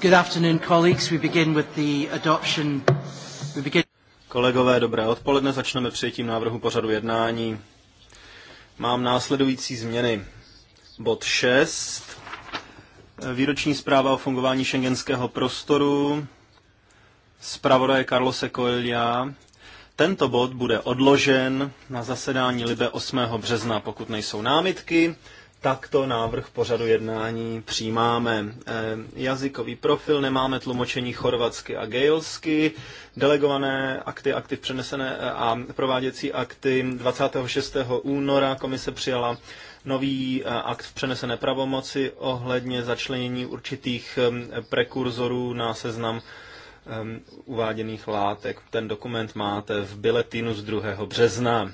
Good afternoon, colleagues. We begin with the adoption. We begin... Kolegové, dobré odpoledne. Začneme přijetím návrhu pořadu jednání. Mám následující změny. Bod 6. Výroční zpráva o fungování šengenského prostoru. Zpravodaje Carlose Coelia. Tento bod bude odložen na zasedání Libe 8. března, pokud nejsou námitky takto návrh pořadu jednání přijímáme. Eh, jazykový profil, nemáme tlumočení chorvatsky a gejlsky, delegované akty, akty přenesené eh, a prováděcí akty 26. února komise přijala nový eh, akt v přenesené pravomoci ohledně začlenění určitých prekurzorů na seznam uváděných látek. Ten dokument máte v biletínu z 2. března.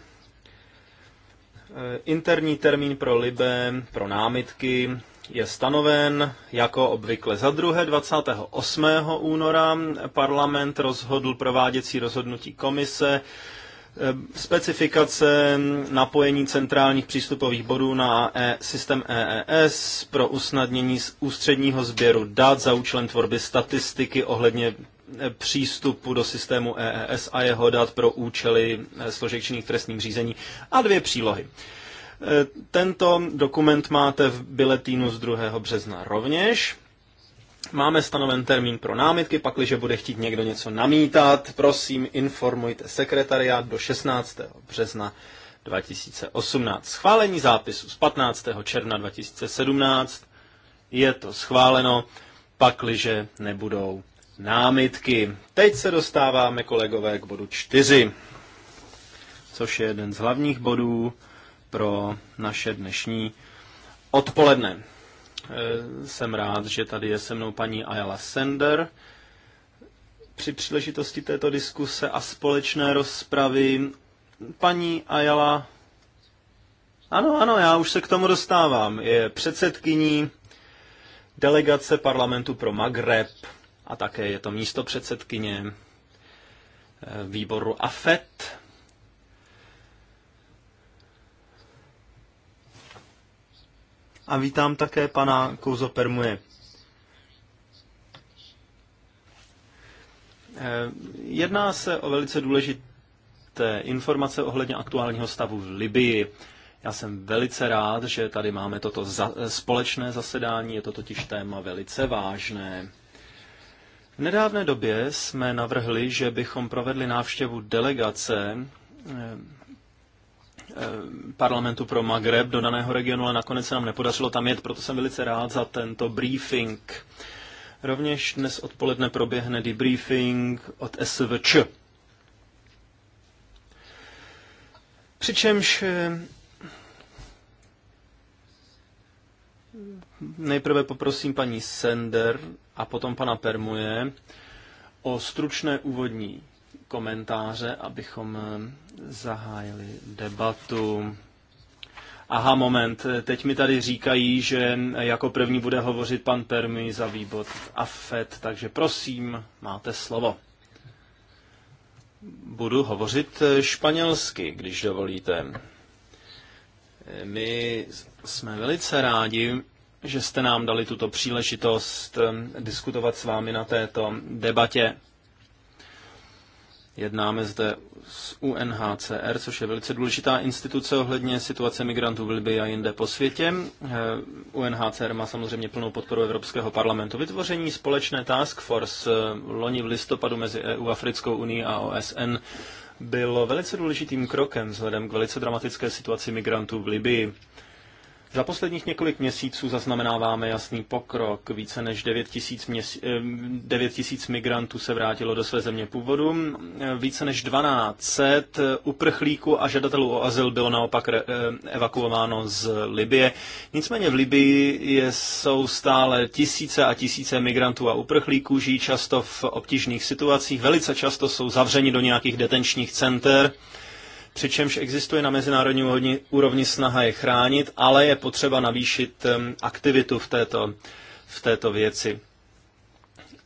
Eh, interní termín pro Libe, pro námitky, je stanoven jako obvykle. Za druhé 28. února parlament rozhodl prováděcí rozhodnutí komise eh, specifikace napojení centrálních přístupových bodů na e, systém EES pro usnadnění ústředního sběru dat za účelem tvorby statistiky ohledně přístupu do systému EES a jeho dat pro účely eh, složek činných trestním řízení a dvě přílohy. Eh, tento dokument máte v biletínu z 2. března rovněž. Máme stanoven termín pro námitky, pakliže bude chtít někdo něco namítat, prosím informujte sekretariát do 16. března 2018. Schválení zápisu z 15. června 2017 je to schváleno, pakliže nebudou námitky. Teď se dostáváme, kolegové, k bodu čtyři, což je jeden z hlavních bodů pro naše dnešní odpoledne. E, jsem rád, že tady je se mnou paní Ayala Sender. Při příležitosti této diskuse a společné rozpravy paní Ayala ano, ano, já už se k tomu dostávám. Je předsedkyní delegace parlamentu pro Magreb a také je to místo předsedkyně eh, výboru AFET. A vítám také pana Kouzo Permuje. Eh, jedná se o velice důležité informace ohledně aktuálního stavu v Libii. Já jsem velice rád, že tady máme toto za, společné zasedání, je to totiž téma velice vážné. V nedávné době jsme navrhli, že bychom provedli návštěvu delegace eh, eh, parlamentu pro Magreb do daného regionu, ale nakonec se nám nepodařilo tam jet, proto jsem velice rád za tento briefing. Rovněž dnes odpoledne proběhne debriefing od SVČ. Přičemž eh, Nejprve poprosím paní Sender a potom pana Permuje o stručné úvodní komentáře, abychom eh, zahájili debatu. Aha, moment, teď mi tady říkají, že jako první bude hovořit pan Permi za výbor AFET, takže prosím, máte slovo. Budu hovořit eh, španělsky, když dovolíte. My jsme velice rádi, že jste nám dali tuto příležitost diskutovat s vámi na této debatě. Jednáme zde s UNHCR, což je velice důležitá instituce ohledně situace migrantů v Libii a jinde po světě. UNHCR má samozřejmě plnou podporu Evropského parlamentu. Vytvoření společné task force loni v listopadu mezi EU, Africkou unii a OSN bylo velice důležitým krokem vzhledem k velice dramatické situaci migrantů v Libii. Za posledních několik měsíců zaznamenáváme jasný pokrok. Více než 9 tisíc, měs... 9 eh, tisíc migrantů se vrátilo do své země původu. Více než 12 uprchlíků a žadatelů o azyl bylo naopak re... Eh, evakuováno z Libie. Nicméně v Libii je, jsou stále tisíce a tisíce migrantů a uprchlíků, žijí často v obtížných situacích, velice často jsou zavřeni do nějakých detenčních center přičemž existuje na mezinárodní úrovni snaha je chránit, ale je potřeba navýšit aktivitu v této, v této věci.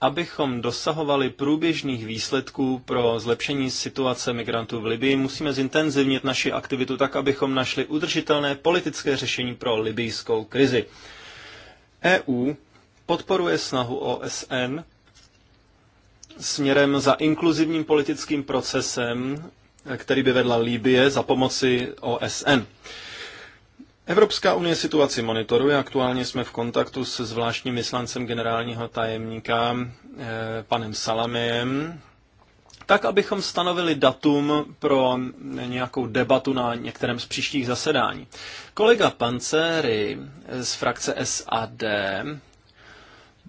Abychom dosahovali průběžných výsledků pro zlepšení situace migrantů v Libii, musíme zintenzivnit naši aktivitu tak, abychom našli udržitelné politické řešení pro libijskou krizi. EU podporuje snahu OSN směrem za inkluzivním politickým procesem který by vedla Líbie za pomoci OSN. Evropská unie situaci monitoruje. Aktuálně jsme v kontaktu se zvláštním vyslancem generálního tajemníka eh, panem Salamem, tak abychom stanovili datum pro nějakou debatu na některém z příštích zasedání. Kolega Pancery z frakce SAD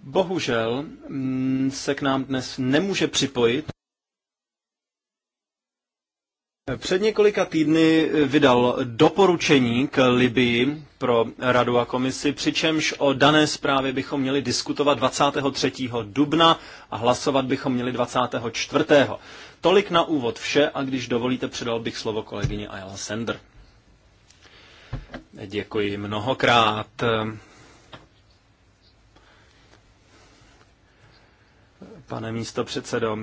bohužel mm, se k nám dnes nemůže připojit. Před několika týdny vydal doporučení k Libii pro radu a komisi, přičemž o dané zprávě bychom měli diskutovat 23. dubna a hlasovat bychom měli 24. Tolik na úvod vše a když dovolíte, předal bych slovo kolegyně Ayala Sender. Děkuji mnohokrát. Pane místo předsedo,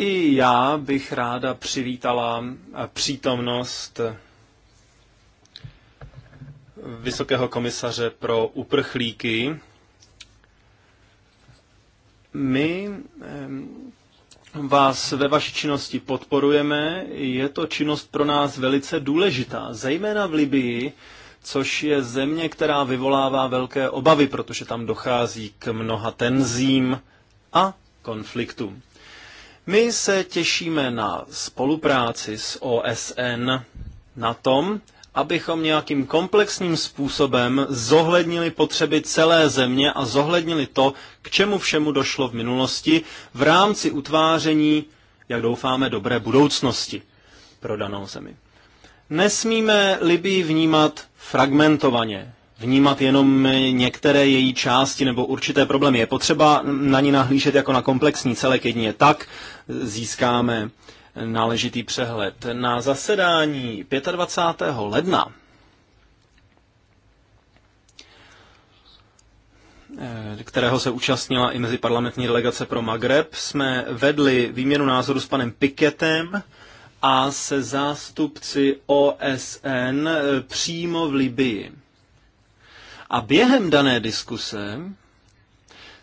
i já bych ráda přivítala eh, přítomnost Vysokého komisaře pro uprchlíky. My eh, vás ve vaší činnosti podporujeme. Je to činnost pro nás velice důležitá, zejména v Libii, což je země, která vyvolává velké obavy, protože tam dochází k mnoha tenzím a konfliktům. My se těšíme na spolupráci s OSN na tom, abychom nějakým komplexním způsobem zohlednili potřeby celé země a zohlednili to, k čemu všemu došlo v minulosti v rámci utváření, jak doufáme, dobré budoucnosti pro danou zemi. Nesmíme Libii vnímat fragmentovaně, vnímat jenom některé její části nebo určité problémy. Je potřeba na ní nahlížet jako na komplexní celek jedině tak získáme náležitý přehled. Na zasedání 25. ledna eh, kterého se účastnila i parlamentní delegace pro Magreb, jsme vedli výměnu názoru s panem Piketem a se zástupci OSN eh, přímo v Libii. A během dané diskuse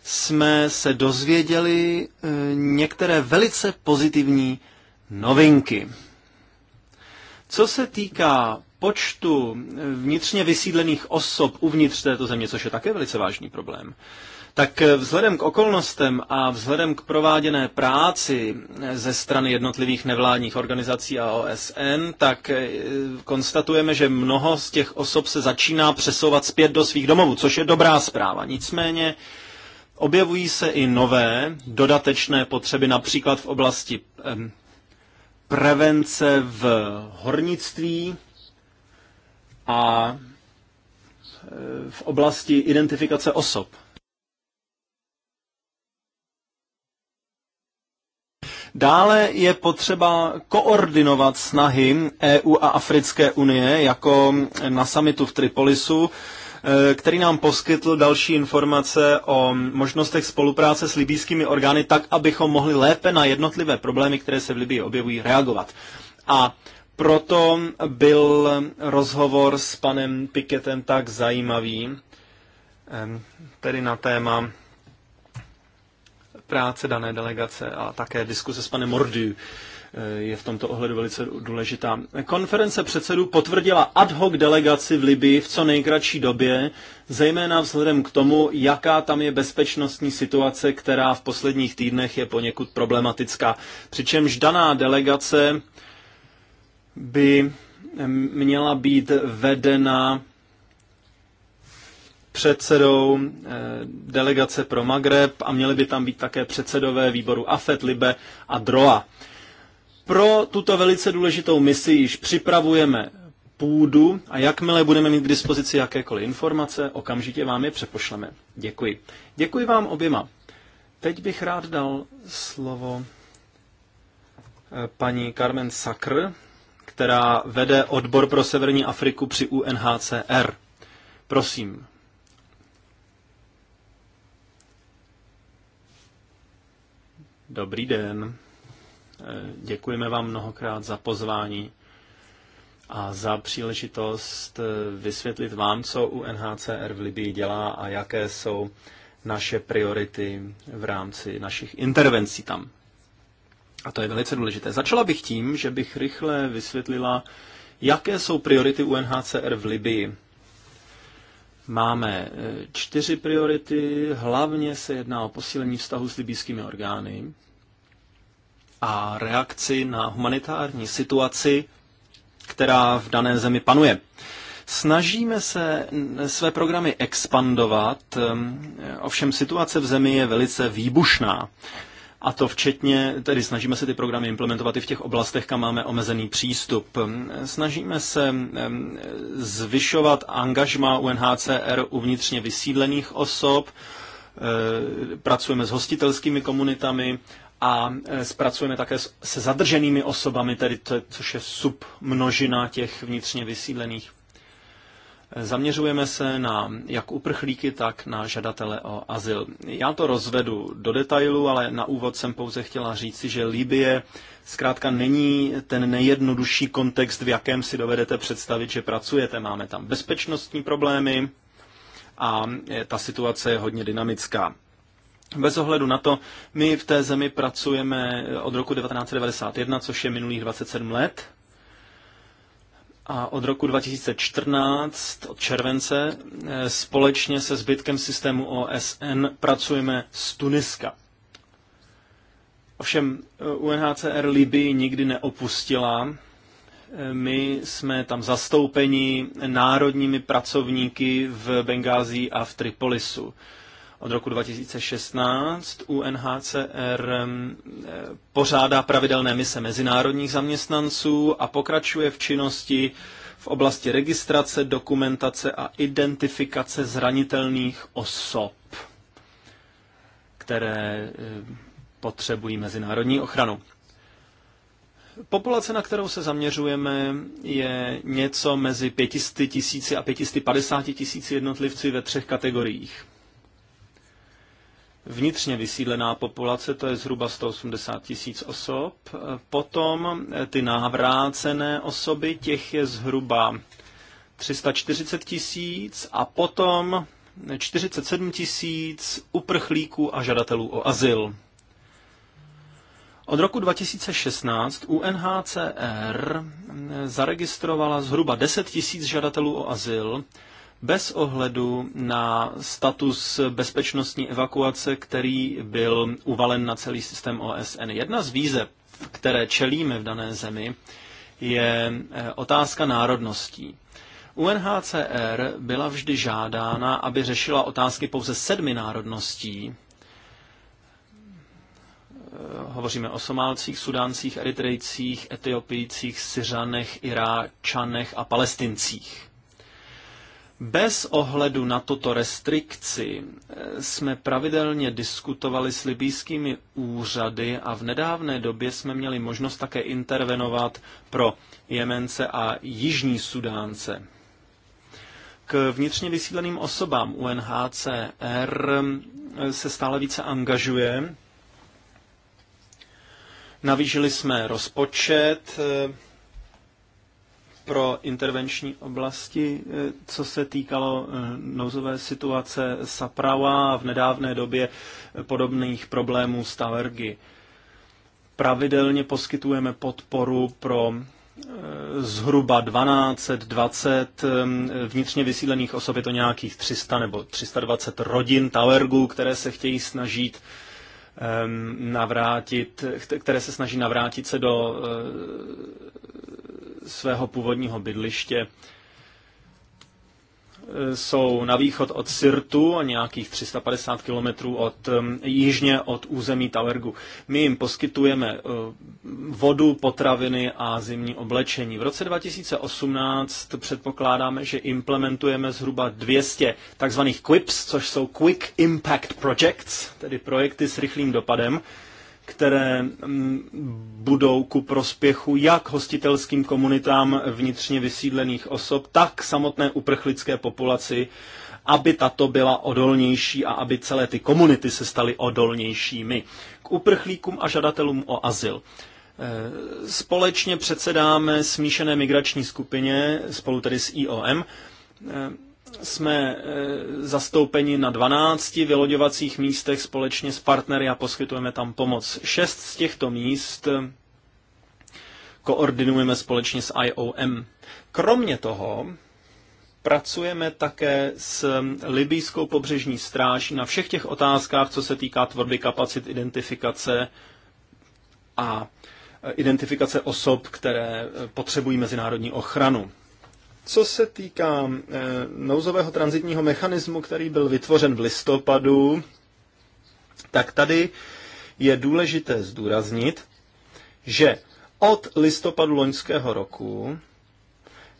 jsme se dozvěděli eh, některé velice pozitivní novinky. Co se týká počtu vnitřně vysídlených osob uvnitř této země, což je také velice vážný problém, tak vzhledem k okolnostem a vzhledem k prováděné práci ze strany jednotlivých nevládních organizací a OSN, tak eh, konstatujeme, že mnoho z těch osob se začíná přesouvat zpět do svých domovů, což je dobrá zpráva. Nicméně objevují se i nové dodatečné potřeby, například v oblasti prevence v hornictví a eh, v oblasti identifikace osob. Dále je potřeba koordinovat snahy EU a Africké unie, jako na samitu v Tripolisu, eh, který nám poskytl další informace o možnostech spolupráce s libýskými orgány, tak abychom mohli lépe na jednotlivé problémy, které se v Libii objevují, reagovat. A proto byl rozhovor s panem Piketem tak zajímavý, tedy na téma práce dané delegace a také diskuse s panem Mordy eh, je v tomto ohledu velice důležitá. Konference předsedů potvrdila ad hoc delegaci v Libii v co nejkratší době, zejména vzhledem k tomu, jaká tam je bezpečnostní situace, která v posledních týdnech je poněkud problematická. Přičemž daná delegace by měla být vedena předsedou eh, delegace pro Magreb a měli by tam být také předsedové výboru AFET, LIBE a DROA. Pro tuto velice důležitou misi již připravujeme půdu a jakmile budeme mít k dispozici jakékoliv informace, okamžitě vám je přepošleme. Děkuji. Děkuji vám oběma. Teď bych rád dal slovo eh, paní Carmen Sakr, která vede odbor pro severní Afriku při UNHCR. Prosím, Dobrý den. Eh, děkujeme vám mnohokrát za pozvání a za příležitost eh, vysvětlit vám, co UNHCR v Libii dělá a jaké jsou naše priority v rámci našich intervencí tam. A to je velice důležité. Začala bych tím, že bych rychle vysvětlila, jaké jsou priority UNHCR v Libii Máme eh, čtyři priority, hlavně se jedná o posílení vztahu s libýskými orgány a reakci na humanitární situaci, která v dané zemi panuje. Snažíme se své programy expandovat, eh, ovšem situace v zemi je velice výbušná. A to včetně, tedy snažíme se ty programy implementovat i v těch oblastech, kam máme omezený přístup. Snažíme se zvyšovat angažma UNHCR u vnitřně vysídlených osob, eh, pracujeme s hostitelskými komunitami a eh, zpracujeme také se zadrženými osobami, tedy to, což je submnožina těch vnitřně vysídlených. Zaměřujeme se na jak uprchlíky, tak na žadatele o azyl. Já to rozvedu do detailu, ale na úvod jsem pouze chtěla říci, že Libie zkrátka není ten nejjednodušší kontext, v jakém si dovedete představit, že pracujete. Máme tam bezpečnostní problémy a ta situace je hodně dynamická. Bez ohledu na to, my v té zemi pracujeme od roku 1991, což je minulých 27 let, a od roku 2014, od července, eh, společně se zbytkem systému OSN pracujeme z Tuniska. Ovšem eh, UNHCR Libii nikdy neopustila. Eh, my jsme tam zastoupeni národními pracovníky v Bengázi a v Tripolisu od roku 2016 UNHCR mm, eh, pořádá pravidelné mise mezinárodních zaměstnanců a pokračuje v činnosti v oblasti registrace, dokumentace a identifikace zranitelných osob, které eh, potřebují mezinárodní ochranu. Populace, na kterou se zaměřujeme, je něco mezi 500 tisíci a 550 tisíci jednotlivci ve třech kategoriích vnitřně vysídlená populace, to je zhruba 180 tisíc osob. Potom eh, ty návrácené osoby, těch je zhruba 340 tisíc a potom 47 tisíc uprchlíků a žadatelů o azyl. Od roku 2016 UNHCR eh, zaregistrovala zhruba 10 tisíc žadatelů o azyl bez ohledu na status bezpečnostní evakuace, který byl uvalen na celý systém OSN. Jedna z výzev, které čelíme v dané zemi, je eh, otázka národností. UNHCR byla vždy žádána, aby řešila otázky pouze sedmi národností. Eh, hovoříme o Somálcích, Sudáncích, Eritrejcích, Etiopijcích, Syřanech, Iráčanech a Palestincích. Bez ohledu na toto restrikci eh, jsme pravidelně diskutovali s libýskými úřady a v nedávné době jsme měli možnost také intervenovat pro Jemence a Jižní Sudánce. K vnitřně vysídleným osobám UNHCR eh, se stále více angažuje. Navýšili jsme rozpočet, eh, pro intervenční oblasti, eh, co se týkalo eh, nouzové situace Saprava a v nedávné době eh, podobných problémů s Tavergy. Pravidelně poskytujeme podporu pro zhruba 1220 vnitřně vysílených osob, je to nějakých 300 nebo 320 rodin Tavergu, které se chtějí snažit ehm, navrátit, které se snaží navrátit se do svého původního bydliště. E, jsou na východ od Sirtu a nějakých 350 kilometrů od, e, jižně od území Tavergu. My jim poskytujeme e, vodu, potraviny a zimní oblečení. V roce 2018 předpokládáme, že implementujeme zhruba 200 takzvaných QIPs, což jsou Quick Impact Projects, tedy projekty s rychlým dopadem, které mm, budou ku prospěchu jak hostitelským komunitám vnitřně vysídlených osob, tak samotné uprchlické populaci, aby tato byla odolnější a aby celé ty komunity se staly odolnějšími. K uprchlíkům a žadatelům o azyl. E, společně předsedáme smíšené migrační skupině, spolu tedy s IOM, e, jsme e, zastoupeni na 12 vyloďovacích místech společně s partnery a poskytujeme tam pomoc. Šest z těchto míst e, koordinujeme společně s IOM. Kromě toho pracujeme také s libýskou pobřežní stráží na všech těch otázkách, co se týká tvorby kapacit identifikace a e, identifikace osob, které potřebují mezinárodní ochranu. Co se týká eh, nouzového transitního mechanismu, který byl vytvořen v listopadu, tak tady je důležité zdůraznit, že od listopadu loňského roku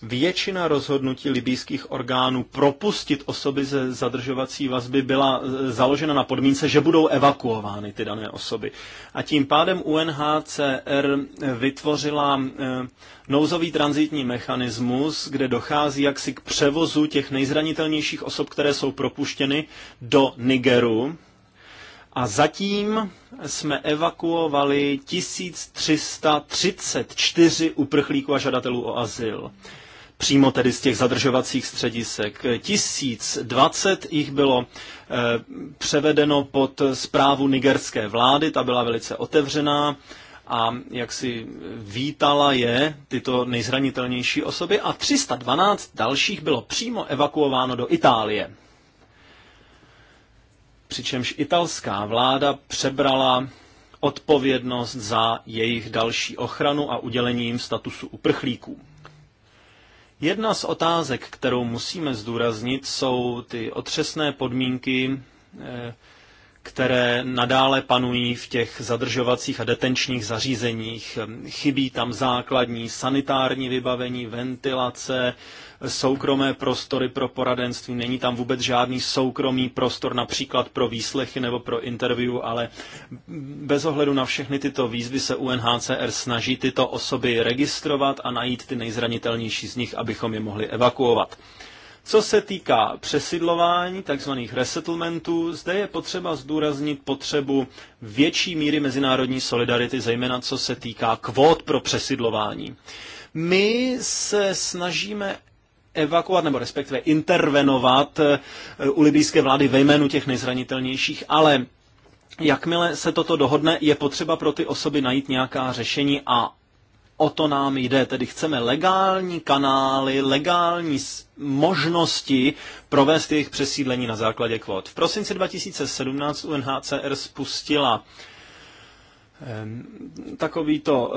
Většina rozhodnutí libijských orgánů propustit osoby ze zadržovací vazby byla e, založena na podmínce, že budou evakuovány ty dané osoby. A tím pádem UNHCR vytvořila e, nouzový transitní mechanismus, kde dochází jaksi k převozu těch nejzranitelnějších osob, které jsou propuštěny do Nigeru, a zatím jsme evakuovali 1334 uprchlíků a žadatelů o azyl přímo tedy z těch zadržovacích středisek. dvacet jich bylo eh, převedeno pod zprávu nigerské vlády, ta byla velice otevřená a jak si vítala je tyto nejzranitelnější osoby a 312 dalších bylo přímo evakuováno do Itálie. Přičemž italská vláda přebrala odpovědnost za jejich další ochranu a udělením statusu uprchlíků. Jedna z otázek, kterou musíme zdůraznit, jsou ty otřesné podmínky, eh, které nadále panují v těch zadržovacích a detenčních zařízeních. Chybí tam základní sanitární vybavení, ventilace, soukromé prostory pro poradenství, není tam vůbec žádný soukromý prostor například pro výslechy nebo pro interview, ale bez ohledu na všechny tyto výzvy se UNHCR snaží tyto osoby registrovat a najít ty nejzranitelnější z nich, abychom je mohli evakuovat. Co se týká přesidlování, takzvaných resettlementů, zde je potřeba zdůraznit potřebu větší míry mezinárodní solidarity, zejména co se týká kvót pro přesidlování. My se snažíme evakuovat nebo respektive intervenovat eh, u libijské vlády ve jménu těch nejzranitelnějších, ale jakmile se toto dohodne, je potřeba pro ty osoby najít nějaká řešení a o to nám jde. Tedy chceme legální kanály, legální možnosti provést jejich přesídlení na základě kvot. V prosinci 2017 UNHCR spustila Takový to,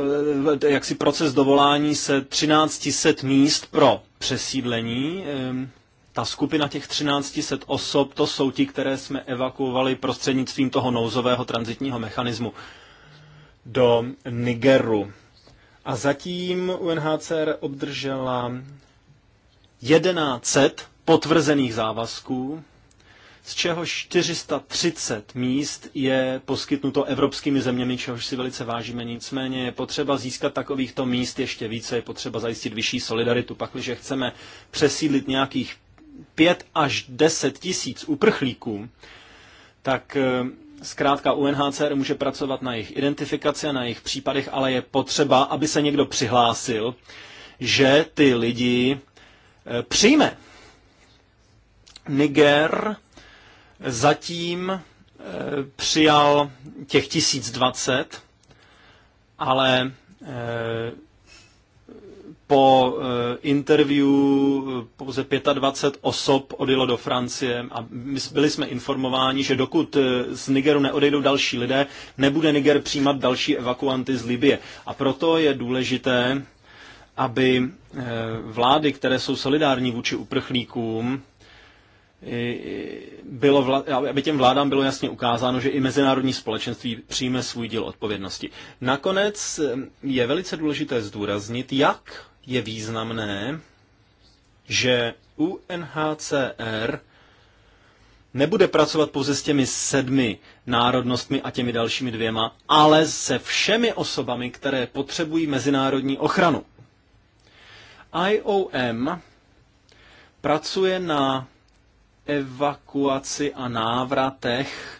eh, jaksi proces dovolání se 1300 míst pro přesídlení. Ta skupina těch 1300 osob, to jsou ti, které jsme evakuovali prostřednictvím toho nouzového transitního mechanismu do Nigeru. A zatím UNHCR obdržela 1100 potvrzených závazků z čeho 430 míst je poskytnuto evropskými zeměmi, čehož si velice vážíme. Nicméně je potřeba získat takovýchto míst ještě více, je potřeba zajistit vyšší solidaritu. Pak, když chceme přesídlit nějakých 5 až 10 tisíc uprchlíků, tak eh, zkrátka UNHCR může pracovat na jejich identifikaci a na jejich případech, ale je potřeba, aby se někdo přihlásil, že ty lidi eh, přijme. Niger Zatím eh, přijal těch 1020, ale eh, po eh, interview pouze 25 osob odjelo do Francie a my byli jsme informováni, že dokud z Nigeru neodejdou další lidé, nebude Niger přijímat další evakuanty z Libie. A proto je důležité, aby vlády, které jsou solidární vůči uprchlíkům, bylo, vla, aby těm vládám bylo jasně ukázáno, že i mezinárodní společenství přijme svůj díl odpovědnosti. Nakonec je velice důležité zdůraznit, jak je významné, že UNHCR nebude pracovat pouze s těmi sedmi národnostmi a těmi dalšími dvěma, ale se všemi osobami, které potřebují mezinárodní ochranu. IOM pracuje na evakuaci a návratech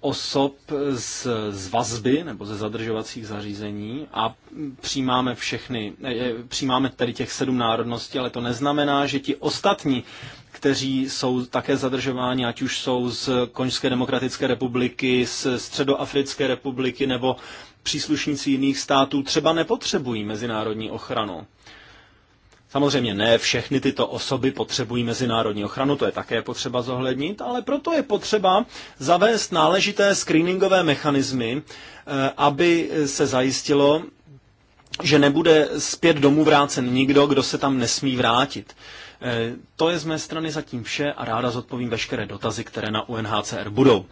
osob z, z vazby nebo ze zadržovacích zařízení a přijímáme všechny, eh, eh, přijímáme tedy těch sedm národností, ale to neznamená, že ti ostatní, kteří jsou také zadržováni, ať už jsou z Konžské demokratické republiky, z Středoafrické republiky nebo příslušníci jiných států, třeba nepotřebují mezinárodní ochranu. Samozřejmě ne všechny tyto osoby potřebují mezinárodní ochranu, to je také potřeba zohlednit, ale proto je potřeba zavést náležité screeningové mechanismy, eh, aby se zajistilo, že nebude zpět domů vrácen nikdo, kdo se tam nesmí vrátit. Eh, to je z mé strany zatím vše a ráda zodpovím veškeré dotazy, které na UNHCR budou.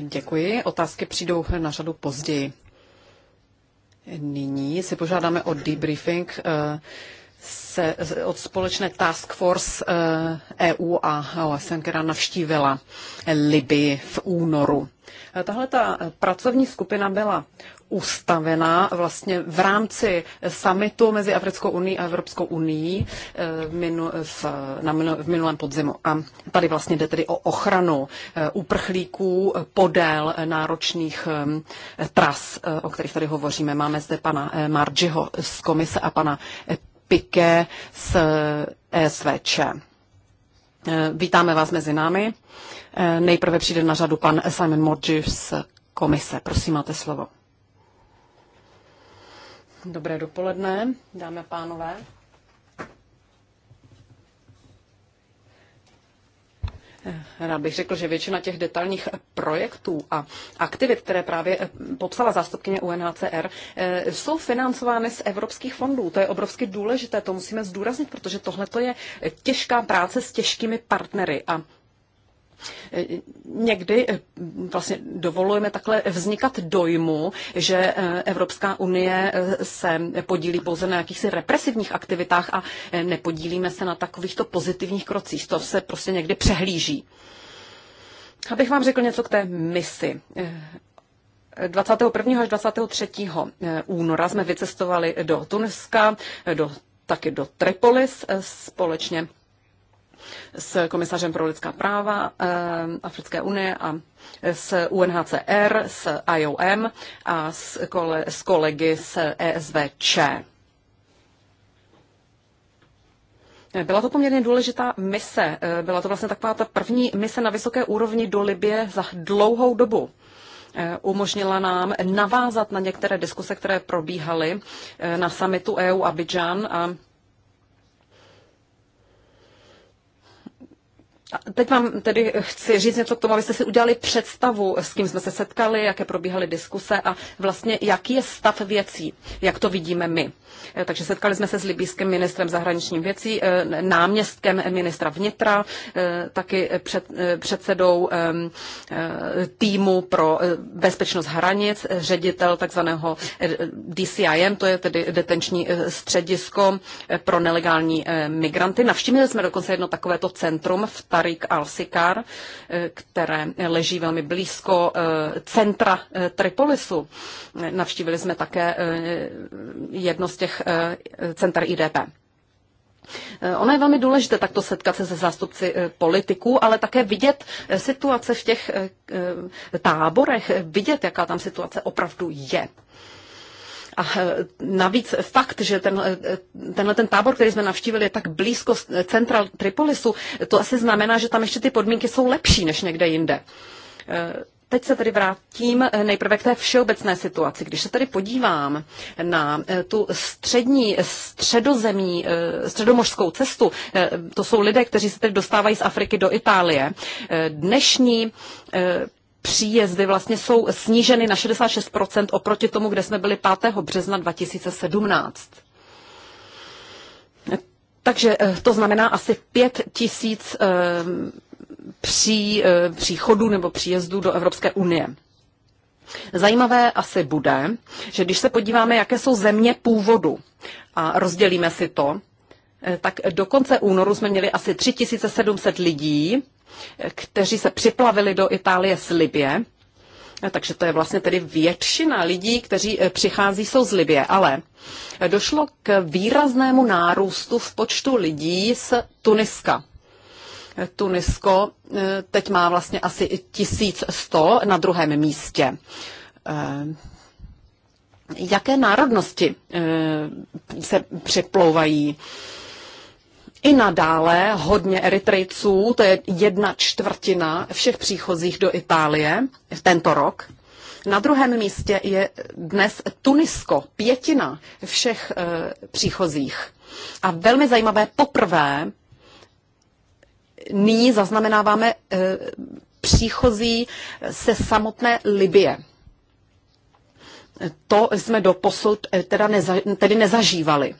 Děkuji. Otázky přijdou na řadu později. Nyní si požádáme o debriefing eh, se od společné Task Force EU eh, e a OSN, která navštívila Libii v únoru. Eh, tahle ta eh, pracovní skupina byla ustavená vlastně v rámci summitu mezi Africkou unii a Evropskou unii v, na, v minulém podzimu. A tady vlastně jde tedy o ochranu uprchlíků podél náročných tras, o kterých tady hovoříme. Máme zde pana Margiho z komise a pana Piké z ESVČ. Eh, eh, vítáme vás mezi námi. Eh, nejprve přijde na řadu pan Simon Morgy z komise. Prosím, máte slovo. Dobré dopoledne, dámy a pánové. Rád bych řekl, že většina těch detailních projektů a aktivit, které právě eh, popsala zástupkyně UNHCR, eh, jsou financovány z evropských fondů. To je obrovsky důležité, to musíme zdůraznit, protože tohle je těžká práce s těžkými partnery. A Eh, někdy eh, vlastně dovolujeme takhle vznikat dojmu, že eh, Evropská unie se podílí pouze na jakýchsi represivních aktivitách a nepodílíme se na takovýchto pozitivních krocích. To se prostě někdy přehlíží. Abych vám řekl něco k té misi. 21. až 23. února jsme vycestovali do Tuniska, do, taky do Tripolis společně s komisařem pro lidská práva eh, Africké unie a s UNHCR, s IOM a s, kole, s kolegy z ESVČ. Eh, byla to poměrně důležitá mise. Eh, byla to vlastně taková ta první mise na vysoké úrovni do Libie za dlouhou dobu. Umožnila nám navázat na některé diskuse, které probíhaly na summitu EU Abidjan a A teď vám tedy chci říct něco k tomu, abyste si udělali představu, s kým jsme se setkali, jaké probíhaly diskuse a vlastně jaký je stav věcí, jak to vidíme my. E, takže setkali jsme se s libýským ministrem zahraničních věcí, e, náměstkem ministra vnitra, e, taky před, předsedou týmu pro bezpečnost hranic, ředitel takzvaného DCIM, to je tedy detenční středisko pro nelegální migranty. Navštívili jsme dokonce jedno takovéto centrum v Tariq al-Sikar, eh, které leží velmi blízko eh, centra eh, Tripolisu. Navštívili jsme také jedno z těch center IDP. Ono je velmi důležité takto setkat se se zástupci politiků, ale také vidět situace v těch táborech, vidět, jaká tam situace opravdu je. A eh, navíc fakt, že ten, eh, tenhle ten tábor, který jsme navštívili, je tak blízko eh, centra Tripolisu, to asi znamená, že tam ještě ty podmínky jsou lepší než někde jinde. Teď se tedy vrátím nejprve k té všeobecné situaci. Když se tedy podívám na tu střední, středozemní, středomořskou cestu, to jsou lidé, kteří se tedy dostávají z Afriky do Itálie. Dnešní příjezdy vlastně jsou sníženy na 66% oproti tomu, kde jsme byli 5. března 2017. Takže eh, to znamená asi 5 tisíc eh, pří, eh, příchodů nebo příjezdů do Evropské unie. Zajímavé asi bude, že když se podíváme, jaké jsou země původu a rozdělíme si to, Eh, tak do konce únoru jsme měli asi 3700 lidí, eh, kteří se připlavili do Itálie z Libie. Eh, takže to je vlastně tedy většina lidí, kteří přichází, jsou z Libie, ale došlo k výraznému nárůstu v počtu lidí z Tuniska. Tunisko teď má vlastně asi 1100 na druhém místě. Jaké národnosti se přeplouvají? i nadále hodně Eritrejců, to je jedna čtvrtina všech příchozích do Itálie v tento rok. Na druhém místě je dnes Tunisko, pětina všech e, příchozích. A velmi zajímavé, poprvé nyní zaznamenáváme e, příchozí se samotné Libie. To jsme do posud eh, teda neza, tedy nezažívali,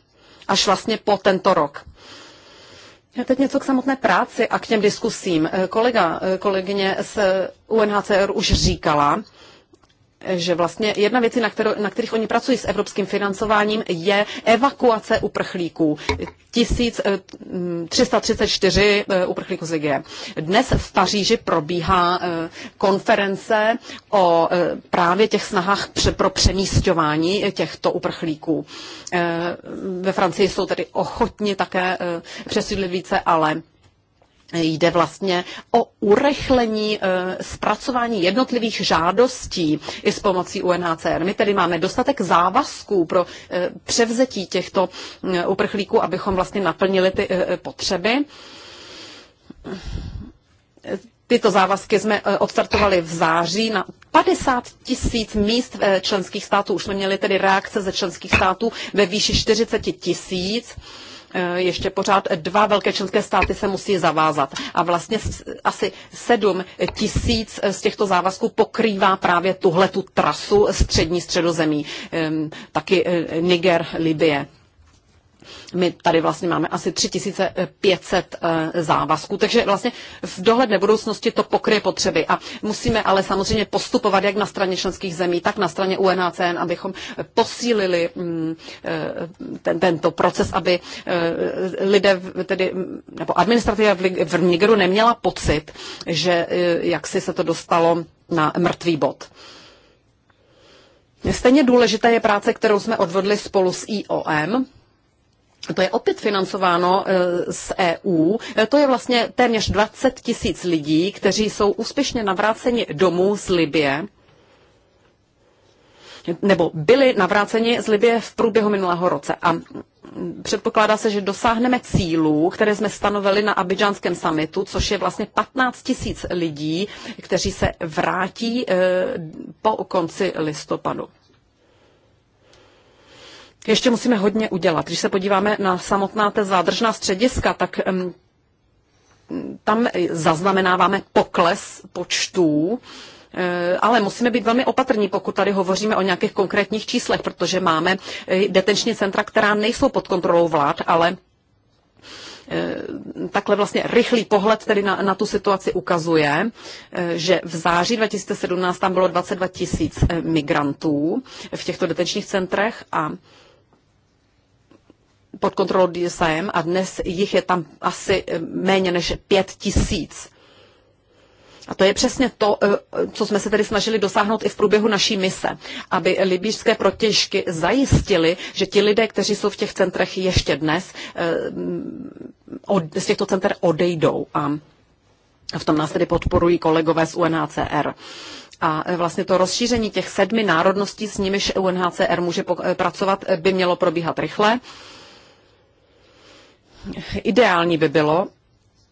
až vlastně po tento rok. Já teď něco k samotné práci a k těm diskusím. Eh, kolega, eh, kolegyně z UNHCR už říkala, že vlastně jedna věc, na, kterou, na kterých oni pracují s evropským financováním, je evakuace uprchlíků. 1334 eh, eh, uprchlíků z Ligie. Dnes v Paříži probíhá eh, konference o právě těch snahách pro přemístování těchto uprchlíků. Ve Francii jsou tedy ochotni také přesídlit více, ale Jde vlastně o urychlení e, zpracování jednotlivých žádostí i s pomocí UNHCR. My tedy máme dostatek závazků pro e, převzetí těchto e, uprchlíků, abychom vlastně naplnili ty potřeby. Tyto závazky jsme odstartovali v září na 50 tisíc míst členských států. Už jsme měli tedy reakce ze členských států ve výši 40 tisíc. 000 Eh, ještě pořád dva velké členské státy se musí zavázat. A vlastně asi sedm tisíc z těchto závazků pokrývá právě tuhle tu trasu střední středozemí. Taky eh, Niger, Libie. My tady vlastně máme asi 3500 eh, závazků, takže vlastně v dohledné budoucnosti to pokryje potřeby. A musíme ale samozřejmě postupovat jak na straně členských zemí, tak na straně UNHCN, abychom posílili mm, eh, ten, tento proces, aby eh, lidé, tedy, nebo administrativa v Nigeru neměla pocit, že jak si se to dostalo na mrtvý bod. Stejně důležité je práce, kterou jsme odvedli spolu s IOM, to je opět financováno eh, z EU. Eh, to je vlastně téměř 20 tisíc lidí, kteří jsou úspěšně navráceni domů z Libie nebo byli navráceni z Libie v průběhu minulého roce. A předpokládá se, že dosáhneme cílů, které jsme stanovili na Abidžanském summitu, což je vlastně 15 tisíc lidí, kteří se vrátí eh, po konci listopadu ještě musíme hodně udělat. Když se podíváme na samotná ta zádržná střediska, tak tam zaznamenáváme pokles počtů, e, ale musíme být velmi opatrní, pokud tady hovoříme o nějakých konkrétních číslech, protože máme e, detenční centra, která nejsou pod kontrolou vlád, ale e, takhle vlastně rychlý pohled tedy na, na tu situaci ukazuje, že v září 2017 tam bylo 22 tisíc migrantů v těchto detenčních centrech a pod kontrolou DSM a dnes jich je tam asi eh, méně než pět tisíc. A to je přesně to, eh, co jsme se tedy snažili dosáhnout i v průběhu naší mise, aby libýřské protěžky zajistili, že ti lidé, kteří jsou v těch centrech ještě dnes, eh, z těchto center odejdou. A v tom nás tedy podporují kolegové z UNHCR. A vlastně to rozšíření těch sedmi národností, s nimiž UNHCR může pracovat, by mělo probíhat rychle. Ideální by bylo,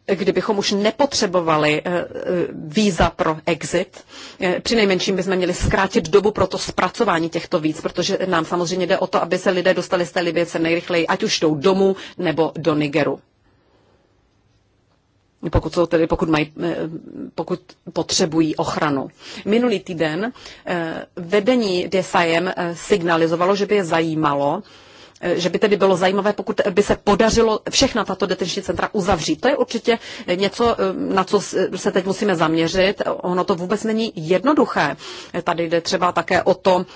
kdybychom už nepotřebovali eh, eh, víza pro exit. Eh, Při nejmenším bychom měli zkrátit dobu pro to zpracování těchto víc, protože nám samozřejmě jde o to, aby se lidé dostali z té Libie co nejrychleji, ať už jdou domů nebo do Nigeru. Pokud, jsou tedy, pokud, mají, pokud potřebují ochranu. Minulý týden vedení DSIM signalizovalo, že by je zajímalo, Eh, že by tedy bylo zajímavé, pokud by se podařilo všechna tato detenční centra uzavřít. To je určitě něco, eh, na co eh, se teď musíme zaměřit. Ono to vůbec není jednoduché. Tady jde třeba také o to,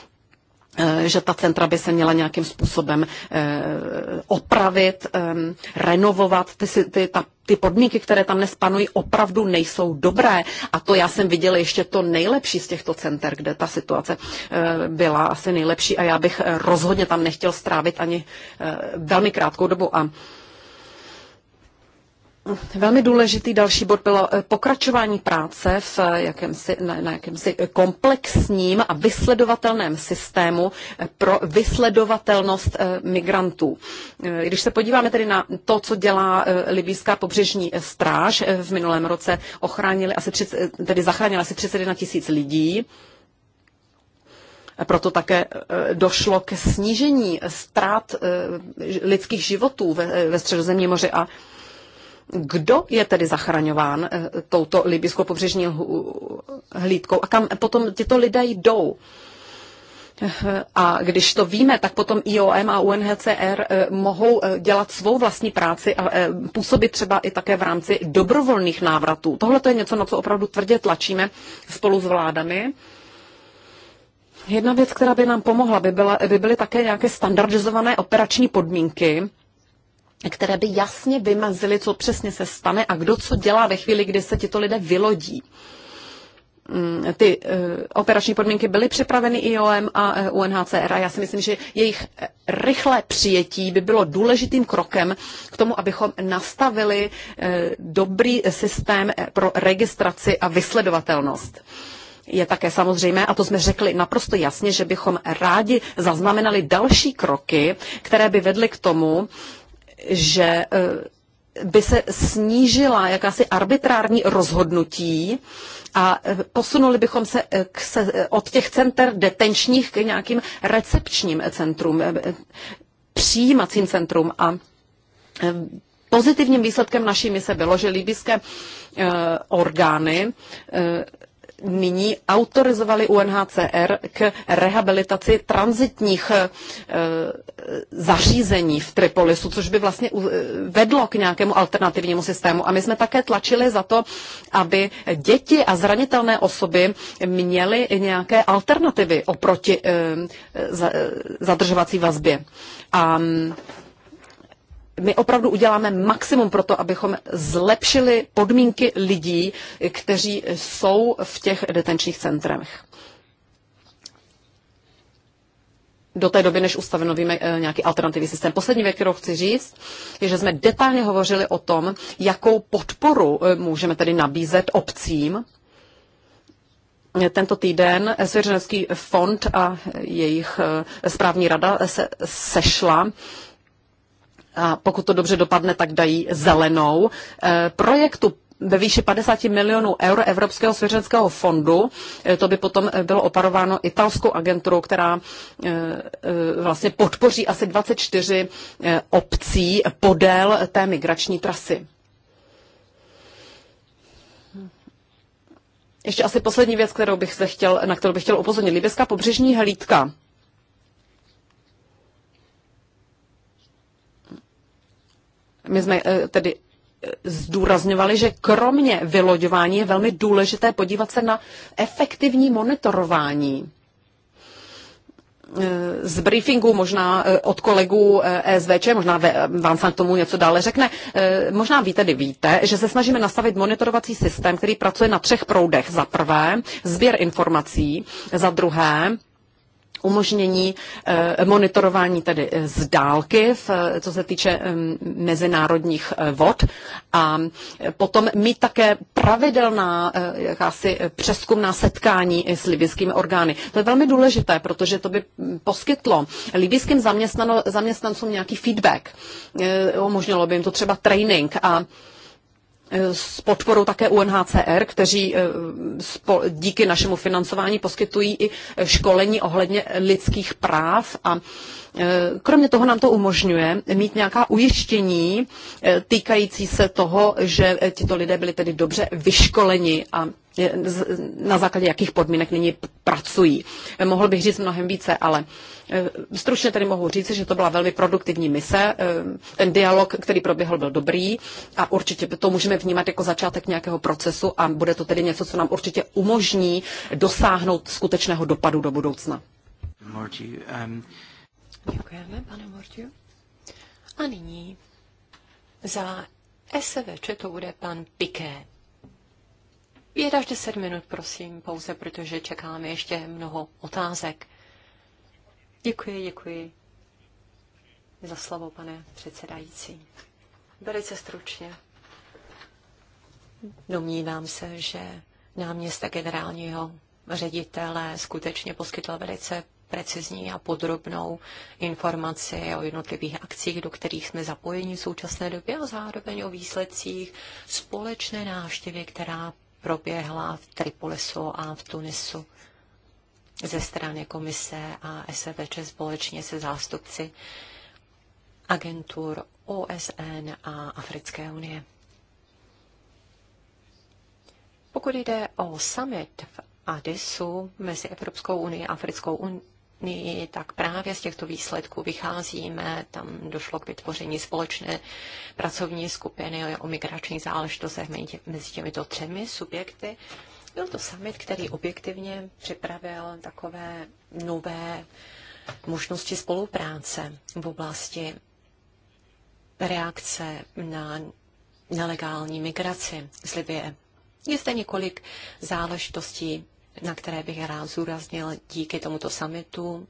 Eh, že ta centra by se měla nějakým způsobem eh, opravit, ehm, renovovat. Ty, ty, ta, ty podmínky, které tam nespanují, opravdu nejsou dobré. A to já jsem viděla ještě to nejlepší z těchto center, kde ta situace eh, byla asi nejlepší a já bych rozhodně tam nechtěl strávit ani velmi krátkou dobu. A Velmi důležitý další bod bylo eh, pokračování práce v eh, jakémsi, na, na jakémsi eh, komplexním a vysledovatelném systému pro vysledovatelnost migrantů. Když se podíváme tedy na to, co dělá libýská pobřežní stráž, v minulém roce ochránili asi 30, tedy zachránili asi 31 tisíc lidí, proto také došlo ke snížení ztrát lidských životů ve, ve středozemní moři a kdo je tedy zachraňován eh, touto libyskou pobřežní hlídkou a kam potom tyto lidé jdou? Eh, a když to víme, tak potom IOM a UNHCR eh, mohou dělat svou vlastní práci a působit třeba i také v rámci dobrovolných návratů. Tohle to je něco, na co opravdu tvrdě tlačíme spolu s vládami. Jedna věc, která by nám pomohla, by, byla, by byly také nějaké standardizované operační podmínky, které by jasně vymazily, co přesně se stane a kdo co dělá ve chvíli, kdy se tito lidé vylodí. Mm, ty eh, operační podmínky byly připraveny IOM a eh, UNHCR a já si myslím, že jejich eh, rychlé přijetí by bylo důležitým krokem k tomu, abychom nastavili dobrý systém pro registraci a vysledovatelnost. Je také samozřejmé, a to jsme řekli naprosto jasně, že bychom rádi zaznamenali další kroky, které by vedly k tomu, že eh, by se snížila jakási arbitrární rozhodnutí a eh, posunuli bychom se, eh, k se od těch center detenčních k nějakým recepčním centrum, přijímacím centrum a Pozitivním výsledkem naší mise bylo, že líbyské orgány nyní autorizovali UNHCR k rehabilitaci transitních eh, zařízení v Tripolisu, což by vlastně eh, vedlo k nějakému alternativnímu systému. A my jsme také tlačili za to, aby děti a zranitelné osoby měly nějaké alternativy oproti eh, zadržovací vazbě. A mm, my opravdu uděláme maximum pro to, abychom zlepšili podmínky lidí, kteří jsou v těch detenčních centrech. do té doby, než ustanovíme eh, nějaký alternativní systém. Poslední věc, kterou chci říct, je, že jsme detailně hovořili o tom, jakou podporu eh, můžeme tedy nabízet obcím. Tento týden Svěřenecký fond a jejich eh, správní rada se sešla a pokud to dobře dopadne, tak dají zelenou, eh, projektu ve výši 50 milionů eur Evropského svěřenského fondu. Eh, to by potom eh, bylo oparováno italskou agenturou, která vlastně podpoří asi 24 obcí podél té migrační trasy. Ještě asi poslední věc, kterou bych se chtěl, na kterou bych chtěl upozornit. Libeská pobřežní hlídka My jsme eh, tedy eh, zdůrazňovali, že kromě vyloďování je velmi důležité podívat se na efektivní monitorování. Eh, z briefingu možná od kolegů SVČ, možná vám se k tomu něco dále řekne, možná vy tedy víte, že se snažíme nastavit monitorovací systém, který pracuje na třech proudech. Za prvé sběr informací, za druhé umožnění eh, monitorování tedy eh, z dálky, v, eh, co se týče mezinárodních vod a potom mít také pravidelná jakási přeskumná setkání s libyskými orgány. To je velmi důležité, protože to by mm, poskytlo libyským zaměstnancům nějaký feedback. Umožnilo by jim to třeba trénink a s podporou také UNHCR, kteří eh, díky našemu financování poskytují i školení ohledně lidských práv a eh, Kromě toho nám to umožňuje mít nějaká ujištění eh, týkající se toho, že tito lidé byli tedy dobře vyškoleni a na základě jakých podmínek nyní pracují. Eh, mohl bych říct mnohem více, ale eh, stručně tedy mohu říct, že to byla velmi produktivní mise. Eh, ten dialog, který proběhl, byl dobrý a určitě to můžeme vnímat jako začátek nějakého procesu a bude to tedy něco, co nám určitě umožní dosáhnout skutečného dopadu do budoucna. Um, Děkujeme, pane Mordiu. A nyní za SVČ to bude pan Piké. Pět až deset minut, prosím, pouze protože čekáme ještě mnoho otázek. Děkuji, děkuji za slovo, pane předsedající. Velice stručně. Domnívám se, že náměsta generálního ředitele skutečně poskytl velice precizní a podrobnou informaci o jednotlivých akcích, do kterých jsme zapojeni v současné době a zároveň o výsledcích společné návštěvy, která proběhla v Tripolisu a v Tunisu ze strany komise a SVČ společně se zástupci agentur OSN a Africké unie. Pokud jde o summit v Adisu mezi Evropskou unii a Africkou my tak právě z těchto výsledků vycházíme. Tam došlo k vytvoření společné pracovní skupiny o migračních záležitostech mezi těmito třemi subjekty. Byl to summit, který objektivně připravil takové nové možnosti spolupráce v oblasti reakce na nelegální migraci z Libie. Je zde několik záležitostí, na které bych rád zúraznil díky tomuto samitu.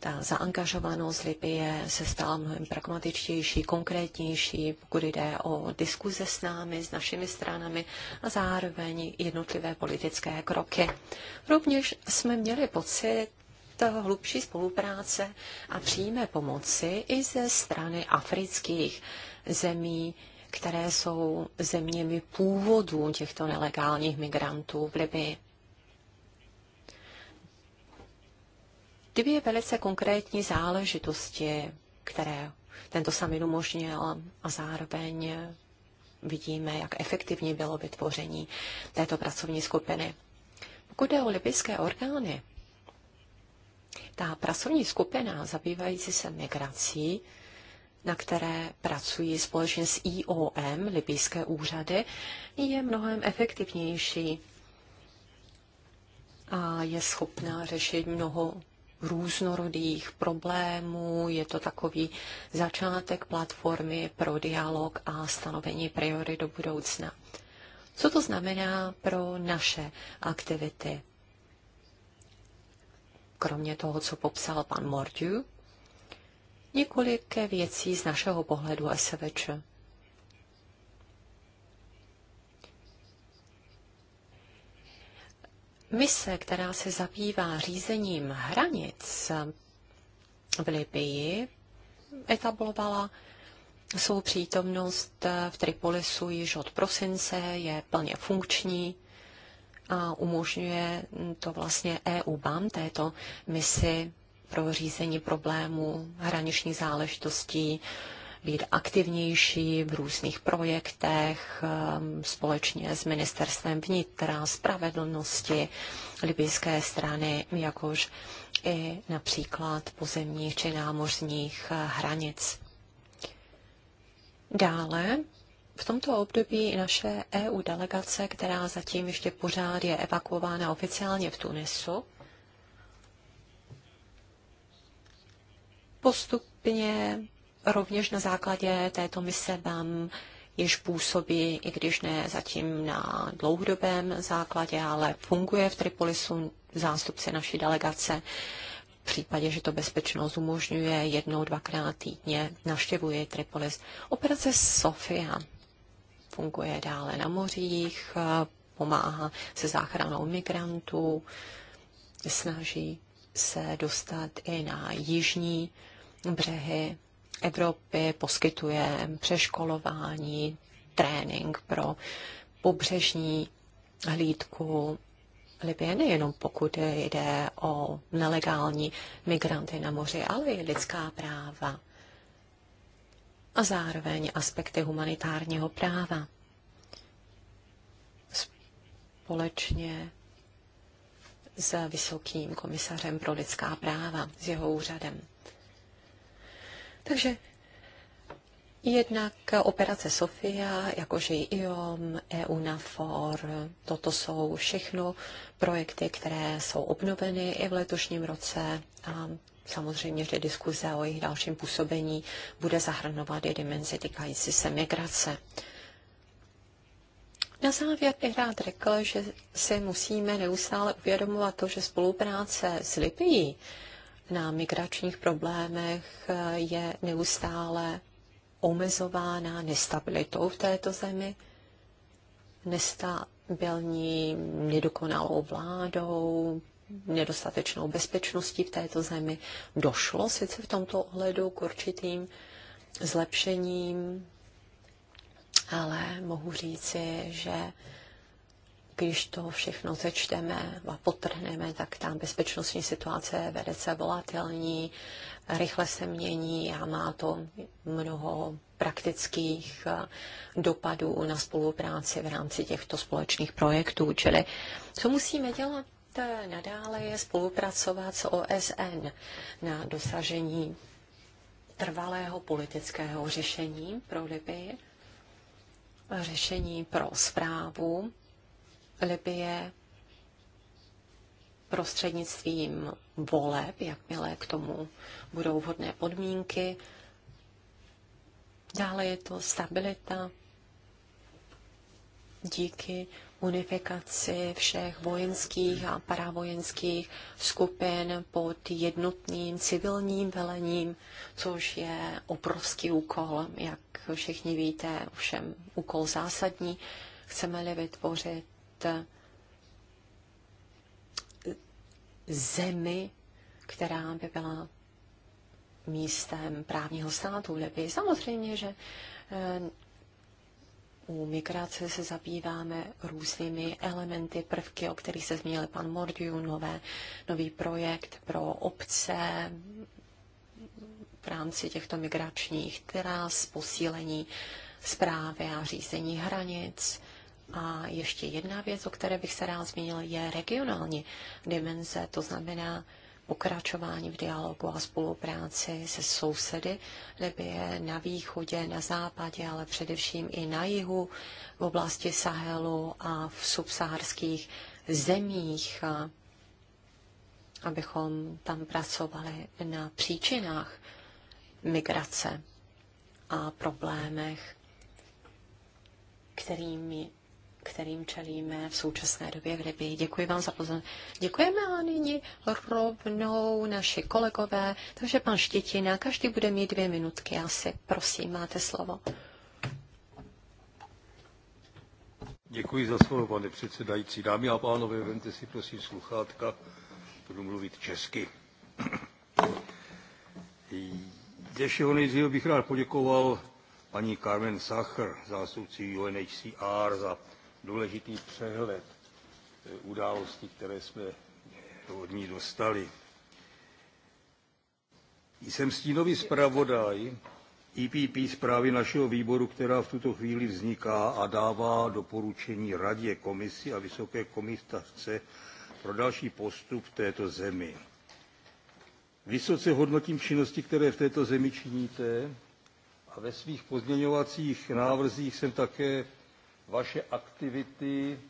Ta zaangažovanost Libie se stala mnohem pragmatičtější, konkrétnější, pokud jde o diskuze s námi, s našimi stranami a zároveň jednotlivé politické kroky. Rovněž jsme měli pocit, toho hlubší spolupráce a přímé pomoci i ze strany afrických zemí, které jsou zeměmi původu těchto nelegálních migrantů v Libii. Dvě velice konkrétní záležitosti, které tento summit umožnil a zároveň vidíme, jak efektivní bylo vytvoření této pracovní skupiny. Pokud jde o libijské orgány, ta pracovní skupina zabývající se migrací na které pracují společně s IOM, libijské úřady, je mnohem efektivnější a je schopná řešit mnoho různorodých problémů. Je to takový začátek platformy pro dialog a stanovení priorit do budoucna. Co to znamená pro naše aktivity? Kromě toho, co popsal pan Mordiu, Několik věcí z našeho pohledu SVČ. Mise, která se zabývá řízením hranic v Libii, etablovala svou přítomnost v Tripolisu již od prosince, je plně funkční a umožňuje to vlastně EU BAM této misi pro řízení problémů hraničních záležitostí, být aktivnější v různých projektech ehm, společně s ministerstvem vnitra, spravedlnosti libijské strany, jakož i například pozemních či námořních eh, hranic. Dále v tomto období naše EU delegace, která zatím ještě pořád je evakuována oficiálně v Tunisu, Postupně rovněž na základě této mise vám již působí, i když ne zatím na dlouhodobém základě, ale funguje v Tripolisu zástupce naší delegace. V případě, že to bezpečnost umožňuje, jednou, dvakrát týdně navštěvuje Tripolis. Operace Sofia funguje dále na mořích, pomáhá se záchranou migrantů, snaží se dostat i na jižní břehy Evropy, poskytuje přeškolování, trénink pro pobřežní hlídku Libie, nejenom pokud jde o nelegální migranty na moři, ale i lidská práva a zároveň aspekty humanitárního práva. Společně s Vysokým komisařem pro lidská práva, s jeho úřadem. Takže jednak operace Sofia, jakože i IOM, EU NAFOR, toto jsou všechno projekty, které jsou obnoveny i v letošním roce a samozřejmě, že diskuze o jejich dalším působení bude zahrnovat i dimenzi týkající se migrace. Na závěr bych rád řekl, že si musíme neustále uvědomovat to, že spolupráce s Libií na migračních problémech je neustále omezována nestabilitou v této zemi, nestabilní nedokonalou vládou, nedostatečnou bezpečností v této zemi. Došlo sice v tomto ohledu k určitým zlepšením, ale mohu říci, že když to všechno sečteme a potrhneme, tak ta bezpečnostní situace je velice volatilní, rychle se mění a má to mnoho praktických eh, dopadů na spolupráci v rámci těchto společných projektů. Čili co musíme dělat eh, nadále je spolupracovat s OSN na dosažení trvalého politického řešení pro Libii, řešení pro zprávu Libie prostřednictvím voleb, jakmile k tomu budou vhodné podmínky. Dále je to stabilita díky unifikaci všech vojenských a paravojenských skupin pod jednotným civilním velením, což je obrovský úkol, jak všichni víte, ovšem úkol zásadní. Chceme-li vytvořit zemi, která by byla místem právního státu v Samozřejmě, že eh, u migrace se zabýváme různými elementy, prvky, o kterých se zmínil pan Mordiu, nové, nový projekt pro obce v rámci těchto migračních tras, posílení zprávy a řízení hranic, a ještě jedna věc, o které bych se rád zmínil, je regionální dimenze, to znamená pokračování v dialogu a spolupráci se sousedy Libie na východě, na západě, ale především i na jihu, v oblasti Sahelu a v subsaharských zemích, abychom tam pracovali na příčinách migrace a problémech, kterými kterým čelíme v současné době v Libii. Děkuji vám za pozornost. Děkujeme a nyní rovnou naši kolegové. Takže pan Štětina, každý bude mít dvě minutky asi. Prosím, máte slovo. Děkuji za slovo, pane předsedající. Dámy a pánové, vemte si prosím sluchátka, budu mluvit česky. Ještě nejdříve bych rád poděkoval paní Carmen Sacher, zástupci UNHCR, za důležitý přehled eh, událostí, které jsme od ní dostali. Jsem stínový zpravodaj EPP zprávy našeho výboru, která v tuto chvíli vzniká a dává doporučení radě, komisi a vysoké komisařce pro další postup v této zemi. Vysoce hodnotím činnosti, které v této zemi činíte a ve svých pozměňovacích návrzích jsem také vaše aktivity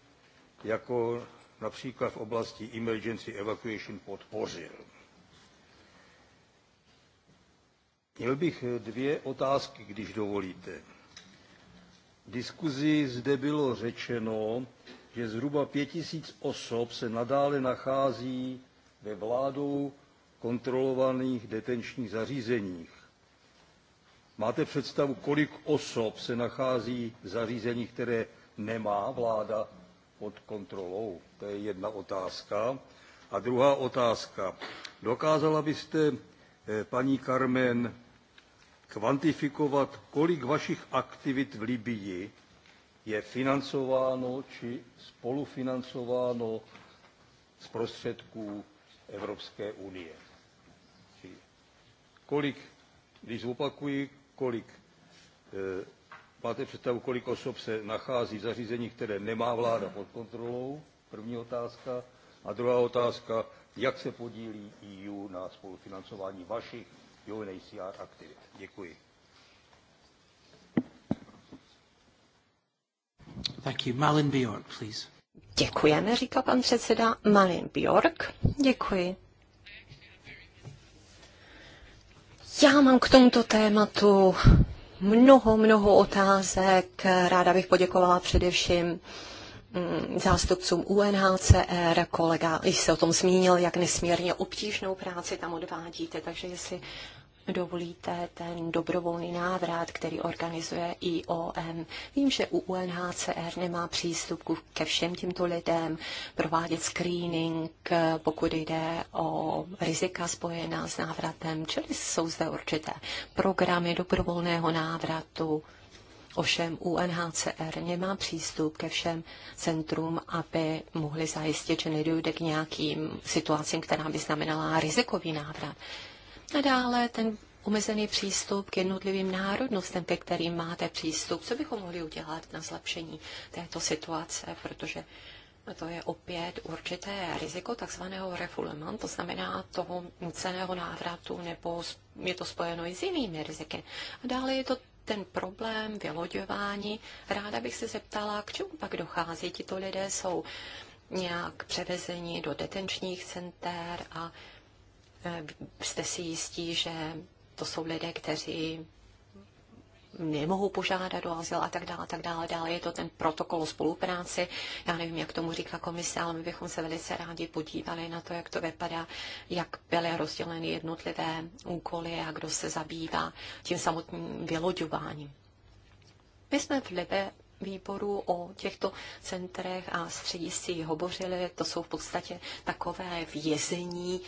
jako například v oblasti emergency evacuation podpořil. Měl bych dvě otázky, když dovolíte. V diskuzi zde bylo řečeno, že zhruba 5000 osob se nadále nachází ve vládou kontrolovaných detenčních zařízeních. Máte představu, kolik osob se nachází v zařízení, které nemá vláda pod kontrolou? To je jedna otázka. A druhá otázka. Dokázala byste, eh, paní Carmen, kvantifikovat, kolik vašich aktivit v Libii je financováno či spolufinancováno z prostředků Evropské unie. Kolik, když zopakuji, kolik, eh, máte představu, kolik osob se nachází v zařízení, které nemá vláda pod kontrolou? První otázka. A druhá otázka, jak se podílí EU na spolufinancování vašich UNHCR aktivit? Děkuji. Thank you. Malin Bjork, please. Děkujeme, říká pan předseda Malin Bjork. Děkuji. Já mám k tomuto tématu mnoho, mnoho otázek. Ráda bych poděkovala především mm, zástupcům UNHCR, kolega již se o tom zmínil, jak nesmírně obtížnou práci tam odvádíte, takže jestli dovolíte, ten dobrovolný návrat, který organizuje IOM. Vím, že u UNHCR nemá přístup ke všem těmto lidem, provádět screening, pokud jde o rizika spojená s návratem, čili jsou zde určité programy dobrovolného návratu. Ovšem UNHCR nemá přístup ke všem centrum, aby mohli zajistit, že nedojde k nějakým situacím, která by znamenala rizikový návrat. A dále ten omezený přístup k jednotlivým národnostem, ke kterým máte přístup. Co bychom mohli udělat na zlepšení této situace, protože to je opět určité riziko takzvaného refulement, to znamená toho nuceného návratu, nebo je to spojeno i s jinými riziky. A dále je to ten problém vyloďování. Ráda bych se zeptala, k čemu pak dochází. Tito lidé jsou nějak převezeni do detenčních center a Eh, jste si jistí, že to jsou lidé, kteří nemohou požádat o azyl a tak dále, a tak dále. Dále je to ten protokol o spolupráci. Já nevím, jak tomu říká komise, ale my bychom se velice rádi podívali na to, jak to vypadá, jak byly rozděleny jednotlivé úkoly a kdo se zabývá tím samotným vyloďováním. My jsme v Libe výboru o těchto centrech a střediscích hovořili. To jsou v podstatě takové vězení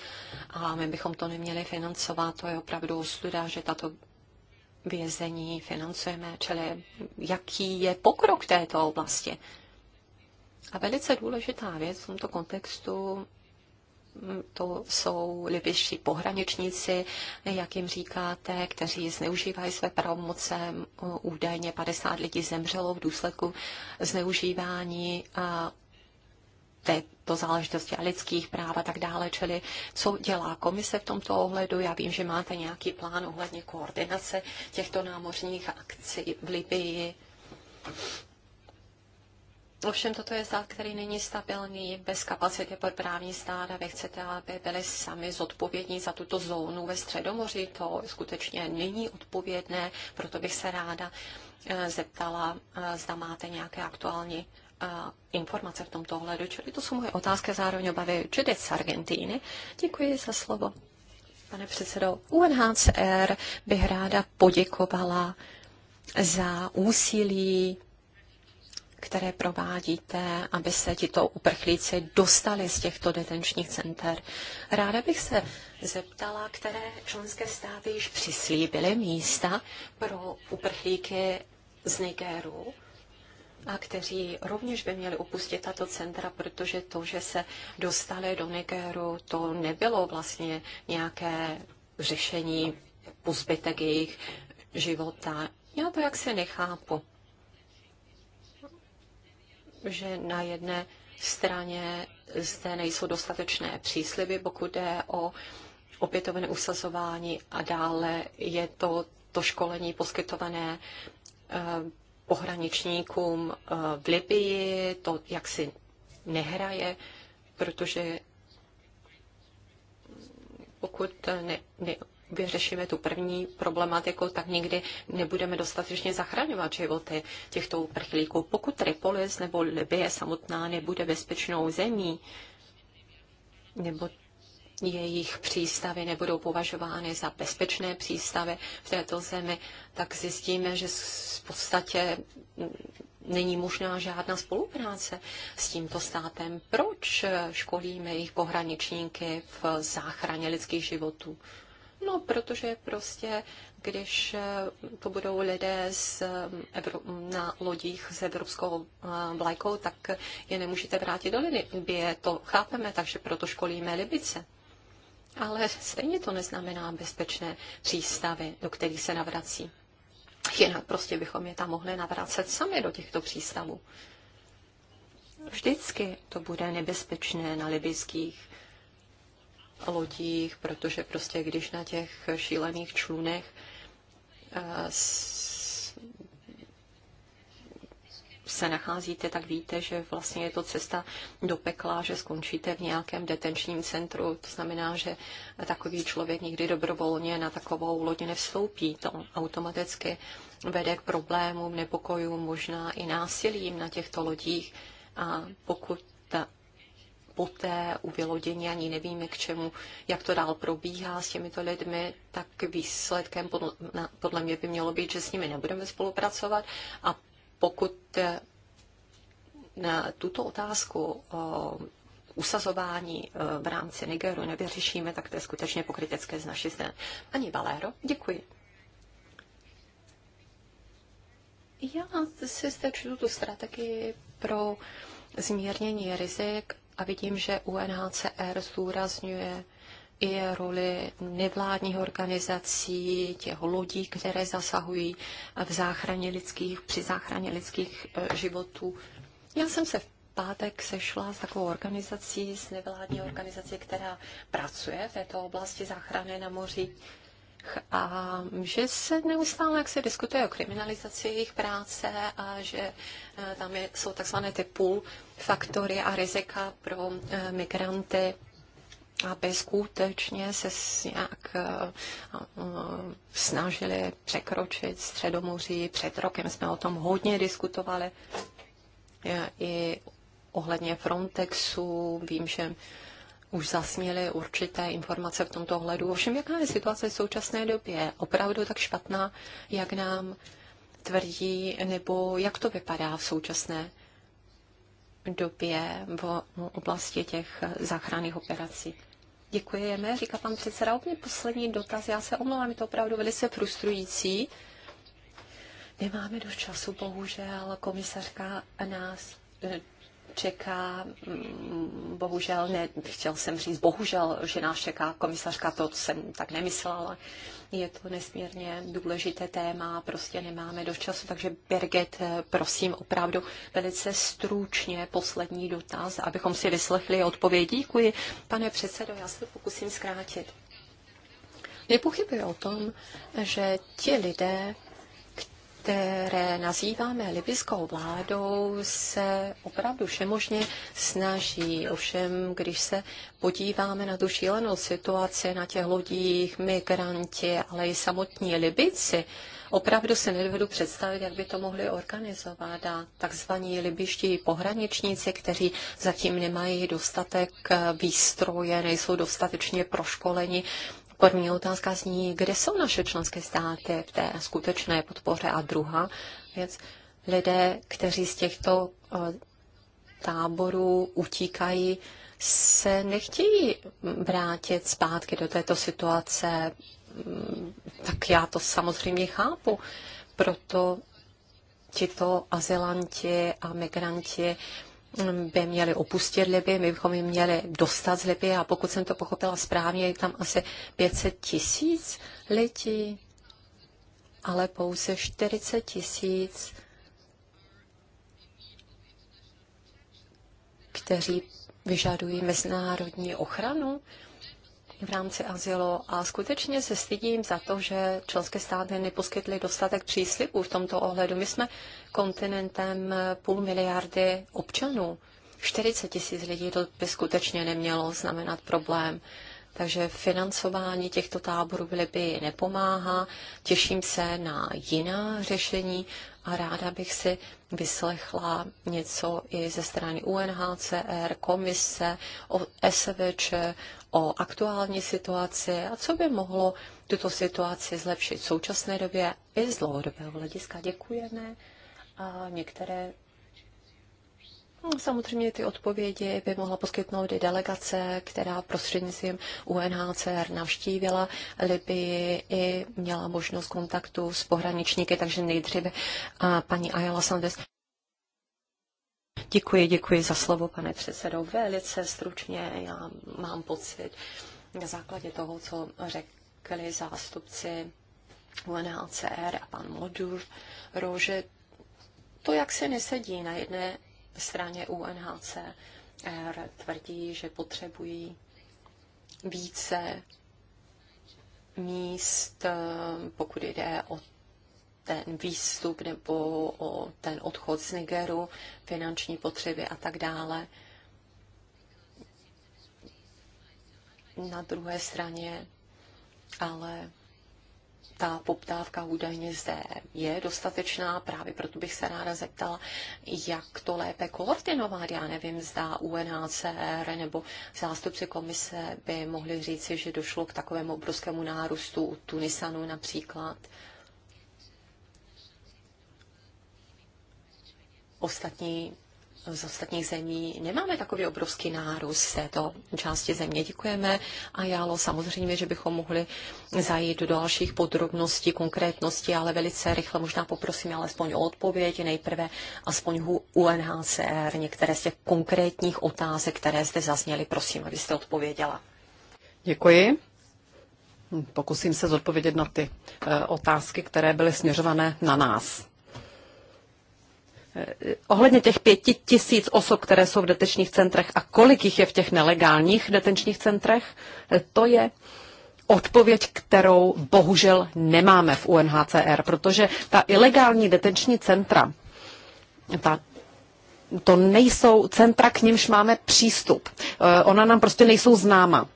a my bychom to neměli financovat. To je opravdu studa, že tato vězení financujeme, čili jaký je pokrok této oblasti. A velice důležitá věc v tomto kontextu to jsou libyští pohraničníci, jak jim říkáte, kteří zneužívají své pravomoce. Údajně 50 lidí zemřelo v důsledku zneužívání této záležitosti a lidských práv a tak dále, čili co dělá komise v tomto ohledu. Já vím, že máte nějaký plán ohledně koordinace těchto námořních akcí v Libii. Ovšem toto je stát, který není stabilní, bez kapacity pro právní stát a vy chcete, aby byli sami zodpovědní za tuto zónu ve Středomoří. To skutečně není odpovědné, proto bych se ráda eh, zeptala, eh, zda máte nějaké aktuální eh, informace v tomto ohledu. Čili to jsou moje otázky, zároveň obavy Judith z Argentíny. Děkuji za slovo. Pane předsedo, UNHCR bych ráda poděkovala za úsilí které provádíte, aby se tito uprchlíci dostali z těchto detenčních center. Ráda bych se zeptala, které členské státy již přislíbily místa pro uprchlíky z Nigeru a kteří rovněž by měli opustit tato centra, protože to, že se dostali do Nigeru, to nebylo vlastně nějaké řešení po jejich života. Já to jaksi nechápu že na jedné straně zde nejsou dostatečné přísliby, pokud jde o opětovné usazování a dále je to to školení poskytované eh, pohraničníkům eh, v Libii, to jak si nehraje, protože pokud ne, ne, vyřešíme tu první problematiku, tak nikdy nebudeme dostatečně zachraňovat životy těchto uprchlíků. Pokud Tripolis nebo Libye samotná nebude bezpečnou zemí, nebo jejich přístavy nebudou považovány za bezpečné přístavy v této zemi, tak zjistíme, že v podstatě není možná žádná spolupráce s tímto státem. Proč školíme jejich pohraničníky v záchraně lidských životů? No, protože prostě, když eh, to budou lidé z eh, Evro- na lodích s evropskou eh, vlajkou, tak je nemůžete vrátit do Libie. To chápeme, takže proto školíme Libice. Ale stejně to neznamená bezpečné přístavy, do kterých se navrací. Jinak prostě bychom je tam mohli navracet sami do těchto přístavů. Vždycky to bude nebezpečné na libyských lodích, protože prostě když na těch šílených člunech eh, se nacházíte, tak víte, že vlastně je to cesta do pekla, že skončíte v nějakém detenčním centru. To znamená, že takový člověk nikdy dobrovolně na takovou lodi nevstoupí. To automaticky vede k problémům, nepokojům, možná i násilím na těchto lodích. A pokud ta poté u vylodění ani nevíme k čemu, jak to dál probíhá s těmito lidmi, tak výsledkem podle, podle mě by mělo být, že s nimi nebudeme spolupracovat a pokud eh, na tuto otázku eh, usazování eh, v rámci Nigeru nevyřešíme, tak to je skutečně pokrytecké z naší strany. Ani Valero, děkuji. Já si zde tuto strategii pro zmírnění rizik a vidím, že UNHCR zdůrazňuje i roli nevládních organizací, těch lodí, které zasahují v záchraně lidských, při záchraně lidských e, životů. Já jsem se v pátek sešla s takovou organizací, s nevládní organizací, která pracuje v této oblasti záchrany na moři a že se neustále, jak se diskutuje o kriminalizaci jejich práce a že e, tam je, jsou takzvané ty půl faktory a rizika pro eh, migranty aby skutečně se nějak eh, eh, snažili překročit Středomoří. Před rokem jsme o tom hodně diskutovali i ohledně Frontexu. Vím, že už zasněly určité informace v tomto ohledu. Ovšem, jaká je situace v současné době? Opravdu tak špatná, jak nám tvrdí, nebo jak to vypadá v současné době v oblasti těch záchranných operací. Děkujeme, říká pan předseda. Úplně poslední dotaz. Já se omlouvám, je to opravdu velice frustrující. Nemáme dost času, bohužel. Komisařka nás eh, čeká, mm, bohužel, ne, chtěl jsem říct, bohužel, že nás čeká komisařka, to jsem tak nemyslela, je to nesmírně důležité téma, prostě nemáme dost času, takže Birgit, eh, prosím opravdu velice stručně poslední dotaz, abychom si vyslechli odpověď. Díkuji, pane předsedo, já se pokusím zkrátit. Nepochybuji o tom, že ti lidé, které nazýváme libyskou vládou, se opravdu všemožně snaží. Ovšem, když se podíváme na tu šílenou situaci na těch lodích, migranti, ale i samotní Libici, opravdu se nedovedu představit, jak by to mohli organizovat a takzvaní libiští pohraničníci, kteří zatím nemají dostatek výstroje, nejsou dostatečně proškoleni, První otázka zní, kde jsou naše členské státy v té skutečné podpoře a druhá věc, lidé, kteří z těchto eh, táborů utíkají, se nechtějí vrátit zpátky do této situace, mm, tak já to samozřejmě chápu. Proto tito azylanti a migranti by měli opustit Libii, my bychom ji měli dostat z Libii a pokud jsem to pochopila správně, je tam asi 500 tisíc lidí, ale pouze 40 tisíc, kteří vyžadují mezinárodní ochranu v rámci azylu a skutečně se stydím za to, že členské státy neposkytly dostatek příslipů v tomto ohledu. My jsme kontinentem půl miliardy občanů. 40 tisíc lidí to by skutečně nemělo znamenat problém. Takže financování těchto táborů byly by nepomáhá. Těším se na jiná řešení a ráda bych si vyslechla něco i ze strany UNHCR, komise, SVČ, o aktuální situaci a co by mohlo tuto situaci zlepšit v současné době i z dlouhodobého hlediska. Děkujeme a některé no, Samozřejmě ty odpovědi by mohla poskytnout i delegace, která prostřednictvím UNHCR navštívila Libii i měla možnost kontaktu s pohraničníky, takže nejdříve a paní Ayala Sandes. Děkuji, děkuji za slovo, pane předsedo. Velice stručně, já mám pocit, na základě toho, co řekli zástupci UNHCR a pan Modur, že to, jak se nesedí na jedné straně UNHCR, tvrdí, že potřebují více míst, pokud jde o ten výstup nebo o ten odchod z Nigeru, finanční potřeby a tak dále. Na druhé straně ale ta poptávka údajně zde je dostatečná, právě proto bych se ráda zeptala, jak to lépe koordinovat. Já nevím, zda UNHCR nebo zástupci komise by mohli říci, že došlo k takovému obrovskému nárůstu u Tunisanu například. ostatní z ostatních zemí nemáme takový obrovský nárůst této části země. Děkujeme a jalo samozřejmě, že bychom mohli zajít do dalších podrobností, konkrétností, ale velice rychle možná poprosím alespoň o odpověď, nejprve aspoň UNHCR, některé z těch konkrétních otázek, které zde zazněly, prosím, abyste odpověděla. Děkuji. Pokusím se zodpovědět na ty eh, otázky, které byly směřované na nás. Eh, ohledně těch pěti tisíc osob, které jsou v detenčních centrech a kolik jich je v těch nelegálních detenčních centrech, eh, to je odpověď, kterou bohužel nemáme v UNHCR, protože ta ilegální detenční centra, ta to nejsou centra, k nimž máme přístup. Eh, ona nám prostě nejsou známa.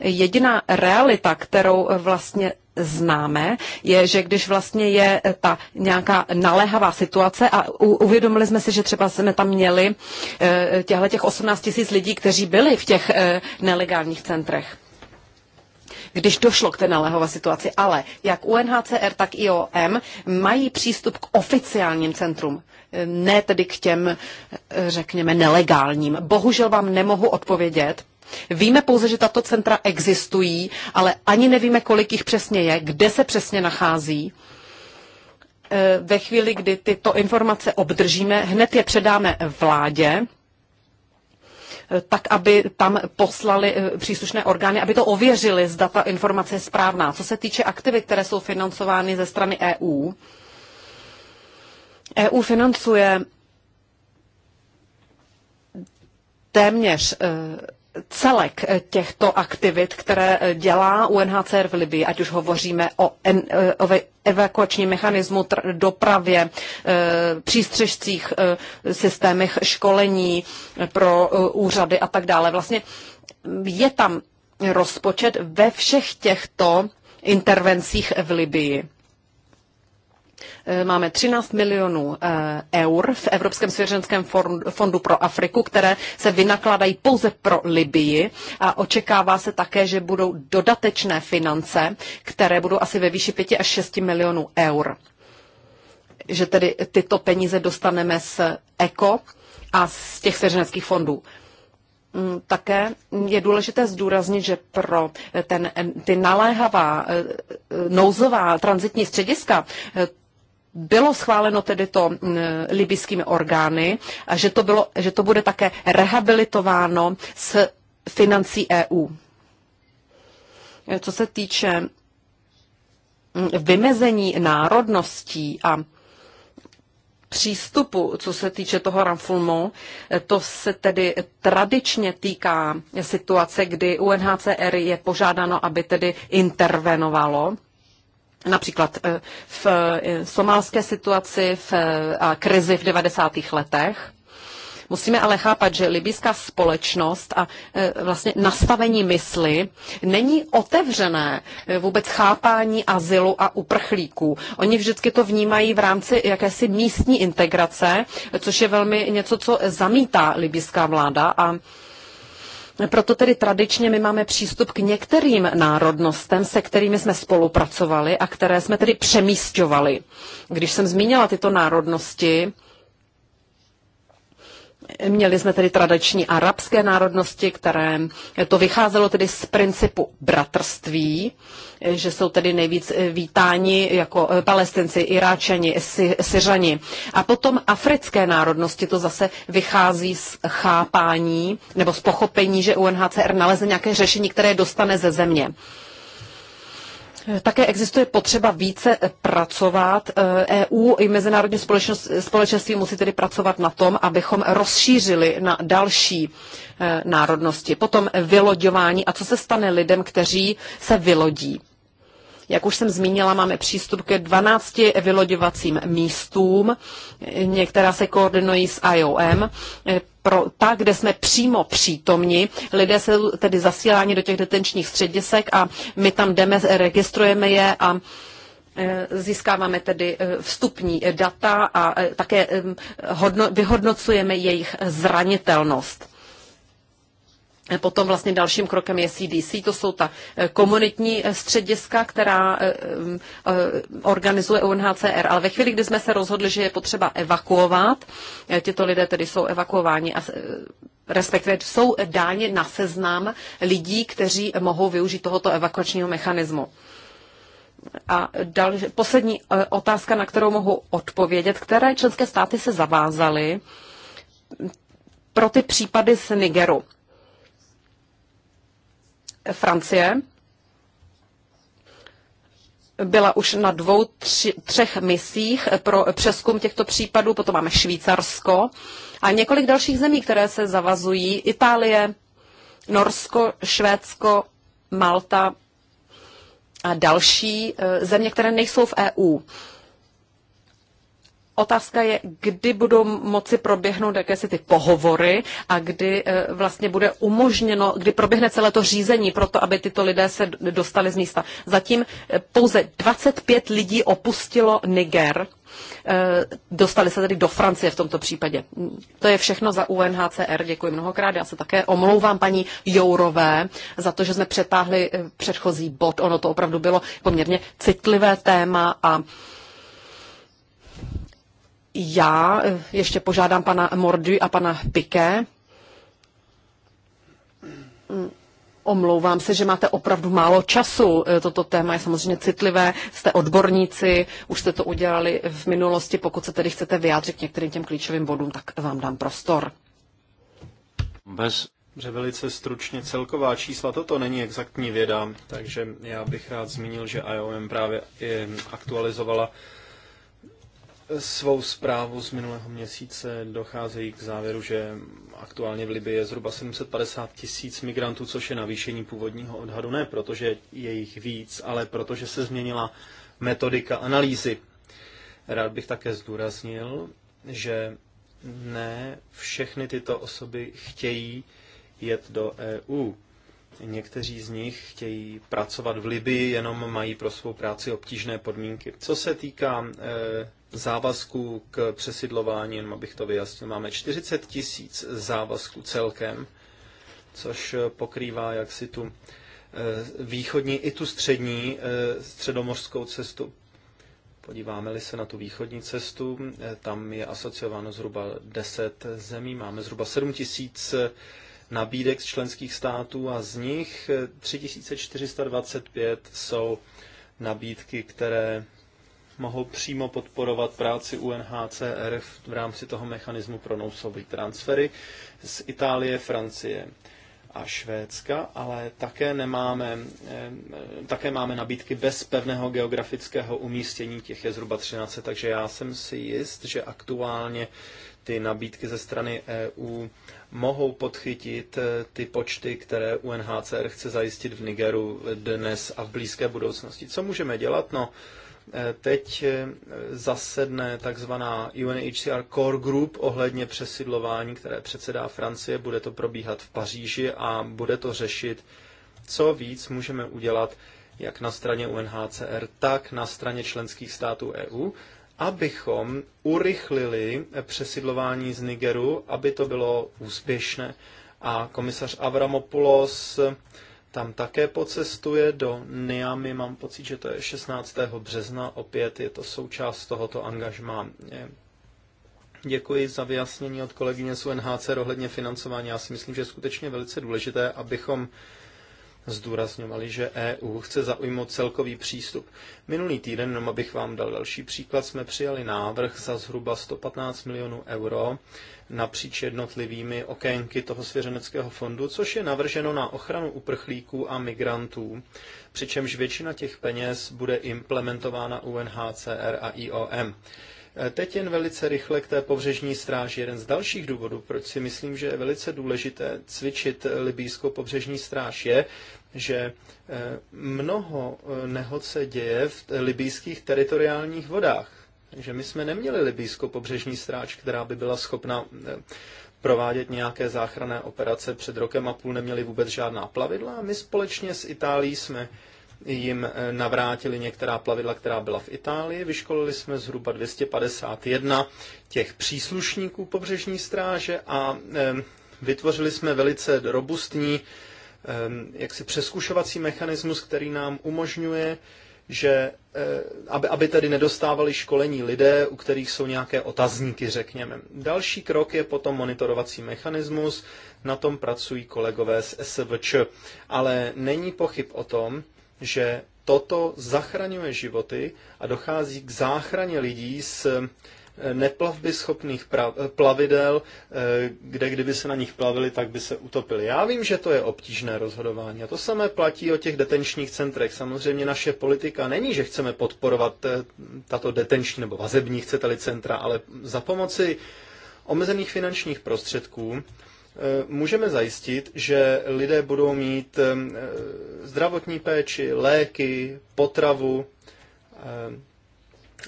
Jediná realita, kterou vlastně známe, je, že když vlastně je eh, ta nějaká naléhavá situace a uvědomili jsme si, že třeba jsme tam měli eh, těchto těch 18 tisíc lidí, kteří byli v těch eh, nelegálních centrech když došlo k té naléhové situaci. Ale jak UNHCR, tak IOM mají přístup k oficiálním centrum, ne tedy k těm, řekněme, nelegálním. Bohužel vám nemohu odpovědět, Víme pouze, že tato centra existují, ale ani nevíme, kolik jich přesně je, kde se přesně nachází. E, ve chvíli, kdy tyto informace obdržíme, hned je předáme vládě, e, tak aby tam poslali e, příslušné orgány, aby to ověřili, zda ta informace je správná. Co se týče aktivit, které jsou financovány ze strany EU, EU financuje téměř celek eh, těchto aktivit, které eh, dělá UNHCR v Libii, ať už hovoříme o, en, eh, o evakuačním mechanismu, tr, dopravě, přístřežcích, systémech školení pro úřady a tak dále. Vlastně mm, je tam rozpočet ve všech těchto intervencích v Libii. Eh, máme 13 milionů eh, eur v Evropském svěřenském fondu pro Afriku, které se vynakládají pouze pro Libii a očekává se také, že budou dodatečné finance, které budou asi ve výši 5 až 6 milionů eur. Že tedy tyto peníze dostaneme z ECO a z těch svěřeneckých fondů. Mm, také je důležité zdůraznit, že pro eh, ten, ty naléhavá nouzová transitní střediska bylo schváleno tedy to mm, libyskými orgány a že to, bylo, že to bude také rehabilitováno s financí EU. Co se týče mm, vymezení národností a přístupu, co se týče toho Ramfulmu, to se tedy tradičně týká situace, kdy UNHCR je požádáno, aby tedy intervenovalo například eh, v eh, somálské situaci v, eh, a krizi v 90. letech. Musíme ale chápat, že libyská společnost a vlastně nastavení mysli není otevřené vůbec chápání azylu a uprchlíků. Oni vždycky to vnímají v rámci jakési místní integrace, což je velmi něco, co zamítá libyská vláda a proto tedy tradičně my máme přístup k některým národnostem, se kterými jsme spolupracovali a které jsme tedy přemístovali. Když jsem zmínila tyto národnosti, Měli jsme tedy tradiční arabské národnosti, které eh, to vycházelo tedy z principu bratrství, eh, že jsou tedy nejvíc eh, vítáni jako palestinci, iráčani, sy, syřani. A potom africké národnosti to zase vychází z chápání nebo z pochopení, že UNHCR nalezne nějaké řešení, které dostane ze země. Také existuje potřeba více eh, pracovat. EU eh, e i mezinárodní společenství musí tedy pracovat na tom, abychom rozšířili na další eh, národnosti. Potom vyloďování a co se stane lidem, kteří se vylodí. Jak už jsem zmínila, máme přístup ke 12 vyloďovacím místům. Některá se koordinují s IOM. Pro ta, kde jsme přímo přítomni, lidé se tedy zasíláni do těch detenčních středisek a my tam jdeme, registrujeme je a e, Získáváme tedy e, vstupní data a e, také vyhodnocujeme jejich zranitelnost. Potom vlastně dalším krokem je CDC, to jsou ta eh, komunitní eh, střediska, která eh, organizuje UNHCR. Ale ve chvíli, kdy jsme se rozhodli, že je potřeba evakuovat, tyto lidé tedy jsou evakuováni a respektive jsou dáni na seznam lidí, kteří mohou využít tohoto evakuačního mechanismu. A dal, poslední otázka, na kterou mohu odpovědět, které členské státy se zavázaly pro ty případy z Nigeru. Francie byla už na dvou, tři, třech misích pro přeskum těchto případů, potom máme Švýcarsko a několik dalších zemí, které se zavazují, Itálie, Norsko, Švédsko, Malta a další eh, země, které nejsou v EU. Otázka je, kdy budou moci proběhnout si ty pohovory a kdy eh, vlastně bude umožněno, kdy proběhne celé to řízení pro to, aby tyto lidé se dostali z místa. Zatím eh, pouze 25 lidí opustilo Niger, eh, dostali se tedy do Francie v tomto případě. To je všechno za UNHCR, děkuji mnohokrát. Já se také omlouvám paní Jourové za to, že jsme přetáhli předchozí bod. Ono to opravdu bylo poměrně citlivé téma a já eh, ještě požádám pana Mordy a pana Piké. Mm, omlouvám se, že máte opravdu málo času. Eh, toto téma je samozřejmě citlivé, jste odborníci, už jste to udělali v minulosti. Pokud se tedy chcete vyjádřit některým těm klíčovým bodům, tak vám dám prostor. Bez že velice stručně celková čísla, toto není exaktní věda, takže já bych rád zmínil, že IOM právě eh, aktualizovala svou zprávu z minulého měsíce docházejí k závěru, že aktuálně v Libii je zhruba 750 tisíc migrantů, což je navýšení původního odhadu. Ne protože je jich víc, ale protože se změnila metodika analýzy. Rád bych také zdůraznil, že ne všechny tyto osoby chtějí jet do EU. Někteří z nich chtějí pracovat v Libii, jenom mají pro svou práci obtížné podmínky. Co se týká eh, závazků k přesidlování, jenom abych to vyjasnil, máme 40 tisíc závazků celkem, což pokrývá jaksi tu eh, východní i tu střední eh, středomořskou cestu. Podíváme-li se na tu východní cestu, eh, tam je asociováno zhruba 10 zemí, máme zhruba 7 tisíc nabídek z členských států a z nich 3425 jsou nabídky, které mohou přímo podporovat práci UNHCR v rámci toho mechanismu pro nouzové transfery z Itálie, Francie a Švédska, ale také nemáme, eh, také máme nabídky bez pevného geografického umístění, těch je zhruba 13, takže já jsem si jist, že aktuálně ty nabídky ze strany EU mohou podchytit eh, ty počty, které UNHCR chce zajistit v Nigeru dnes a v blízké budoucnosti. Co můžeme dělat? No, Eh, teď eh, zasedne takzvaná UNHCR Core Group ohledně přesidlování, které předsedá Francie. Bude to probíhat v Paříži a bude to řešit, co víc můžeme udělat jak na straně UNHCR, tak na straně členských států EU, abychom urychlili přesidlování z Nigeru, aby to bylo úspěšné. A komisař Avramopoulos tam také pocestuje do Niamy, mám pocit, že to je 16. března, opět je to součást tohoto angažmá. Děkuji za vyjasnění od kolegyně z UNHCR ohledně financování. Já si myslím, že je skutečně velice důležité, abychom zdůrazňovali, že EU chce zaujmout celkový přístup. Minulý týden, jenom abych vám dal další příklad, jsme přijali návrh za zhruba 115 milionů euro napříč jednotlivými okénky toho svěřeneckého fondu, což je navrženo na ochranu uprchlíků a migrantů, přičemž většina těch peněz bude implementována UNHCR a IOM. Eh, teď jen velice rychle k té pobřežní stráži. Jeden z dalších důvodů, proč si myslím, že je velice důležité cvičit libýskou pobřežní stráž, je, že eh, mnoho eh, nehod se děje v libýských teritoriálních vodách. Takže my jsme neměli libýskou pobřežní stráž, která by byla schopna provádět nějaké záchranné operace. Před rokem a půl neměli vůbec žádná plavidla a my společně s Itálií jsme jim eh, navrátili některá plavidla, která byla v Itálii. Vyškolili jsme zhruba 251 těch příslušníků pobřežní stráže a eh, vytvořili jsme velice robustní eh, jaksi přeskušovací mechanismus, který nám umožňuje, že aby, aby tedy nedostávali školení lidé, u kterých jsou nějaké otazníky, řekněme. Další krok je potom monitorovací mechanismus, na tom pracují kolegové z SVČ, ale není pochyb o tom, že toto zachraňuje životy a dochází k záchraně lidí z eh, neplavby schopných eh, plavidel, eh, kde kdyby se na nich plavili, tak by se utopili. Já vím, že to je obtížné rozhodování a to samé platí o těch detenčních centrech. Samozřejmě naše politika není, že chceme podporovat tato detenční nebo vazební, chcete-li, centra, ale za pomoci omezených finančních prostředků Eh, můžeme zajistit, že lidé budou mít eh, zdravotní péči, léky, potravu eh,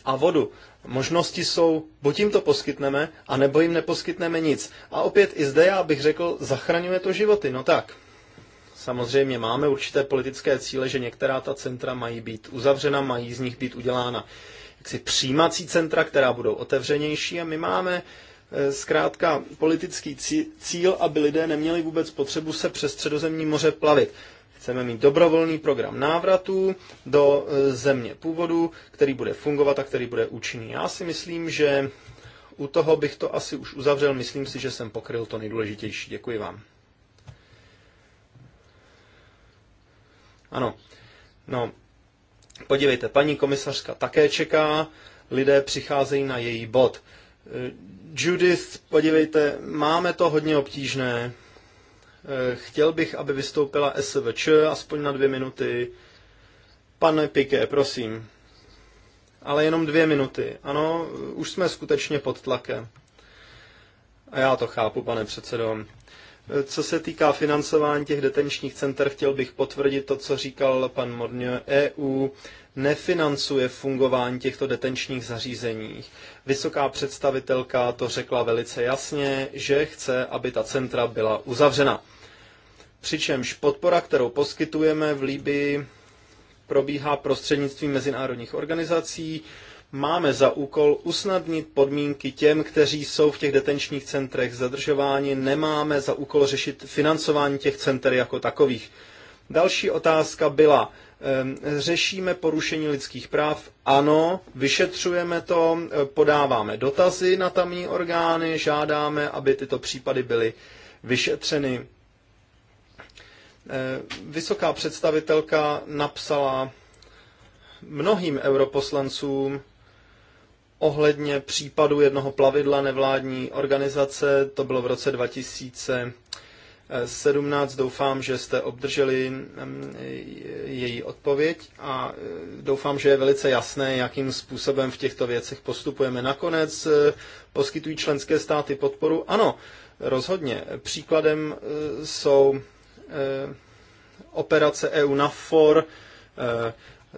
a vodu. Možnosti jsou, buď jim to poskytneme, anebo jim neposkytneme nic. A opět i zde já bych řekl, zachraňuje to životy. No tak, samozřejmě máme určité politické cíle, že některá ta centra mají být uzavřena, mají z nich být udělána jaksi přijímací centra, která budou otevřenější a my máme Eh, zkrátka politický cíl, aby lidé neměli vůbec potřebu se přes středozemní moře plavit. Chceme mít dobrovolný program návratu do eh, země původu, který bude fungovat a který bude účinný. Já si myslím, že u toho bych to asi už uzavřel. Myslím si, že jsem pokryl to nejdůležitější. Děkuji vám. Ano. No, podívejte, paní komisařka také čeká, lidé přicházejí na její bod. Eh, Judith, podívejte, máme to hodně obtížné. Eh, chtěl bych, aby vystoupila SVČ aspoň na dvě minuty. Pane Piké, prosím. Ale jenom dvě minuty. Ano, už jsme skutečně pod tlakem. A já to chápu, pane předsedo. Co se týká financování těch detenčních center, chtěl bych potvrdit to, co říkal pan Morně. EU nefinancuje fungování těchto detenčních zařízení. Vysoká představitelka to řekla velice jasně, že chce, aby ta centra byla uzavřena. Přičemž podpora, kterou poskytujeme v Líbii, probíhá prostřednictvím mezinárodních organizací, máme za úkol usnadnit podmínky těm, kteří jsou v těch detenčních centrech zadržováni. Nemáme za úkol řešit financování těch center jako takových. Další otázka byla, řešíme porušení lidských práv? Ano, vyšetřujeme to, e, podáváme dotazy na tamní orgány, žádáme, aby tyto případy byly vyšetřeny. E, vysoká představitelka napsala mnohým europoslancům ohledně případu jednoho plavidla nevládní organizace, to bylo v roce 2017, doufám, že jste obdrželi mm, e, její odpověď a e, doufám, že je velice jasné, jakým způsobem v těchto věcech postupujeme. Nakonec e, poskytují členské státy podporu? Ano, rozhodně. Příkladem jsou operace EU NAFOR,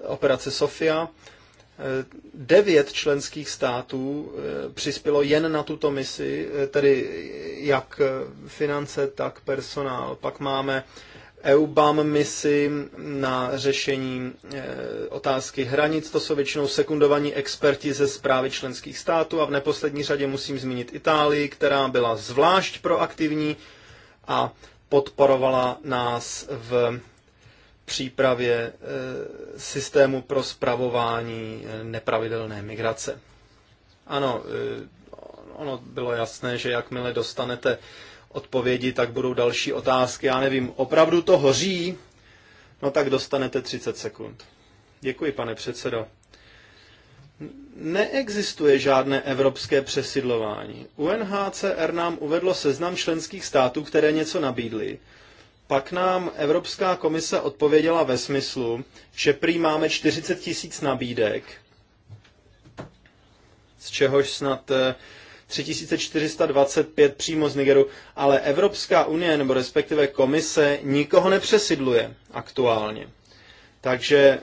operace SOFIA, devět členských států eh, přispělo jen na tuto misi, eh, tedy jak eh, finance, tak personál. Pak máme EUBAM misi na řešení otázky hranic. To jsou většinou sekundovaní experti ze zprávy členských států a v neposlední řadě musím zmínit Itálii, která byla zvlášť proaktivní a podporovala nás v přípravě eh, systému pro spravování eh, nepravidelné migrace. Ano, eh, ono bylo jasné, že jakmile dostanete odpovědi, tak budou další otázky. Já nevím, opravdu to hoří? No tak dostanete 30 sekund. Děkuji, pane předsedo. Neexistuje žádné evropské přesidlování. UNHCR nám uvedlo seznam členských států, které něco nabídly. Pak nám Evropská komise odpověděla ve smyslu, že prý máme 40 tisíc nabídek, z čehož snad 3425 eh, přímo z Nigeru, ale Evropská unie nebo respektive komise nikoho nepřesidluje aktuálně. Takže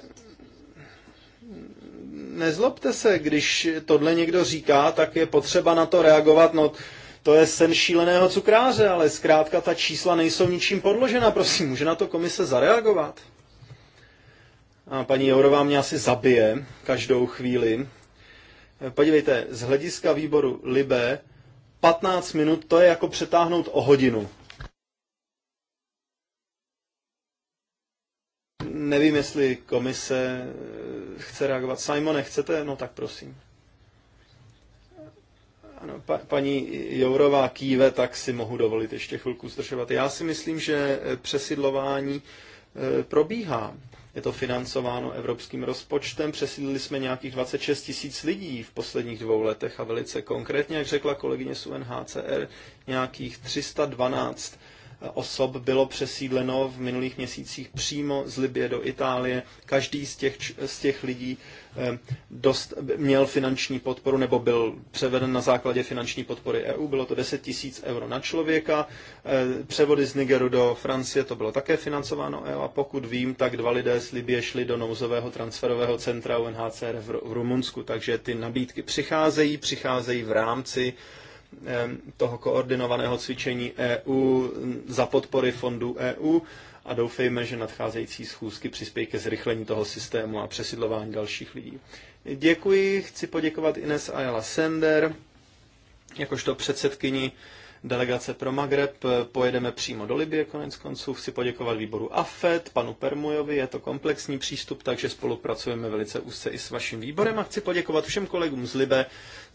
nezlobte se, když tohle někdo říká, tak je potřeba na to reagovat. No, to je sen šíleného cukráře, ale zkrátka ta čísla nejsou ničím podložena, prosím, může na to komise zareagovat? A paní Jourová mě asi zabije každou chvíli. Podívejte, z hlediska výboru Libe 15 minut to je jako přetáhnout o hodinu. Nevím, jestli komise chce reagovat. Simone, chcete? No tak prosím. Ano, pa, paní Jourová kýve, tak si mohu dovolit ještě chvilku zdržovat. Já si myslím, že eh, přesidlování eh, probíhá. Je to financováno evropským rozpočtem. Přesídlili jsme nějakých 26 tisíc lidí v posledních dvou letech a velice konkrétně, jak řekla kolegyně z UNHCR, nějakých 312 eh, osob bylo přesídleno v minulých měsících přímo z Libie do Itálie. Každý z těch, z těch lidí Ehm, dost, měl finanční podporu nebo byl převeden na základě finanční podpory EU. Bylo to 10 tisíc euro na člověka. Ehm, převody z Nigeru do Francie, to bylo také financováno EU a pokud vím, tak dva lidé z Libie šli do nouzového transferového centra UNHCR v Rumunsku, takže ty nabídky přicházejí, přicházejí v rámci ehm, toho koordinovaného cvičení EU za podpory fondů EU a doufejme, že nadcházející schůzky přispějí ke zrychlení toho systému a přesidlování dalších lidí. Děkuji, chci poděkovat Ines Ayala Sender, jakožto předsedkyni delegace pro Magreb. Eh, pojedeme přímo do Libie konec konců. Chci poděkovat výboru AFET, panu Permujovi, je to komplexní přístup, takže spolupracujeme velice úzce i s vaším výborem a chci poděkovat všem kolegům z Libe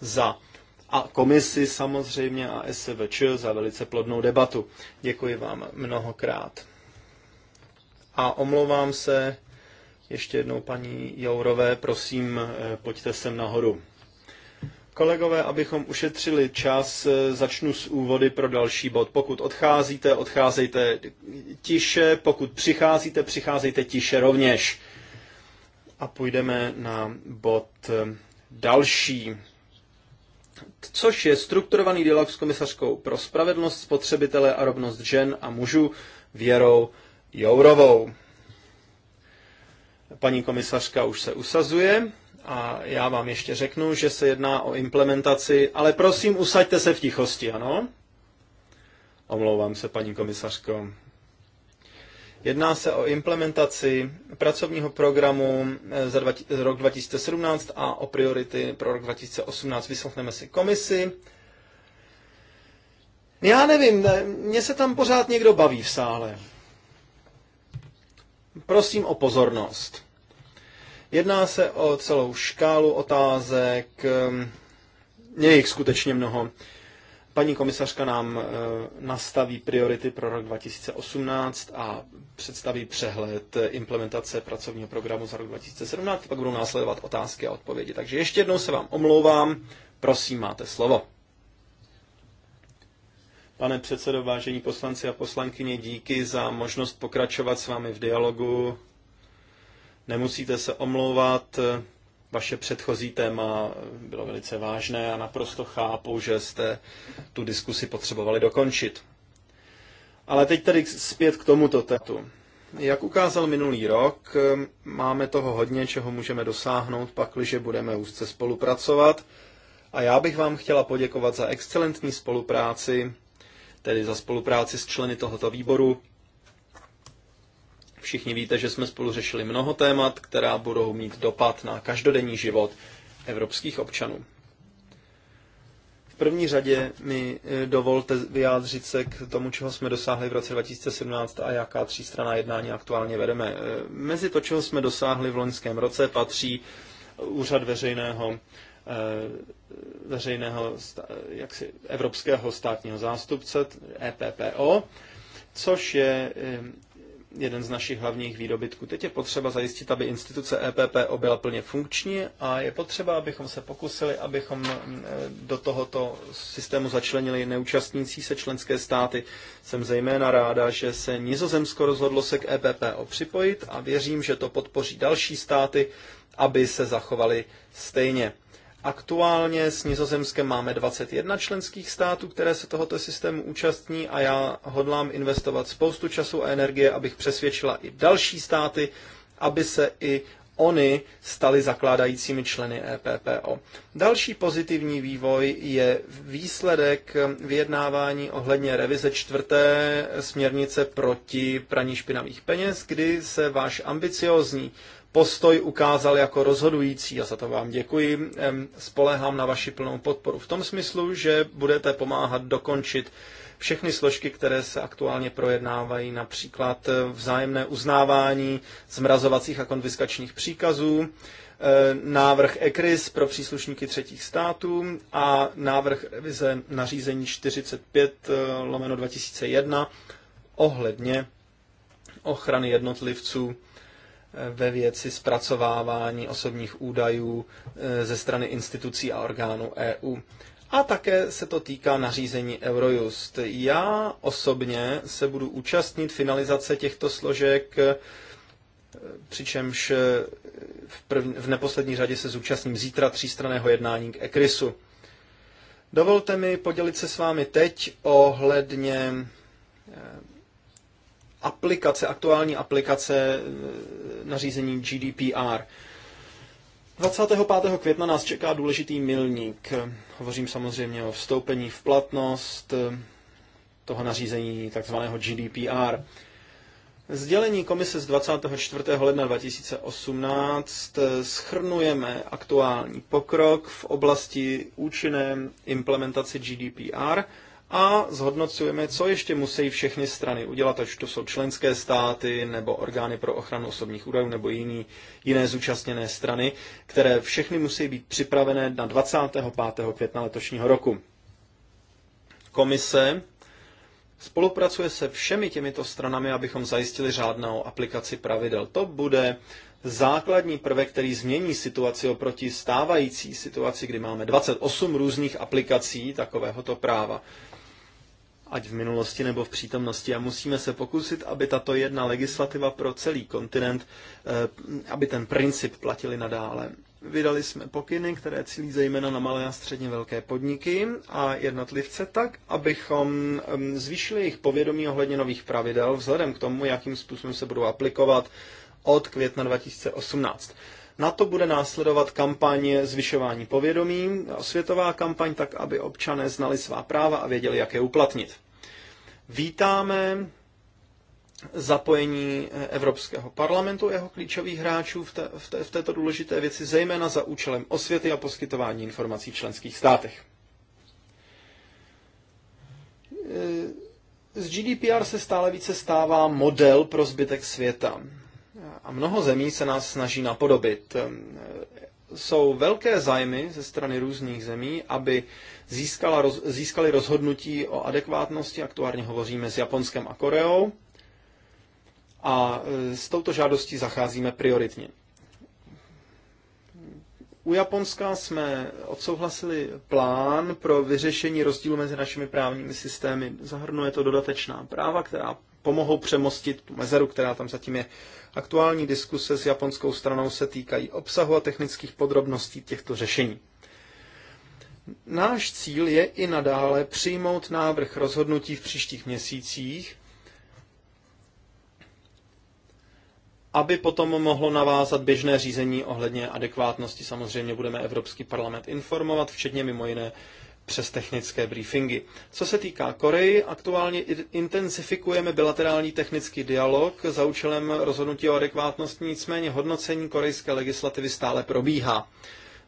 za a komisi samozřejmě a SVČ za velice plodnou debatu. Děkuji vám mnohokrát. A omlouvám se ještě jednou paní Jourové, prosím, eh, pojďte sem nahoru. Kolegové, abychom ušetřili čas, eh, začnu s úvody pro další bod. Pokud odcházíte, odcházejte tiše, pokud přicházíte, přicházejte tiše rovněž. A půjdeme na bod eh, další, což je strukturovaný dialog s komisařkou pro spravedlnost spotřebitele a rovnost žen a mužů věrou Jourovou. Paní komisařka už se usazuje a já vám ještě řeknu, že se jedná o implementaci, ale prosím, usaďte se v tichosti, ano? Omlouvám se, paní komisařko. Jedná se o implementaci pracovního programu eh, za dva, eh, rok 2017 a o priority pro rok 2018. Vyslechneme si komisi. Já nevím, mně se tam pořád někdo baví v sále. Prosím o pozornost. Jedná se o celou škálu otázek, ehm, je jich skutečně mnoho. Paní komisařka nám eh, nastaví priority pro rok 2018 a představí přehled eh, implementace pracovního programu za rok 2017. Pak budou následovat otázky a odpovědi. Takže ještě jednou se vám omlouvám. Prosím, máte slovo. Pane předsedo, vážení poslanci a poslankyně, díky za možnost pokračovat s vámi v dialogu. Nemusíte se omlouvat, vaše předchozí téma bylo velice vážné a naprosto chápu, že jste tu diskusi potřebovali dokončit. Ale teď tedy zpět k tomuto tetu. Jak ukázal minulý rok, máme toho hodně, čeho můžeme dosáhnout, pakliže budeme úzce spolupracovat. A já bych vám chtěla poděkovat za excelentní spolupráci tedy za spolupráci s členy tohoto výboru. Všichni víte, že jsme spolu řešili mnoho témat, která budou mít dopad na každodenní život evropských občanů. V první řadě mi e, dovolte vyjádřit se k tomu, čeho jsme dosáhli v roce 2017 a jaká třístraná jednání aktuálně vedeme. E, mezi to, čeho jsme dosáhli v loňském roce, patří úřad veřejného Eh, veřejného jaksi, evropského státního zástupce, EPPO, což je eh, jeden z našich hlavních výdobytků. Teď je potřeba zajistit, aby instituce EPPO byla plně funkční a je potřeba, abychom se pokusili, abychom eh, do tohoto systému začlenili neúčastnící se členské státy. Jsem zejména ráda, že se Nizozemsko rozhodlo se k EPPO připojit a věřím, že to podpoří další státy, aby se zachovali stejně. Aktuálně s Nizozemskem máme 21 členských států, které se tohoto systému účastní a já hodlám investovat spoustu času a energie, abych přesvědčila i další státy, aby se i oni stali zakládajícími členy EPPO. Další pozitivní vývoj je výsledek vyjednávání ohledně revize čtvrté směrnice proti praní špinavých peněz, kdy se váš ambiciozní postoj ukázal jako rozhodující a za to vám děkuji. Spolehám na vaši plnou podporu v tom smyslu, že budete pomáhat dokončit všechny složky, které se aktuálně projednávají, například eh, vzájemné uznávání zmrazovacích a konfiskačních příkazů, eh, návrh ECRIS pro příslušníky třetích států a návrh revize nařízení 45 eh, lomeno 2001 ohledně ochrany jednotlivců ve věci zpracovávání osobních údajů eh, ze strany institucí a orgánů EU. A také se to týká nařízení Eurojust. Já osobně se budu účastnit finalizace těchto složek, eh, přičemž eh, v, první, v neposlední řadě se zúčastním zítra třístraného jednání k ECRISu. Dovolte mi podělit se s vámi teď ohledně aplikace, aktuální aplikace eh, nařízení GDPR. 25. května nás čeká důležitý milník. Hovořím samozřejmě o vstoupení v platnost eh, toho nařízení takzvaného GDPR. Sdělení komise z 24. ledna 2018 eh, schrnujeme aktuální pokrok v oblasti účinné implementace GDPR – a zhodnocujeme, co ještě musí všechny strany udělat, ať to jsou členské státy nebo orgány pro ochranu osobních údajů nebo jiný, jiné zúčastněné strany, které všechny musí být připravené na 25. května letošního roku. Komise spolupracuje se všemi těmito stranami, abychom zajistili řádnou aplikaci pravidel. To bude základní prvek, který změní situaci oproti stávající situaci, kdy máme 28 různých aplikací takovéhoto práva ať v minulosti nebo v přítomnosti. A musíme se pokusit, aby tato jedna legislativa pro celý kontinent, eh, aby ten princip platili nadále. Vydali jsme pokyny, které cílí zejména na malé a středně velké podniky a jednotlivce tak, abychom ehm, zvýšili jejich povědomí ohledně nových pravidel vzhledem k tomu, jakým způsobem se budou aplikovat od května 2018. Na to bude následovat kampaň zvyšování povědomí, světová kampaň, tak aby občané znali svá práva a věděli, jak je uplatnit. Vítáme zapojení Evropského parlamentu, jeho klíčových hráčů v, te, v, te, v této důležité věci, zejména za účelem osvěty a poskytování informací v členských státech. E, z GDPR se stále více stává model pro zbytek světa. A mnoho zemí se nás snaží napodobit. Ehm, jsou velké zájmy ze strany různých zemí, aby získala, získali rozhodnutí o adekvátnosti. Aktuálně hovoříme s Japonskem a Koreou. A e, s touto žádostí zacházíme prioritně. U Japonska jsme odsouhlasili plán pro vyřešení rozdílu mezi našimi právními systémy. Zahrnuje to dodatečná práva, která pomohou přemostit tu mezeru, která tam zatím je. Aktuální diskuse s japonskou stranou se týkají obsahu a technických podrobností těchto řešení. Náš cíl je i nadále přijmout návrh rozhodnutí v příštích měsících, aby potom mohlo navázat běžné řízení ohledně adekvátnosti. Samozřejmě budeme Evropský parlament informovat, včetně mimo jiné přes technické briefingy. Co se týká Koreji, aktuálně intenzifikujeme bilaterální technický dialog za účelem rozhodnutí o adekvátnosti, nicméně hodnocení korejské legislativy stále probíhá.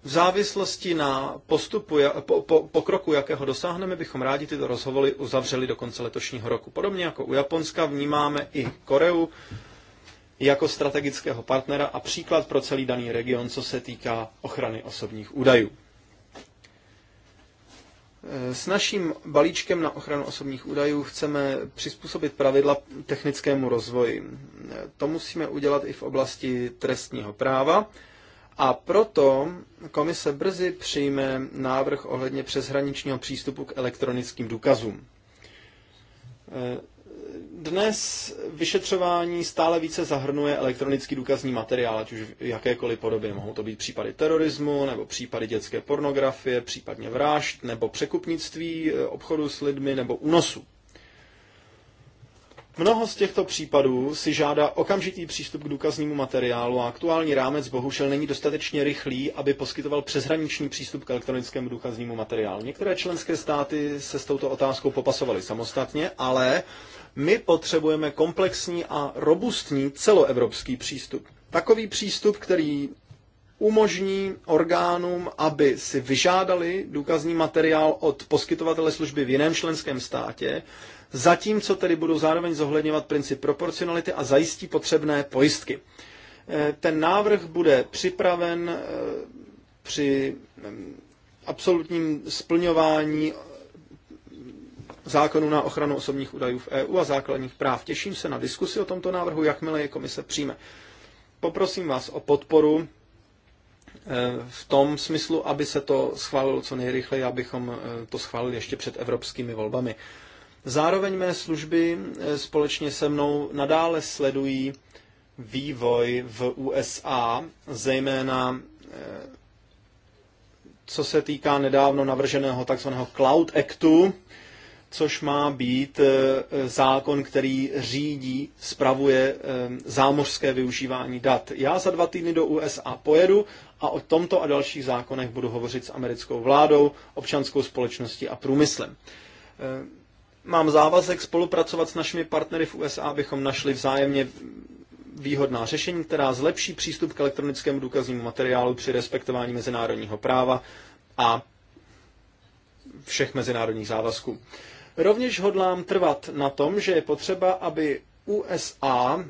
V závislosti na postupu, po, po, pokroku, jakého dosáhneme, bychom rádi tyto rozhovory uzavřeli do konce letošního roku. Podobně jako u Japonska vnímáme i Koreu jako strategického partnera a příklad pro celý daný region, co se týká ochrany osobních údajů. S naším balíčkem na ochranu osobních údajů chceme přizpůsobit pravidla technickému rozvoji. To musíme udělat i v oblasti trestního práva. A proto komise brzy přijme návrh ohledně přeshraničního přístupu k elektronickým důkazům. Dnes vyšetřování stále více zahrnuje elektronický důkazní materiál, ať už v jakékoliv podobě. Mohou to být případy terorismu, nebo případy dětské pornografie, případně vražd, nebo překupnictví, e, obchodu s lidmi, nebo unosu. Mnoho z těchto případů si žádá okamžitý přístup k důkaznímu materiálu a aktuální rámec bohužel není dostatečně rychlý, aby poskytoval přeshraniční přístup k elektronickému důkaznímu materiálu. Některé členské státy se s touto otázkou popasovaly samostatně, ale my potřebujeme komplexní a robustní celoevropský přístup. Takový přístup, který umožní orgánům, aby si vyžádali důkazní materiál od poskytovatele služby v jiném členském státě, zatímco tedy budou zároveň zohledňovat princip proporcionality a zajistí potřebné pojistky. Eh, ten návrh bude připraven eh, při mm, absolutním splňování zákonu na ochranu osobních údajů v EU a základních práv. Těším se na diskusi o tomto návrhu, jakmile je komise přijme. Poprosím vás o podporu eh, v tom smyslu, aby se to schválilo co nejrychleji, abychom eh, to schválili ještě před evropskými volbami. Zároveň mé služby eh, společně se mnou nadále sledují vývoj v USA, zejména co se týká nedávno navrženého tzv. Cloud Actu, což má být eh, eh, zákon, který řídí, spravuje eh, zámořské využívání dat. Já za dva týdny do USA pojedu a o tomto a dalších zákonech budu hovořit s americkou vládou, občanskou společností a průmyslem. Mám závazek spolupracovat s našimi partnery v USA, abychom našli vzájemně výhodná řešení, která zlepší přístup k elektronickému důkaznímu materiálu při respektování mezinárodního práva a všech mezinárodních závazků. Rovněž hodlám trvat na tom, že je potřeba, aby USA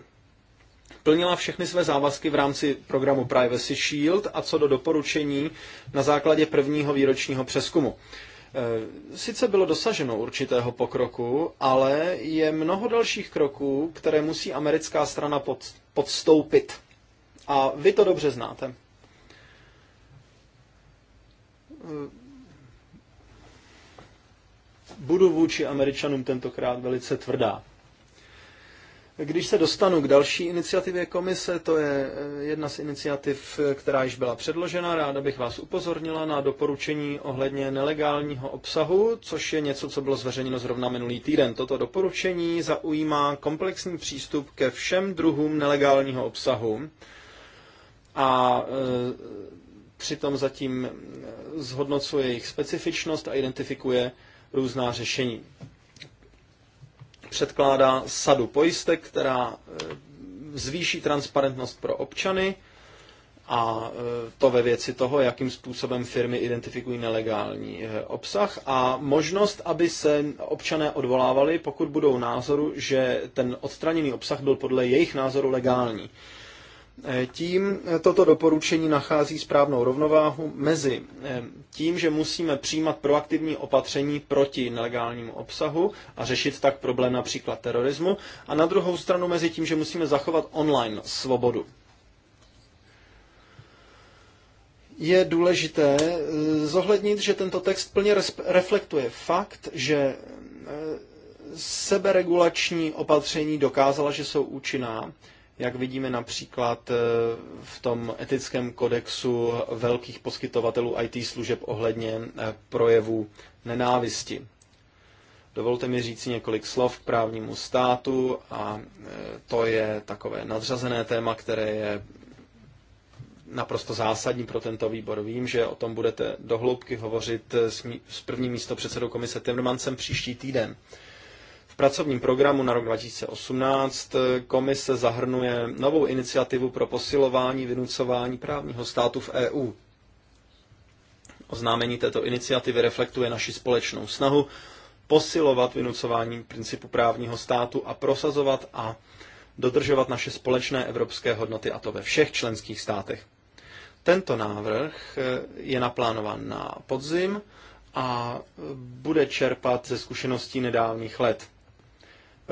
plnila všechny své závazky v rámci programu Privacy Shield a co do doporučení na základě prvního výročního přeskumu. E, sice bylo dosaženo určitého pokroku, ale je mnoho dalších kroků, které musí americká strana pod, podstoupit. A vy to dobře znáte e, budu vůči Američanům tentokrát velice tvrdá. Když se dostanu k další iniciativě komise, to je eh, jedna z iniciativ, eh, která již byla předložena, ráda bych vás upozornila na doporučení ohledně nelegálního obsahu, což je něco, co bylo zveřejněno zrovna minulý týden. Toto doporučení zaujímá komplexní přístup ke všem druhům nelegálního obsahu a eh, přitom zatím zhodnocuje jejich specifičnost a identifikuje různá řešení. Předkládá sadu pojistek, která eh, zvýší transparentnost pro občany a eh, to ve věci toho, jakým způsobem firmy identifikují nelegální eh, obsah a možnost, aby se občané odvolávali, pokud budou názoru, že ten odstraněný obsah byl podle jejich názoru legální. Tím toto doporučení nachází správnou rovnováhu mezi eh, tím, že musíme přijímat proaktivní opatření proti nelegálnímu obsahu a řešit tak problém například terorismu, a na druhou stranu mezi tím, že musíme zachovat online svobodu. je důležité eh, zohlednit, že tento text plně reflektuje fakt, že eh, seberegulační opatření dokázala, že jsou účinná jak vidíme například eh, v tom etickém kodexu velkých poskytovatelů IT služeb ohledně eh, projevů nenávisti. Dovolte mi říct několik slov k právnímu státu a eh, to je takové nadřazené téma, které je naprosto zásadní pro tento výbor. Vím, že o tom budete dohloubky hovořit s, prvním místo předsedou komise Timmermansem příští týden pracovním programu na rok 2018 eh, komise zahrnuje novou iniciativu pro posilování vynucování právního státu v EU. Oznámení této iniciativy reflektuje naši společnou snahu posilovat vynucování principu právního státu a prosazovat a dodržovat naše společné evropské hodnoty, a to ve všech členských státech. Tento návrh eh, je naplánován na podzim a bude čerpat ze zkušeností nedávných let.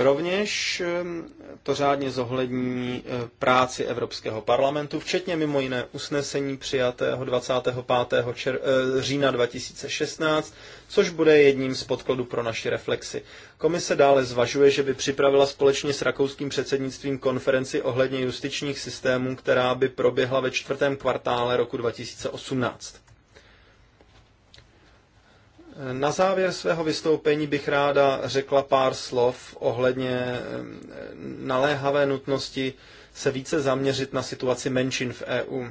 Rovněž ehm, to řádně zohlední eh, práci Evropského parlamentu, včetně mimo jiné usnesení přijatého 25. Čer, eh, října 2016, což bude jedním z podkladů pro naši reflexy. Komise dále zvažuje, že by připravila společně s rakouským předsednictvím konferenci ohledně justičních systémů, která by proběhla ve čtvrtém kvartále roku 2018. Na závěr svého vystoupení bych ráda řekla pár slov ohledně eh, naléhavé nutnosti se více zaměřit na situaci menšin v EU.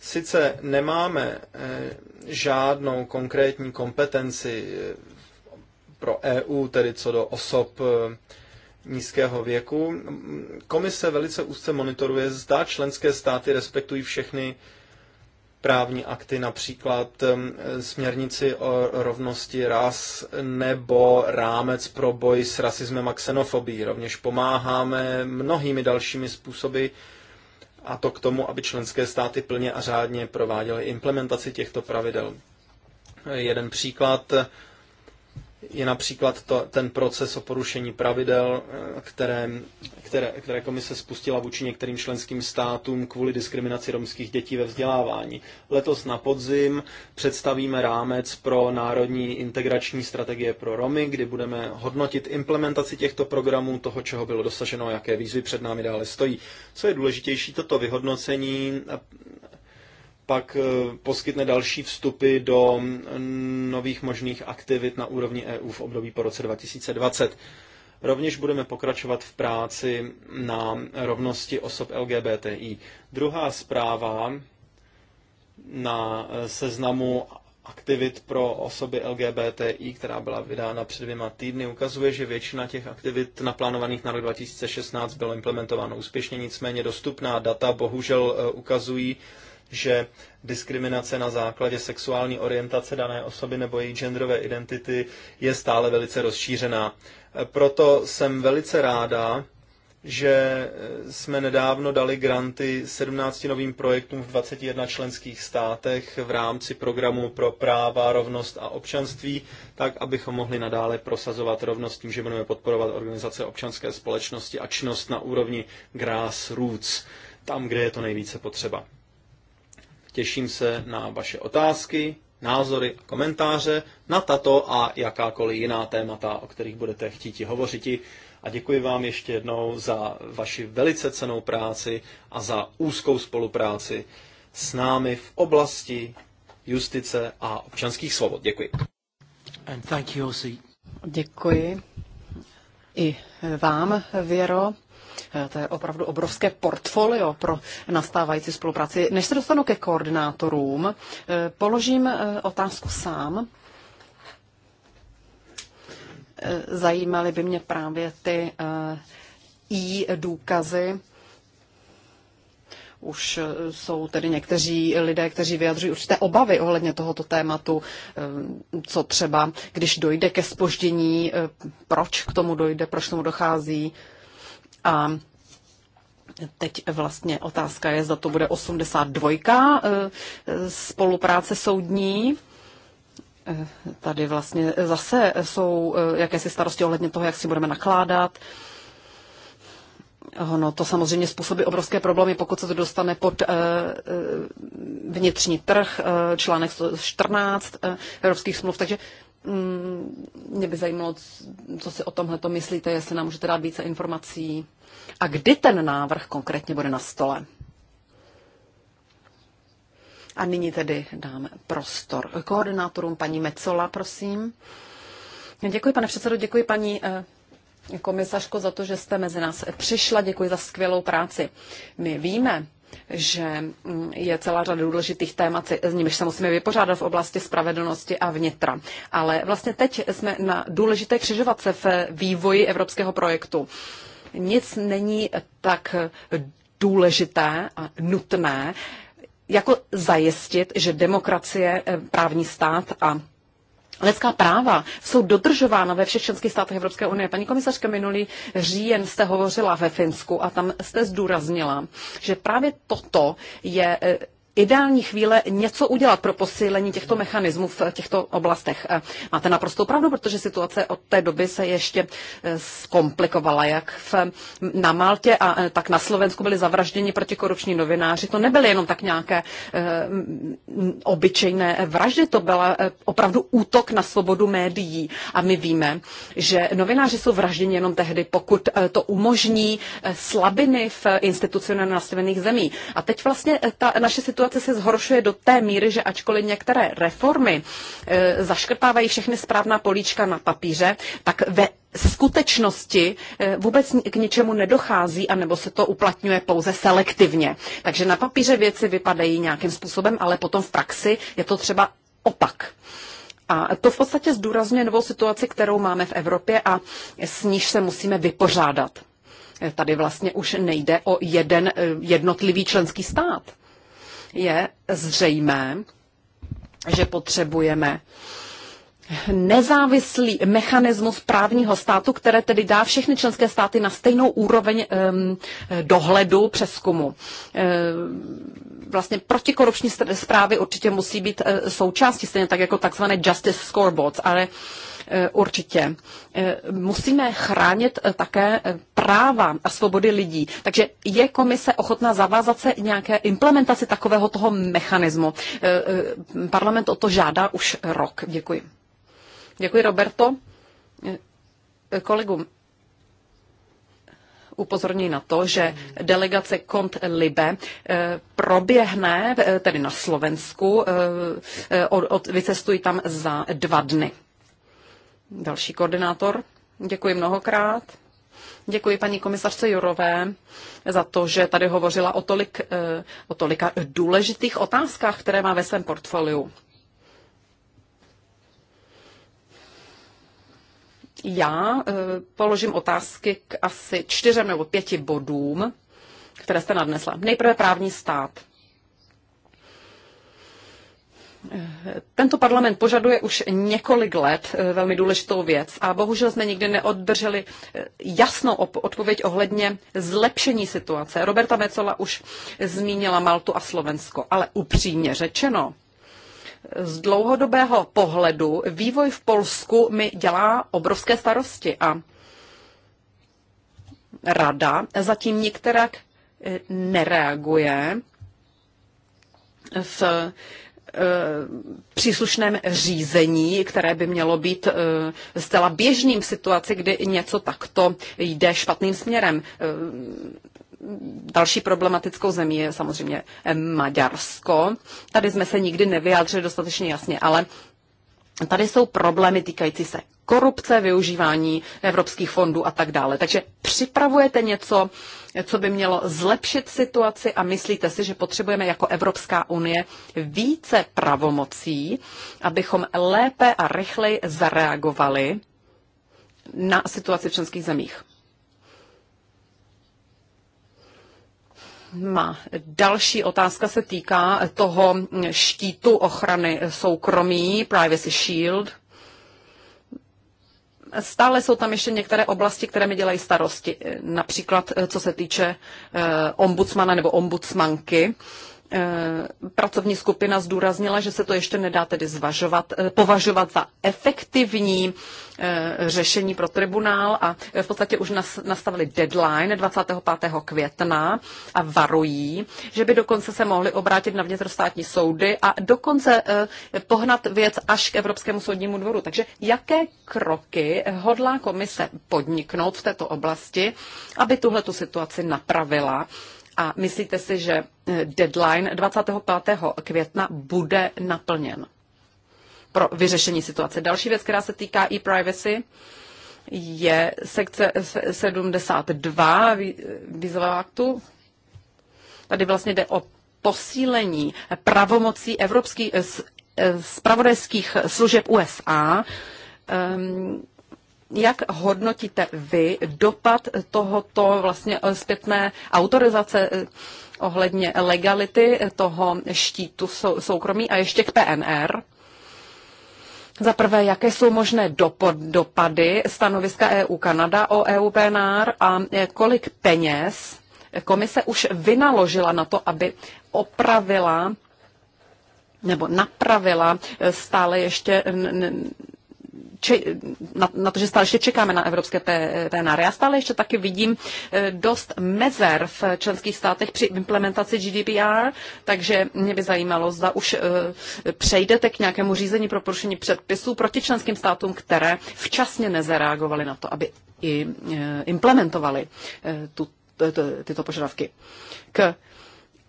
Sice nemáme eh, žádnou konkrétní kompetenci eh, pro EU, tedy co do osob nízkého věku, komise velice úzce monitoruje, zda členské státy respektují všechny právní akty, například směrnici o rovnosti ras nebo rámec pro boj s rasismem a xenofobií. Rovněž pomáháme mnohými dalšími způsoby, a to k tomu, aby členské státy plně a řádně prováděly implementaci těchto pravidel. Jeden příklad je například to, ten proces o porušení pravidel, eh, které, které, které komise spustila vůči některým členským státům kvůli diskriminaci romských dětí ve vzdělávání. Letos na podzim představíme rámec pro národní integrační strategie pro Romy, kdy budeme hodnotit implementaci těchto programů, toho, čeho bylo dosaženo, jaké výzvy před námi dále stojí. Co je důležitější, toto vyhodnocení pak eh, poskytne další vstupy do nových možných aktivit na úrovni EU v období po roce 2020. Rovněž budeme pokračovat v práci na rovnosti osob LGBTI. Druhá zpráva na eh, seznamu aktivit pro osoby LGBTI, která byla vydána před dvěma týdny, ukazuje, že většina těch aktivit naplánovaných na rok 2016 bylo implementováno úspěšně, nicméně dostupná data bohužel eh, ukazují, že diskriminace na základě sexuální orientace dané osoby nebo její genderové identity je stále velice rozšířená. Proto jsem velice ráda, že jsme nedávno dali granty 17 novým projektům v 21 členských státech v rámci programu pro práva, rovnost a občanství, tak abychom mohli nadále prosazovat rovnost tím, že budeme podporovat organizace občanské společnosti a činnost na úrovni grassroots, tam, kde je to nejvíce potřeba. Těším se na vaše otázky, názory a komentáře na tato a jakákoliv jiná témata, o kterých budete chtít hovořit. A děkuji vám ještě jednou za vaši velice cenou práci a za úzkou spolupráci s námi v oblasti justice a občanských svobod. Děkuji. And thank you also. Děkuji i vám, Věro. Eh, to je opravdu obrovské portfolio pro nastávající spolupráci. Než se dostanu ke koordinátorům, eh, položím eh, otázku sám. Zajímaly by mě právě ty i důkazy, už jsou tedy někteří lidé, kteří vyjadřují určité obavy ohledně tohoto tématu, co třeba, když dojde ke spoždění, proč k tomu dojde, proč k tomu dochází. A Teď vlastně otázka je, zda to bude 82 eh, spolupráce soudní. Eh, tady vlastně zase jsou eh, jakési starosti ohledně toho, jak si budeme nakládat. No, to samozřejmě způsobí obrovské problémy, pokud se to dostane pod vnitřní trh, článek 14 evropských smluv. Takže Mm, mě by zajímalo, co si o tomhle myslíte, jestli nám můžete dát více informací. A kdy ten návrh konkrétně bude na stole? A nyní tedy dáme prostor koordinátorům. Paní Mecola, prosím. Děkuji, pane předsedo, děkuji, paní eh, komisařko, za to, že jste mezi nás přišla. Děkuji za skvělou práci. My víme, že mm, je celá řada důležitých témat, s nimiž se musíme vypořádat v oblasti spravedlnosti a vnitra. Ale vlastně teď jsme na důležité křižovatce v vývoji evropského projektu. Nic není tak důležité a nutné, jako zajistit, že demokracie, eh, právní stát a Lidská práva jsou dodržována ve všech členských státech Evropské unie. Paní komisařka, minulý říjen jste hovořila ve Finsku a tam jste zdůraznila, že právě toto je eh, ideální chvíle něco udělat pro posílení těchto mechanismů v těchto oblastech. Máte naprosto pravdu, protože situace od té doby se ještě e, zkomplikovala, jak v, na Maltě a e, tak na Slovensku byli zavražděni protikorupční novináři. To nebyly jenom tak nějaké e, obyčejné vraždy, to byl opravdu útok na svobodu médií. A my víme, že novináři jsou vražděni jenom tehdy, pokud to umožní slabiny v institucionálně nastavených zemí. A teď vlastně ta naše situace situace se zhoršuje do té míry, že ačkoliv některé reformy e, zaškrtávají všechny správná políčka na papíře, tak ve skutečnosti e, vůbec k ničemu nedochází, anebo se to uplatňuje pouze selektivně. Takže na papíře věci vypadají nějakým způsobem, ale potom v praxi je to třeba opak. A to v podstatě zdůrazňuje novou situaci, kterou máme v Evropě a s níž se musíme vypořádat. E, tady vlastně už nejde o jeden jednotlivý členský stát je zřejmé, že potřebujeme nezávislý mechanismus právního státu, které tedy dá všechny členské státy na stejnou úroveň um, dohledu přeskumu. Um, vlastně protikorupční zprávy určitě musí být uh, součástí, stejně tak jako takzvané justice scoreboards, ale uh, Eh, určitě. Eh, musíme chránit eh, také práva a svobody lidí. Takže je komise ochotná zavázat se nějaké implementaci takového toho mechanismu? Parlament o to žádá už rok. Děkuji. Děkuji, Roberto. Kolegům upozorní na to, že delegace Kont Libe proběhne tedy na Slovensku, vycestují tam za dva dny. Další koordinátor. Děkuji mnohokrát. Děkuji paní komisařce Jurové za to, že tady hovořila o, tolik, eh, o tolika důležitých otázkách, které má ve svém portfoliu. Já eh, položím otázky k asi čtyřem nebo pěti bodům, které jste nadnesla. Nejprve právní stát. Tento parlament požaduje už několik let eh, velmi důležitou věc a bohužel jsme nikdy neoddrželi eh, jasnou odpověď ohledně zlepšení situace. Roberta Mecola už zmínila Maltu a Slovensko, ale upřímně řečeno, z dlouhodobého pohledu vývoj v Polsku mi dělá obrovské starosti a rada zatím některak eh, nereaguje v Eh, příslušném řízení, které by mělo být eh, zcela běžným v situaci, kdy něco takto jde špatným směrem. Eh, další problematickou zemí je samozřejmě Maďarsko. Tady jsme se nikdy nevyjádřili dostatečně jasně, ale Tady jsou problémy týkající se korupce, využívání evropských fondů a tak dále. Takže připravujete něco, co by mělo zlepšit situaci a myslíte si, že potřebujeme jako Evropská unie více pravomocí, abychom lépe a rychleji zareagovali na situaci v členských zemích. Má další otázka se týká toho štítu ochrany soukromí, Privacy Shield. Stále jsou tam ještě některé oblasti, které mi dělají starosti, například co se týče eh, ombudsmana nebo ombudsmanky. Eh, pracovní skupina zdůraznila, že se to ještě nedá tedy zvažovat, eh, považovat za efektivní eh, řešení pro tribunál a v podstatě už nastavili deadline 25. května a varují, že by dokonce se mohli obrátit na vnitrostátní soudy a dokonce pohnat věc až k Evropskému soudnímu dvoru. Takže jaké kroky hodlá komise podniknout v této oblasti, aby tuhle tu situaci napravila? A myslíte si, že eh, deadline 25. května bude naplněn pro vyřešení situace? Další věc, která se týká e-privacy, je sekce 72 vízového aktu. Tady vlastně jde o posílení pravomocí evropských eh, spravodajských eh, služeb USA. Um, ehm, jak hodnotíte vy dopad tohoto vlastně eh, zpětné autorizace eh, ohledně legality toho štítu soukromí a ještě k PNR? Za prvé, jaké jsou možné dopad, dopady stanoviska EU Kanada o EU PNR a eh, kolik peněz komise už vynaložila na to, aby opravila nebo napravila stále ještě če, na, na to, že stále ještě čekáme na evropské PNR. Já stále ještě taky vidím eh, dost mezer v členských státech při implementaci GDPR, takže mě by zajímalo, zda už eh, přejdete k nějakému řízení pro porušení předpisů proti členským státům, které včasně nezareagovaly na to, aby i eh, implementovali tu, tyto požadavky. K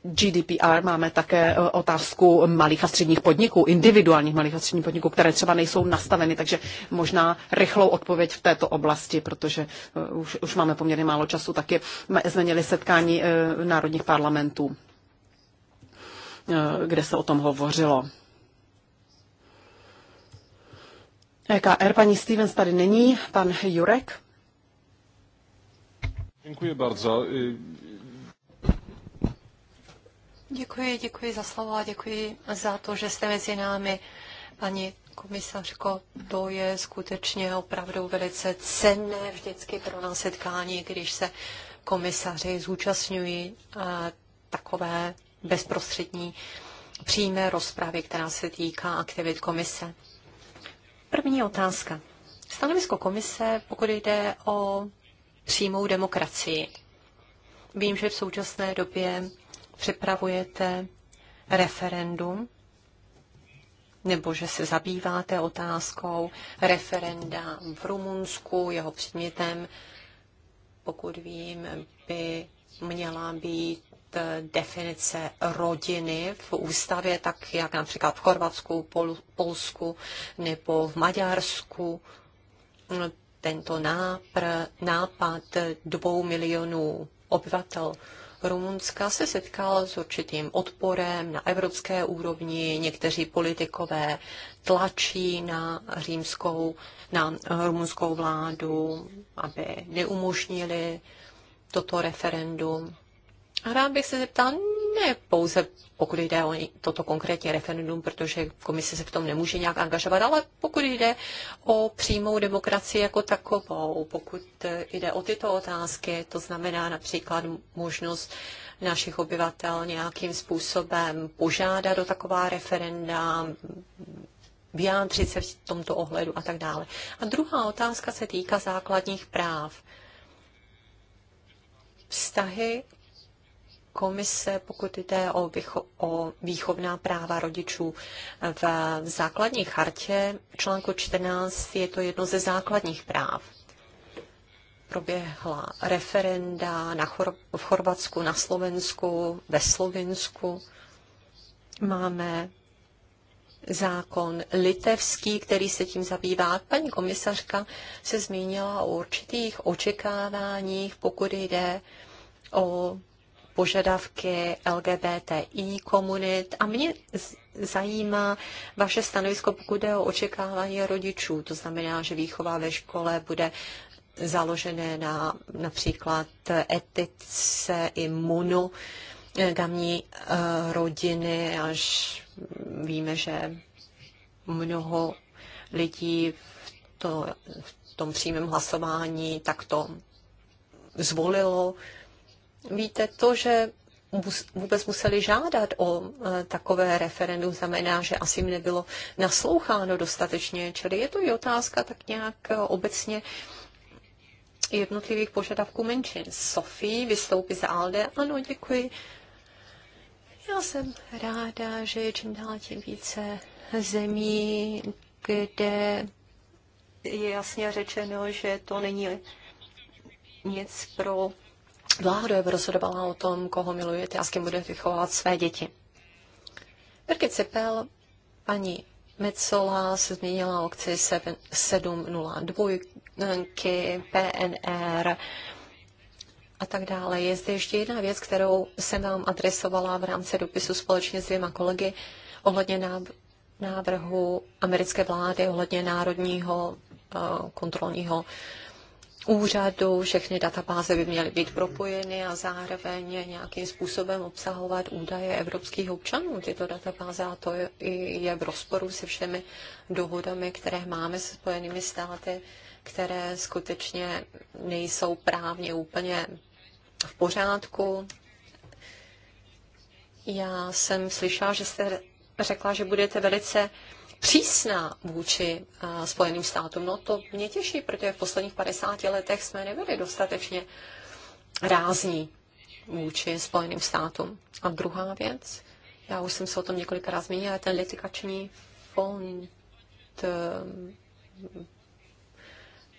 GDPR máme také e, otázku malých a středních podniků, individuálních malých a středních podniků, které třeba nejsou nastaveny, takže možná rychlou odpověď v této oblasti, protože e, už, už máme poměrně málo času, taky jsme měli setkání e, národních parlamentů, kde se o tom hovořilo. EKR, paní Stevens tady není, pan Jurek. Děkuji bardzo. Děkuji, děkuji za slovo a děkuji za to, že jste mezi námi, paní komisařko. To je skutečně opravdu velice cenné vždycky pro nás setkání, když se komisaři zúčastňují eh, takové bezprostřední přímé rozpravy, která se týká aktivit komise. První otázka. Stanovisko komise, pokud jde o přímou demokracii. Vím, že v současné době připravujete referendum, nebo že se zabýváte otázkou referenda v Rumunsku, jeho předmětem, pokud vím, by měla být definice rodiny v ústavě, tak jak například v Chorvatsku, Pol, Polsku nebo v Maďarsku. Tento nápr, nápad dvou milionů obyvatel Rumunska se setkal s určitým odporem na evropské úrovni. Někteří politikové tlačí na římskou, na rumunskou vládu, aby neumožnili toto referendum. Rád bych se zeptal, ne pouze pokud jde o toto konkrétní referendum, protože komise se v tom nemůže nějak angažovat, ale pokud jde o přímou demokracii jako takovou, pokud jde o tyto otázky, to znamená například možnost našich obyvatel nějakým způsobem požádat o taková referenda, vyjádřit se v tomto ohledu a tak dále. A druhá otázka se týká základních práv. Vztahy komise, pokud jde o, o výchovná práva rodičů. V základní chartě článku 14 je to jedno ze základních práv. Proběhla referenda na Chor- v Chorvatsku, na Slovensku, ve Slovensku. Máme zákon litevský, který se tím zabývá. Paní komisařka se zmínila o určitých očekáváních, pokud jde o požadavky LGBTI komunit a mě zajímá vaše stanovisko, pokud je o očekávání rodičů. To znamená, že výchova ve škole bude založené na například etice immunu eh, gamní eh, rodiny, až víme, že mnoho lidí v, to, v tom přímém hlasování takto zvolilo víte to, že vůbec museli žádat o e, takové referendum, znamená, že asi mi nebylo nasloucháno dostatečně. Čili je to i otázka tak nějak e, obecně jednotlivých požadavků menšin. Sofie vystoupí za ALDE. Ano, děkuji. Já jsem ráda, že je čím dál tím více zemí, kde je jasně řečeno, že to není nic pro vláda by rozhodovala o tom, koho milujete a s kým budete vychovávat své děti. Birgit Cipel, paní Metzola se změnila akci 702, PNR a tak dále. Je zde ještě jedna věc, kterou jsem vám adresovala v rámci dopisu společně s dvěma kolegy ohledně návrhu americké vlády, ohledně národního eh, kontrolního úřadu, všechny databáze by měly být propojeny a zároveň nějakým způsobem obsahovat údaje evropských občanů, tyto databáze, a to je, je v rozporu se všemi dohodami, které máme se Spojenými státy, které skutečně nejsou právně úplně v pořádku. Já jsem slyšela, že jste řekla, že budete velice přísná vůči eh, Spojeným státům. No to mě těší, protože v posledních 50 letech jsme nebyli dostatečně rázní vůči Spojeným státům. A druhá věc, já už jsem se o tom několikrát zmínila, ten litikační fond, eh,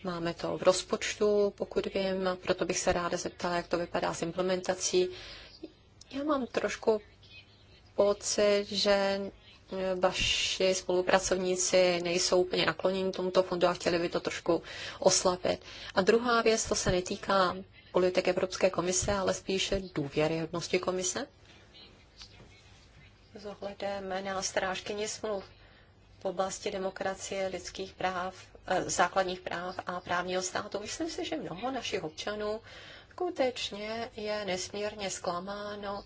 máme to v rozpočtu, pokud vím, a proto bych se ráda zeptala, jak to vypadá s implementací. Já mám trošku pocit, že vaši spolupracovníci nejsou úplně nakloněni tomuto fondu a chtěli by to trošku oslabit. A druhá věc, to se netýká politik Evropské komise, ale spíše důvěryhodnosti komise. Zohledem na strážkyně smluv v oblasti demokracie, lidských práv, eh, základních práv a právního státu. Myslím si, že mnoho našich občanů skutečně je nesmírně zklamáno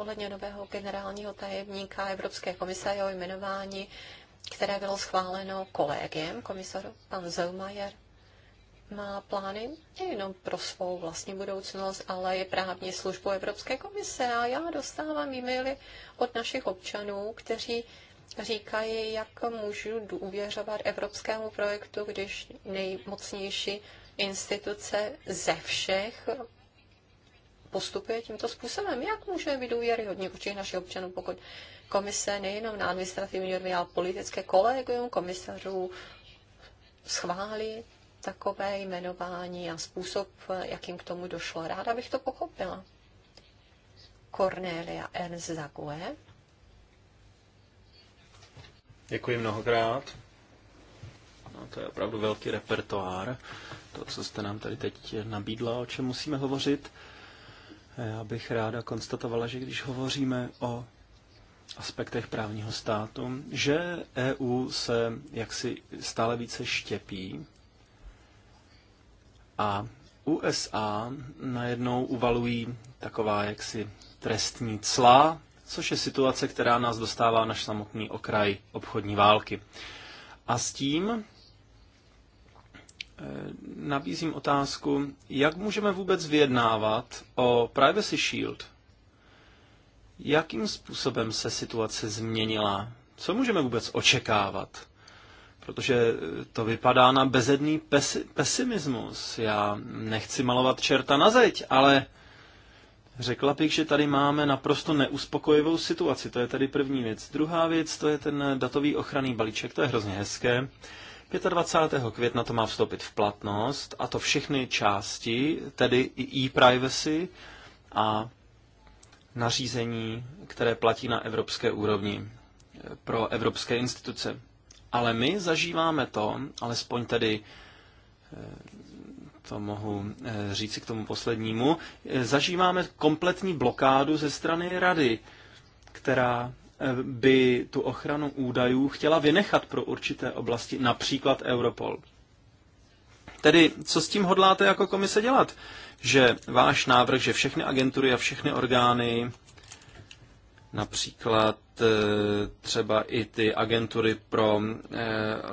ohledně nového generálního tajemníka Evropské komise a jeho jmenování, které bylo schváleno kolegiem komisaru, pan Zeumajer má plány nejenom pro svou vlastní budoucnost, ale i právní službu Evropské komise. A já dostávám e-maily od našich občanů, kteří říkají, jak můžu důvěřovat evropskému projektu, když nejmocnější instituce ze všech postupuje tímto způsobem. Jak může být důvěryhodný vůči našich občanů, pokud komise nejenom na administrativní odvědě, ale politické kolegium komisařů schválí takové jmenování a způsob, jakým k tomu došlo. Ráda bych to pochopila. Cornelia Ernst Zague. Děkuji mnohokrát. No, to je opravdu velký repertoár, to, co jste nám tady teď nabídla, o čem musíme hovořit. Já bych ráda konstatovala, že když hovoříme o aspektech právního státu, že EU se jaksi stále více štěpí a USA najednou uvalují taková jaksi trestní cla, což je situace, která nás dostává na samotný okraj obchodní války. A s tím Eh, nabízím otázku, jak můžeme vůbec vyjednávat o Privacy Shield? Jakým způsobem se situace změnila? Co můžeme vůbec očekávat? Protože eh, to vypadá na bezedný pesi- pesimismus. Já nechci malovat čerta na zeď, ale řekla bych, že tady máme naprosto neuspokojivou situaci. To je tady první věc. Druhá věc, to je ten datový ochranný balíček. To je hrozně hezké 25. května to má vstoupit v platnost a to všechny části, tedy i e-privacy a nařízení, které platí na evropské úrovni eh, pro evropské instituce. Ale my zažíváme to, alespoň tedy eh, to mohu eh, říci k tomu poslednímu, zažíváme kompletní blokádu ze strany rady, která by tu ochranu údajů chtěla vynechat pro určité oblasti, například Europol. Tedy, co s tím hodláte jako komise dělat? Že váš návrh, že všechny agentury a všechny orgány, například eh, třeba i ty agentury pro eh,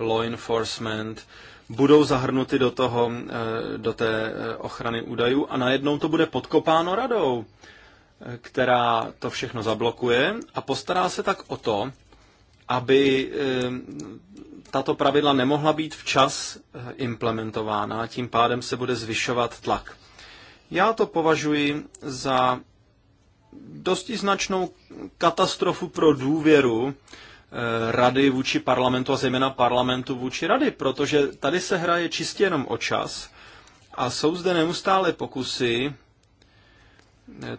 law enforcement, budou zahrnuty do, toho, eh, do té ochrany údajů a najednou to bude podkopáno radou která to všechno zablokuje a postará se tak o to, aby eh, tato pravidla nemohla být včas eh, implementována tím pádem se bude zvyšovat tlak. Já to považuji za dosti značnou katastrofu pro důvěru eh, rady vůči parlamentu a zejména parlamentu vůči rady, protože tady se hraje čistě jenom o čas a jsou zde neustále pokusy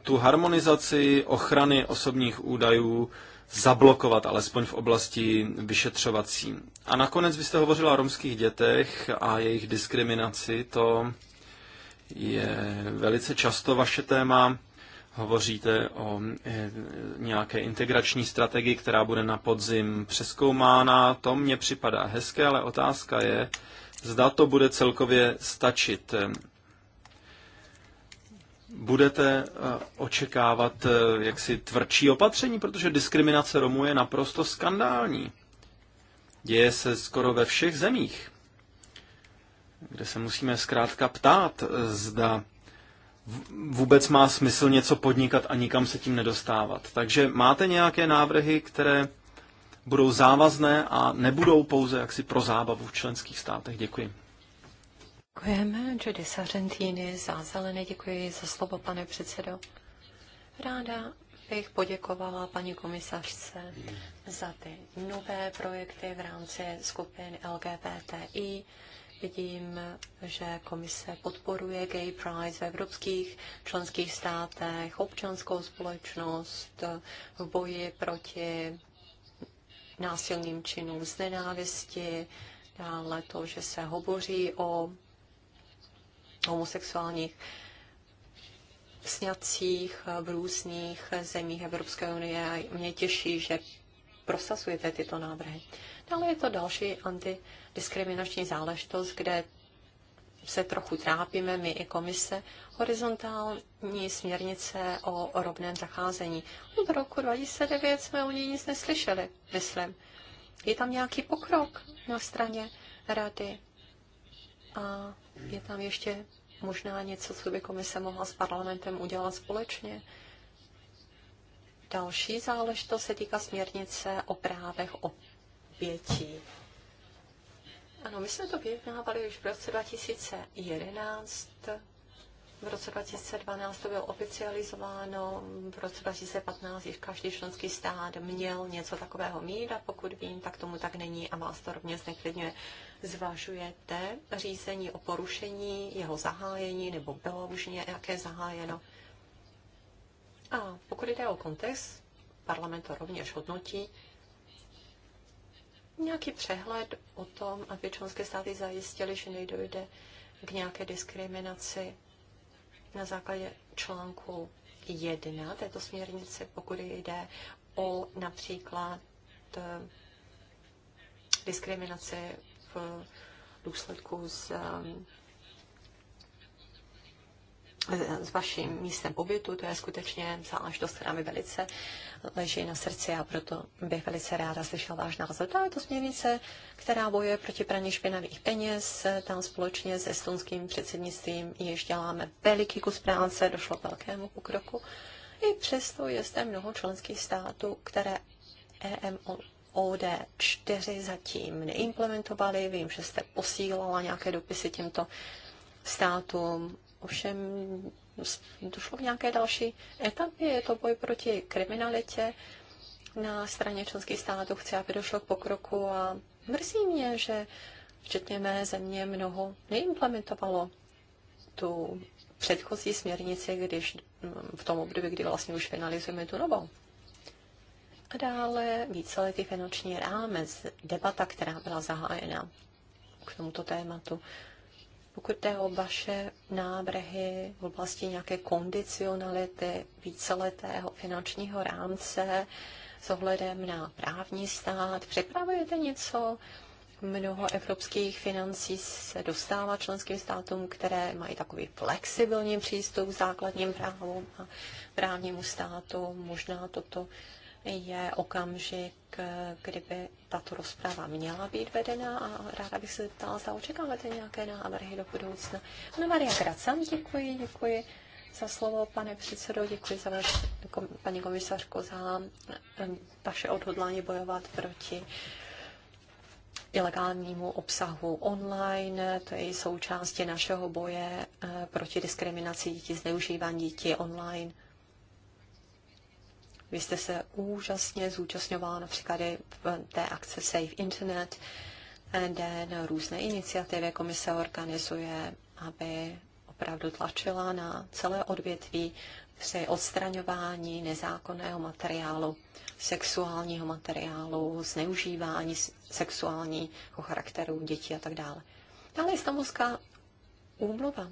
tu harmonizaci ochrany osobních údajů zablokovat, alespoň v oblasti vyšetřovací. A nakonec vy jste hovořila o romských dětech a jejich diskriminaci. To je velice často vaše téma. Hovoříte o eh, nějaké integrační strategii, která bude na podzim přeskoumána. To mně připadá hezké, ale otázka je, zda to bude celkově stačit budete eh, očekávat eh, jaksi tvrdší opatření, protože diskriminace Romů je naprosto skandální. Děje se skoro ve všech zemích, kde se musíme zkrátka ptát, eh, zda vůbec má smysl něco podnikat a nikam se tím nedostávat. Takže máte nějaké návrhy, které budou závazné a nebudou pouze jaksi pro zábavu v členských státech? Děkuji. Děkujeme Judy Sarentini, za zelené, děkuji za slovo, pane předsedo. Ráda bych poděkovala paní komisařce za ty nové projekty v rámci skupin LGBTI. Vidím, že komise podporuje gay pride v evropských členských státech, občanskou společnost v boji proti násilným činům z nenávisti, dále to, že se hovoří o homosexuálních sňacích v různých zemích Evropské unie a mě těší, že prosazujete tyto návrhy. Dále je to další antidiskriminační záležitost, kde se trochu trápíme my i komise, horizontální směrnice o rovném zacházení. Od roku 2009 jsme o ní nic neslyšeli, myslím. Je tam nějaký pokrok na straně rady a je tam ještě možná něco, co by komise mohla s parlamentem udělat společně. Další záležitost se týká směrnice o právech obětí. Ano, my jsme to vyjednávali už v roce 2011. V roce 2012 to bylo oficializováno, v roce 2015 již každý členský stát měl něco takového mít a pokud vím, tak tomu tak není a vás to rovněž zneklidňuje zvažujete řízení o porušení, jeho zahájení, nebo bylo už nějaké zahájeno? A pokud jde o kontext, parlament to rovněž hodnotí, nějaký přehled o tom, aby členské státy zajistili, že nejdojde k nějaké diskriminaci na základě článku 1 této směrnice, pokud jde o například eh, diskriminaci v důsledku s eh, s vaším místem pobytu. To je skutečně záležitost, která mi velice leží na srdci a proto bych velice ráda slyšel váš názor. To je to směrnice, která bojuje proti praní špinavých peněz. Tam společně s estonským předsednictvím již děláme veliký kus práce, došlo k velkému pokroku. I přesto je zde mnoho členských států, které EMO OD4 zatím neimplementovali. Vím, že jste posílala nějaké dopisy těmto státům. Ovšem došlo k nějaké další etapě. Je to boj proti kriminalitě na straně členských států. Chci, aby došlo k pokroku a mrzí mě, že včetně mé země mnoho neimplementovalo tu předchozí směrnici, když v tom období, kdy vlastně už finalizujeme tu novou. A dále víceletý finanční rámec, debata, která byla zahájena k tomuto tématu. Pokud jde o vaše návrhy v oblasti nějaké kondicionality víceletého finančního rámce s ohledem na právní stát, připravujete něco? Mnoho evropských financí se dostává členským státům, které mají takový flexibilní přístup k základním právům a právnímu státu. Možná toto je okamžik, kdyby tato rozprava měla být vedena a ráda bych se zeptala, zda očekáváte nějaké návrhy do budoucna. Ano, Maria Gracan, děkuji, děkuji za slovo, pane předsedo, děkuji za vaš, paní komisařko, za eh, vaše odhodlání bojovat proti ilegálnímu obsahu online, to je součástí našeho boje eh, proti diskriminaci dětí, zneužívání dětí online. Vy jste se úžasně zúčastňoval například v té akce Save Internet, den různé iniciativy komise organizuje, aby opravdu tlačila na celé odvětví při odstraňování nezákonného materiálu, sexuálního materiálu, zneužívání sexuálního charakteru dětí a tak dále. Dále je Istanbulská úmluva.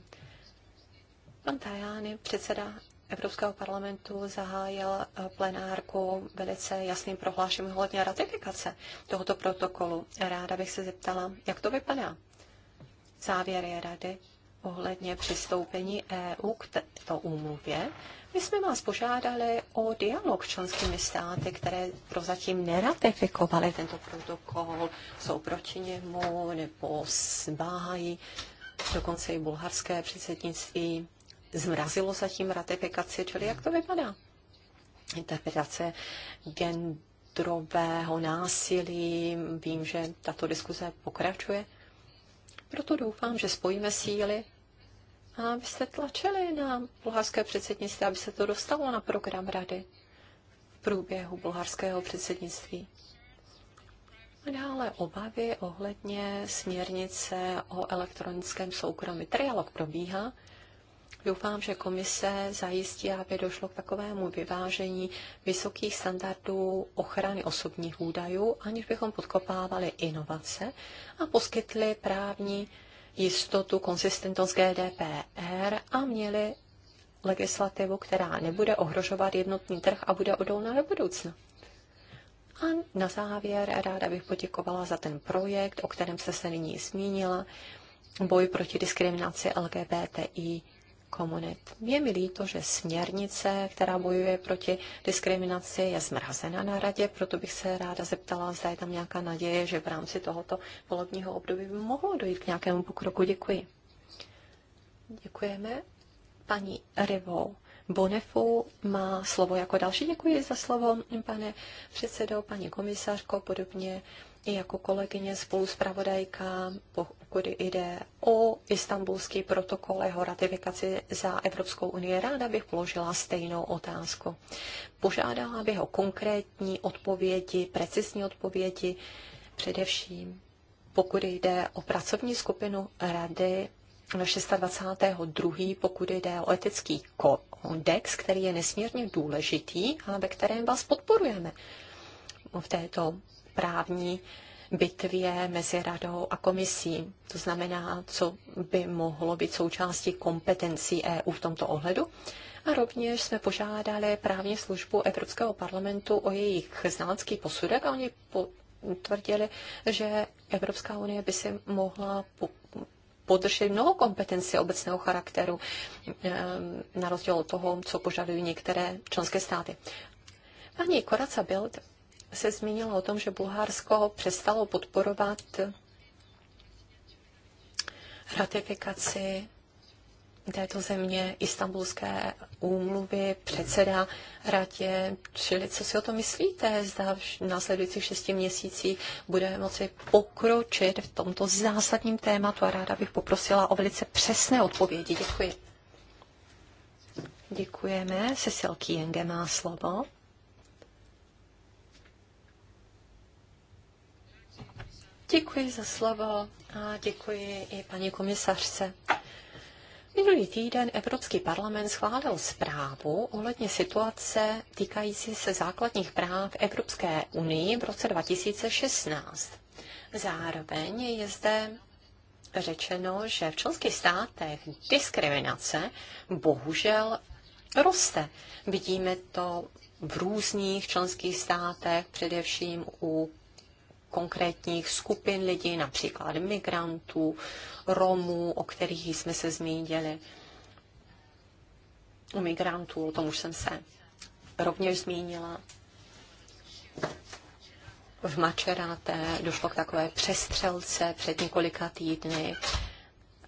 Pan Tajány, předseda Evropského parlamentu zahájil eh, plenárku velice jasným prohlášením ohledně ratifikace tohoto protokolu. Ráda bych se zeptala, jak to vypadá. Závěry rady ohledně přistoupení EU k této úmluvě. My jsme vás požádali o dialog s členskými státy, které prozatím neratifikovaly tento protokol, jsou proti němu nebo váhají dokonce i bulharské předsednictví zmrazilo zatím ratifikaci, čili jak to vypadá? Interpretace gendrového násilí, vím, že tato diskuze pokračuje. Proto doufám, že spojíme síly a abyste tlačili na bulharské předsednictví, aby se to dostalo na program rady v průběhu bulharského předsednictví. A dále obavy ohledně směrnice o elektronickém soukromí. Trialog probíhá Doufám, že komise zajistí, aby došlo k takovému vyvážení vysokých standardů ochrany osobních údajů, aniž bychom podkopávali inovace a poskytli právní jistotu, konzistentnost GDPR a měli legislativu, která nebude ohrožovat jednotný trh a bude odolná do budoucna. A na závěr ráda bych poděkovala za ten projekt, o kterém se se nyní zmínila, boj proti diskriminaci LGBTI komunit. Je mi líto, že směrnice, která bojuje proti diskriminaci, je zmrazena na radě, proto bych se ráda zeptala, zda je tam nějaká naděje, že v rámci tohoto volebního období by mohlo dojít k nějakému pokroku. Děkuji. Děkujeme. Paní Rivo Bonefu má slovo jako další. Děkuji za slovo, pane předsedo, paní komisařko, podobně i jako kolegyně, spoluzpravodajka, pokud jde o istambulský protokol, jeho ratifikaci za Evropskou unii, ráda bych položila stejnou otázku. Požádala bych o konkrétní odpovědi, precizní odpovědi, především pokud jde o pracovní skupinu Rady 26.2., pokud jde o etický kodex, který je nesmírně důležitý a ve kterém vás podporujeme v této právní bitvě mezi radou a komisí. To znamená, co by mohlo být součástí kompetencí EU v tomto ohledu. A rovněž jsme požádali právní službu Evropského parlamentu o jejich znalecký posudek a oni potvrdili, že Evropská unie by si mohla podržet mnoho kompetencí obecného charakteru, ehm, na rozdíl od toho, co požadují některé členské státy. Paní Koraca Bild se zmínilo o tom, že Bulharsko přestalo podporovat ratifikaci této země istambulské úmluvy, předseda radě, čili co si o to myslíte, zda v následujících šesti měsících budeme moci pokročit v tomto zásadním tématu a ráda bych poprosila o velice přesné odpovědi. Děkuji. Děkujeme. Sesilky Jenge má slovo. Děkuji za slovo a děkuji i paní komisařce. Minulý týden Evropský parlament schválil zprávu ohledně situace týkající se základních práv Evropské unii v roce 2016. Zároveň je zde řečeno, že v členských státech diskriminace bohužel roste. Vidíme to v různých členských státech, především u konkrétních skupin lidí, například migrantů, Romů, o kterých jsme se zmínili. U migrantů, o tom už jsem se rovněž zmínila. V Mačeráte došlo k takové přestřelce před několika týdny.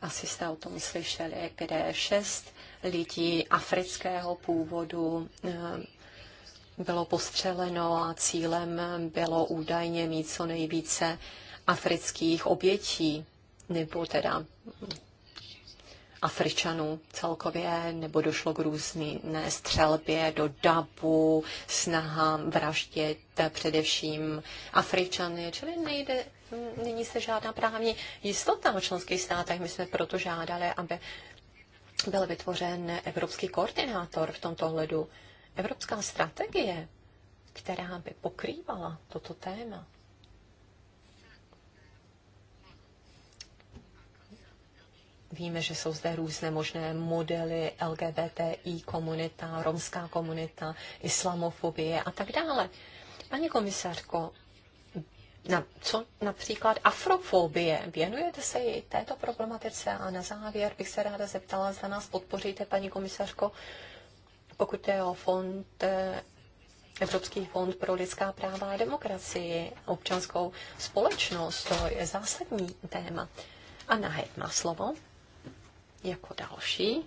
Asi jste o tom slyšeli, kde šest lidí afrického původu eh, bylo postřeleno a cílem bylo údajně mít co nejvíce afrických obětí, nebo teda Afričanů celkově, nebo došlo k různé střelbě do dabu, snaha vraždit především Afričany, čili nejde, není se žádná právní jistota o členských státech. My jsme proto žádali, aby byl vytvořen evropský koordinátor v tomto hledu. Evropská strategie, která by pokrývala toto téma, Víme, že jsou zde různé možné modely LGBTI komunita, romská komunita, islamofobie a tak dále. Paní komisařko, na, co například afrofobie? Věnujete se i této problematice? A na závěr bych se ráda zeptala, zda nás podpoříte, paní komisařko, pokud je o fond, eh, Evropský fond pro lidská práva a demokracii, občanskou společnost, to je zásadní téma. A nahet má slovo jako další.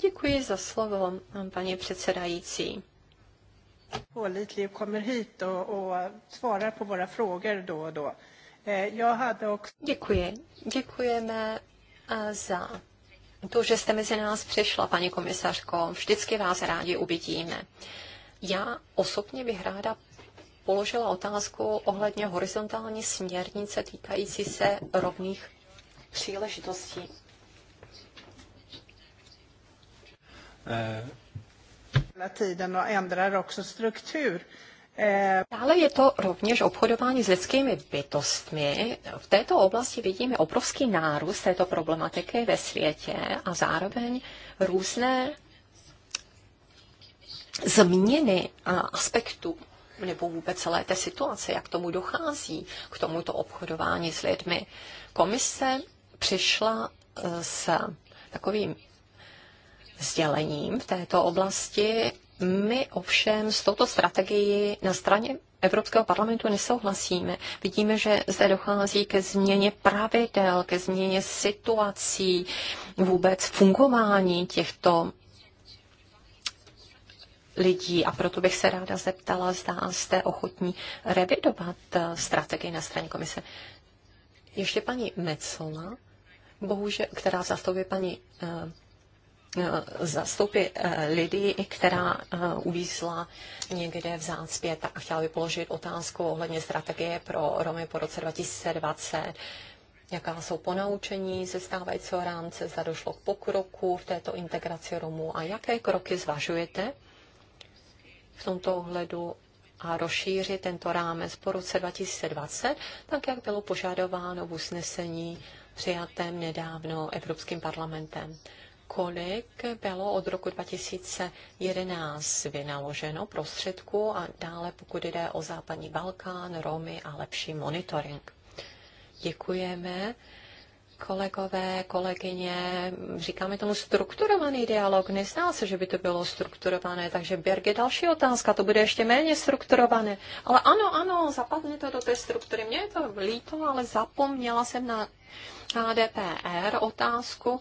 Děkuji za slovo, paní předsedající. Pålitlig kommer hit och, och svarar på våra frågor då och då. Eh, jag hade också... Děkuji. Děkujeme eh, za to, že jste mezi nás přišla, paní komisařko. Vždycky vás rádi uvidíme. Já osobně bych ráda položila otázku ohledně horizontální směrnice týkající se rovných příležitostí. Eh. Hela tiden och ändrar också struktur. Dále je to rovněž obchodování s lidskými bytostmi. V této oblasti vidíme obrovský nárůst této problematiky ve světě a zároveň různé změny aspektů nebo vůbec celé té situace, jak tomu dochází, k tomuto obchodování s lidmi. Komise přišla eh, s takovým sdělením v této oblasti my ovšem s touto strategií na straně Evropského parlamentu nesouhlasíme. Vidíme, že zde dochází ke změně pravidel, ke změně situací, vůbec fungování těchto lidí a proto bych se ráda zeptala, zda jste ochotní revidovat eh, strategii na straně komise. Ještě paní Mecola, bohužel, která zastupuje paní eh, Eh, zastupy eh, lidí, která eh, uvízla někde v zácpě a chtěla by položit otázku ohledně strategie pro Romy po roce 2020. Jaká jsou ponaučení ze stávajícího rámce, zda došlo k pokroku v této integraci Romů a jaké kroky zvažujete v tomto ohledu a rozšířit tento rámec po roce 2020, tak jak bylo požadováno v usnesení přijatém nedávno Evropským parlamentem kolik bylo od roku 2011 vynaloženo prostředků a dále, pokud jde o západní Balkán, Romy a lepší monitoring. Děkujeme kolegové, kolegyně, říkáme tomu strukturovaný dialog. Nezná se, že by to bylo strukturované, takže Birgit, další otázka, to bude ještě méně strukturované. Ale ano, ano, zapadne to do té struktury. Mně je to líto, ale zapomněla jsem na HDPR otázku.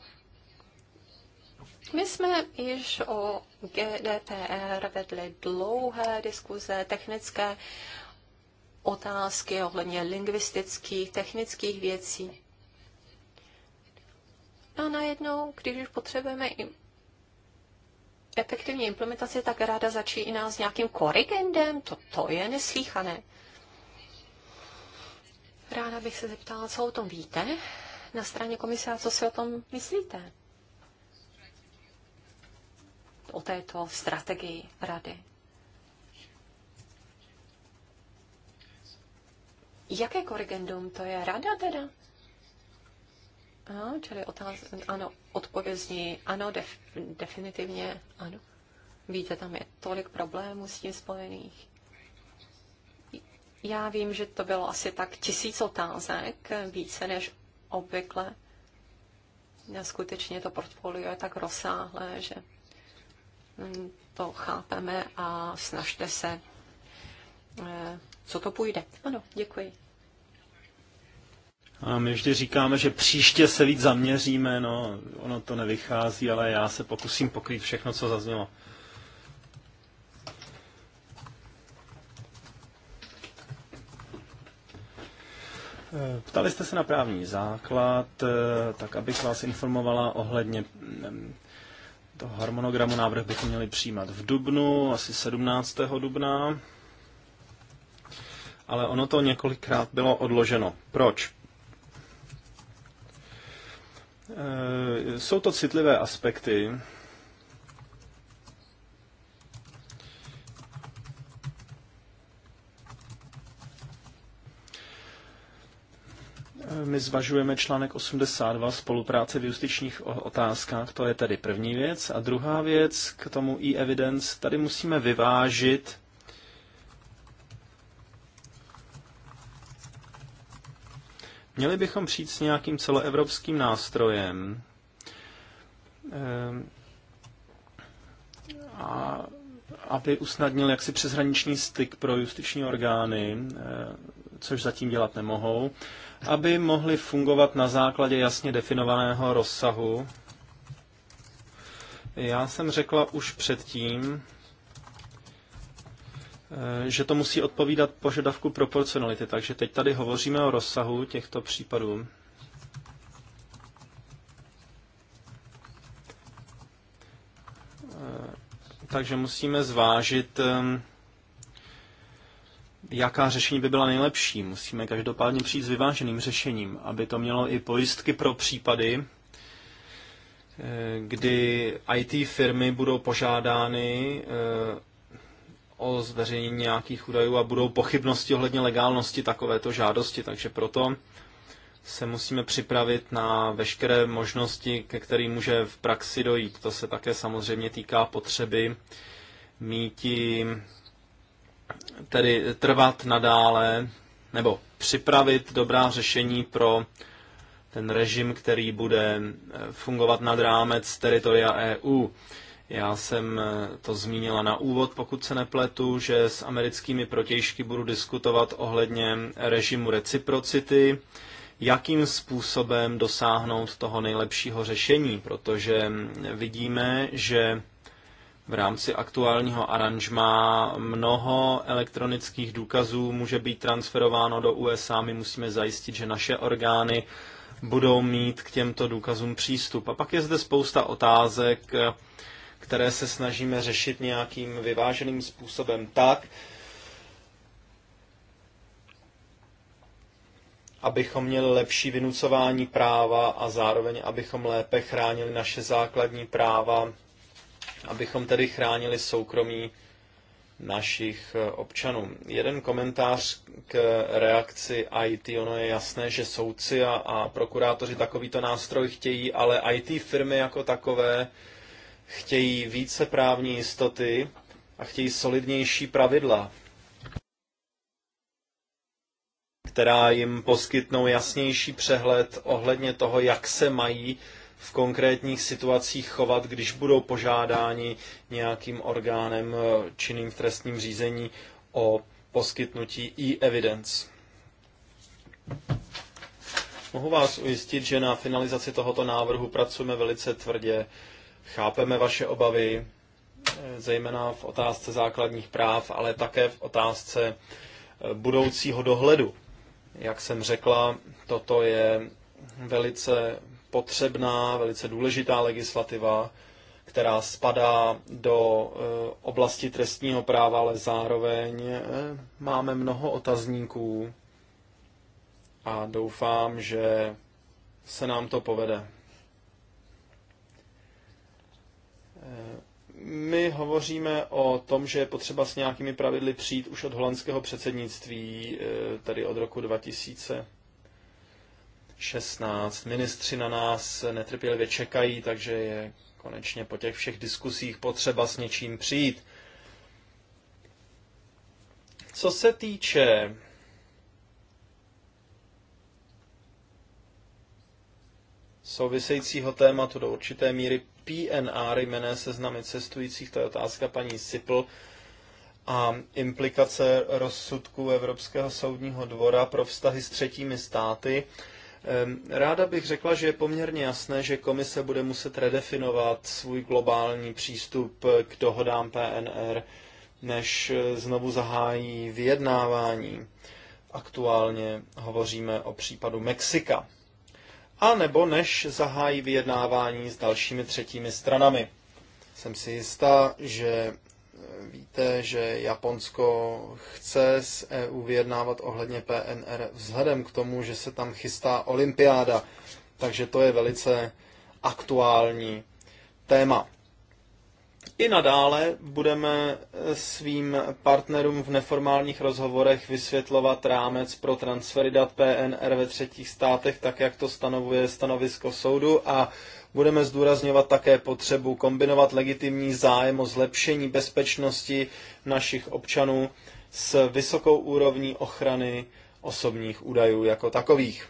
My jsme již o GDPR vedli dlouhé diskuze, technické otázky ohledně lingvistických, technických věcí. A najednou, když už potřebujeme i efektivní implementaci, tak ráda začíná s nějakým korigendem. To, to je neslíchané. Ráda bych se zeptala, co o tom víte na straně komise a co si o tom myslíte o této strategii rady. Jaké korrigendum to je? Rada teda? A, čili otáz, ano, odpovězní. ano, def, definitivně ano. Víte, tam je tolik problémů s tím spojených. Já vím, že to bylo asi tak tisíc otázek, více než obvykle. Já skutečně to portfolio je tak rozsáhlé, že to chápeme a snažte se, eh, co to půjde. Ano, děkuji. A my vždy říkáme, že příště se víc zaměříme, no ono to nevychází, ale já se pokusím pokrýt všechno, co zaznělo. Eh, ptali jste se na právní základ, eh, tak abych vás informovala ohledně mm, to harmonogramu návrh bychom měli přijímat v dubnu, asi 17. dubna, ale ono to několikrát bylo odloženo. Proč? E, jsou to citlivé aspekty, my zvažujeme článek 82 spolupráce v justičních otázkách, to je tedy první věc. A druhá věc k tomu e-evidence, tady musíme vyvážit Měli bychom přijít s nějakým celoevropským nástrojem ehm, a aby usnadnil jaksi přeshraniční styk pro justiční orgány, eh, což zatím dělat nemohou aby mohly fungovat na základě jasně definovaného rozsahu. Já jsem řekla už předtím, eh, že to musí odpovídat požadavku proporcionality, takže teď tady hovoříme o rozsahu těchto případů. Eh, takže musíme zvážit eh, jaká řešení by byla nejlepší. Musíme každopádně přijít s vyváženým řešením, aby to mělo i pojistky pro případy, eh, kdy IT firmy budou požádány eh, o zveřejnění nějakých údajů a budou pochybnosti ohledně legálnosti takovéto žádosti, takže proto se musíme připravit na veškeré možnosti, ke kterým může v praxi dojít. To se také samozřejmě týká potřeby míti tedy trvat nadále nebo připravit dobrá řešení pro ten režim, který bude eh, fungovat nad rámec teritoria EU. Já jsem eh, to zmínila na úvod, pokud se nepletu, že s americkými protějšky budu diskutovat ohledně režimu reciprocity, jakým způsobem dosáhnout toho nejlepšího řešení, protože mm, vidíme, že v rámci aktuálního aranžma mnoho elektronických důkazů může být transferováno do USA. My musíme zajistit, že naše orgány budou mít k těmto důkazům přístup. A pak je zde spousta otázek, které se snažíme řešit nějakým vyváženým způsobem tak, abychom měli lepší vynucování práva a zároveň abychom lépe chránili naše základní práva abychom tedy chránili soukromí našich eh, občanů. Jeden komentář k reakci IT. Ono je jasné, že soudci a, a prokurátoři takovýto nástroj chtějí, ale IT firmy jako takové chtějí více právní jistoty a chtějí solidnější pravidla, která jim poskytnou jasnější přehled ohledně toho, jak se mají v konkrétních situacích chovat, když budou požádáni nějakým orgánem eh, činným v trestním řízení o poskytnutí e-evidence. Mohu vás ujistit, že na finalizaci tohoto návrhu pracujeme velice tvrdě, chápeme vaše obavy, eh, zejména v otázce základních práv, ale také v otázce eh, budoucího dohledu. Jak jsem řekla, toto je velice potřebná, velice důležitá legislativa, která spadá do eh, oblasti trestního práva, ale zároveň eh, máme mnoho otazníků a doufám, že se nám to povede. Eh, my hovoříme o tom, že je potřeba s nějakými pravidly přijít už od holandského předsednictví, tedy od roku 2000 16. Ministři na nás netrpělivě čekají, takže je konečně po těch všech diskusích potřeba s něčím přijít. Co se týče souvisejícího tématu do určité míry PNR, jmené seznamy cestujících, to je otázka paní Sipl, a implikace rozsudku Evropského soudního dvora pro vztahy s třetími státy. Ráda bych řekla, že je poměrně jasné, že komise bude muset redefinovat svůj globální přístup k dohodám PNR, než eh, znovu zahájí vyjednávání. Aktuálně hovoříme o případu Mexika. A nebo než zahájí vyjednávání s dalšími třetími stranami. Jsem si jistá, že víte, že Japonsko chce s EU vyjednávat ohledně PNR vzhledem k tomu, že se tam chystá olympiáda. Takže to je velice aktuální téma. I nadále budeme svým partnerům v neformálních rozhovorech vysvětlovat rámec pro transfery dat PNR ve třetích státech, tak jak to stanovuje stanovisko soudu a Budeme zdůrazňovat také potřebu kombinovat legitimní zájem o zlepšení bezpečnosti našich občanů s vysokou úrovní ochrany osobních údajů jako takových.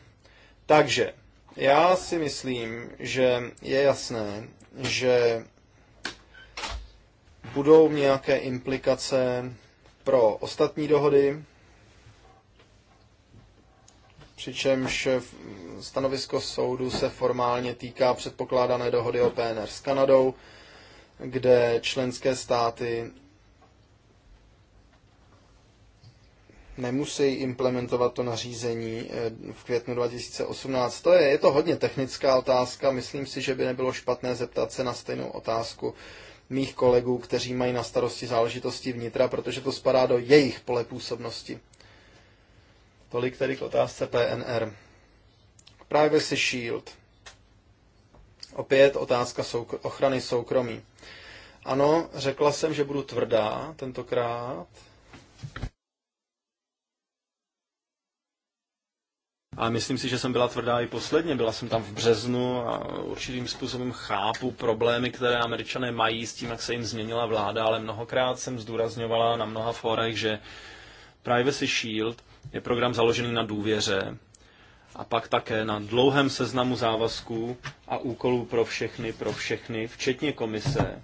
Takže já si myslím, že je jasné, že budou nějaké implikace pro ostatní dohody, přičemž stanovisko soudu se formálně týká předpokládané dohody o PNR s Kanadou, kde členské státy nemusí implementovat to nařízení eh, v květnu 2018. To je, je to hodně technická otázka. Myslím si, že by nebylo špatné zeptat se na stejnou otázku mých kolegů, kteří mají na starosti záležitosti vnitra, protože to spadá do jejich pole působnosti. Tolik tedy k otázce PNR. Privacy Shield. Opět otázka soukr- ochrany soukromí. Ano, řekla jsem, že budu tvrdá tentokrát. A myslím si, že jsem byla tvrdá i posledně. Byla jsem tam v březnu a určitým způsobem chápu problémy, které američané mají s tím, jak se jim změnila vláda, ale mnohokrát jsem zdůrazňovala na mnoha fórech, že Privacy Shield je program založený na důvěře a pak také na dlouhém seznamu závazků a úkolů pro všechny, pro všechny, včetně komise,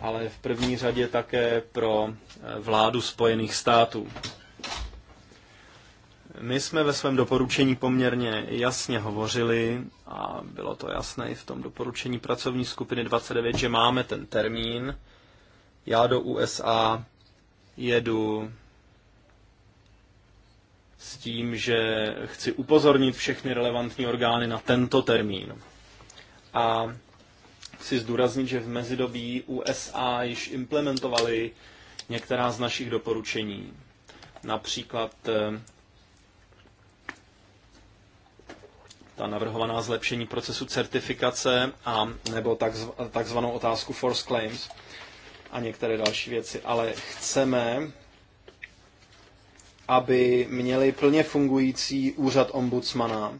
ale v první řadě také pro eh, vládu Spojených států. My jsme ve svém doporučení poměrně jasně hovořili, a bylo to jasné i v tom doporučení pracovní skupiny 29, že máme ten termín. Já do USA jedu s tím, že chci upozornit všechny relevantní orgány na tento termín. A chci zdůraznit, že v mezidobí USA již implementovali některá z našich doporučení. Například eh, ta navrhovaná zlepšení procesu certifikace a nebo takzvanou otázku force claims a některé další věci. Ale chceme aby měli plně fungující úřad ombudsmana.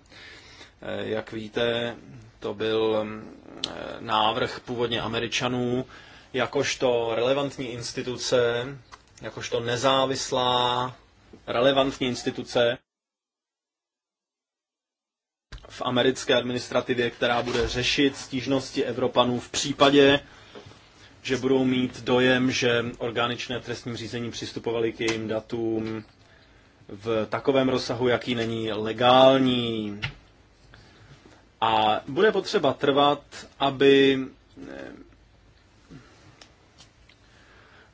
Eh, jak víte, to byl mm, eh, návrh původně Američanů, jakožto relevantní instituce, jakožto nezávislá relevantní instituce v americké administrativě, která bude řešit stížnosti Evropanů v případě, že budou mít dojem, že orgány činné trestním řízení přistupovaly k jejím datům v takovém rozsahu, jaký není legální. A bude potřeba trvat, aby eh,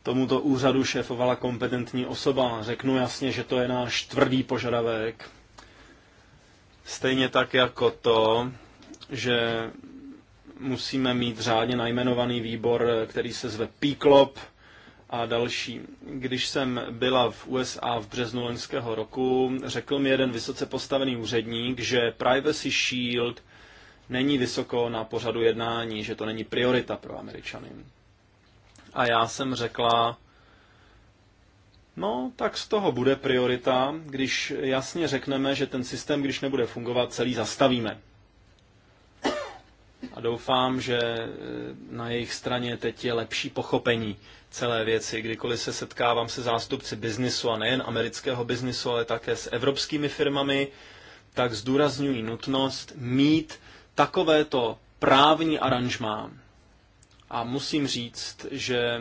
tomuto úřadu šéfovala kompetentní osoba. Řeknu jasně, že to je náš tvrdý požadavek. Stejně tak jako to, že musíme mít řádně najmenovaný výbor, eh, který se zve PIKLOP, a další. Když jsem byla v USA v březnu loňského roku, řekl mi jeden vysoce postavený úředník, že Privacy Shield není vysoko na pořadu jednání, že to není priorita pro Američany. A já jsem řekla, no tak z toho bude priorita, když jasně řekneme, že ten systém, když nebude fungovat, celý zastavíme a doufám, že eh, na jejich straně teď je lepší pochopení celé věci. Kdykoliv se setkávám se zástupci biznisu a nejen amerického biznisu, ale také s evropskými firmami, tak zdůrazňují nutnost mít takovéto právní aranžmá. A musím říct, že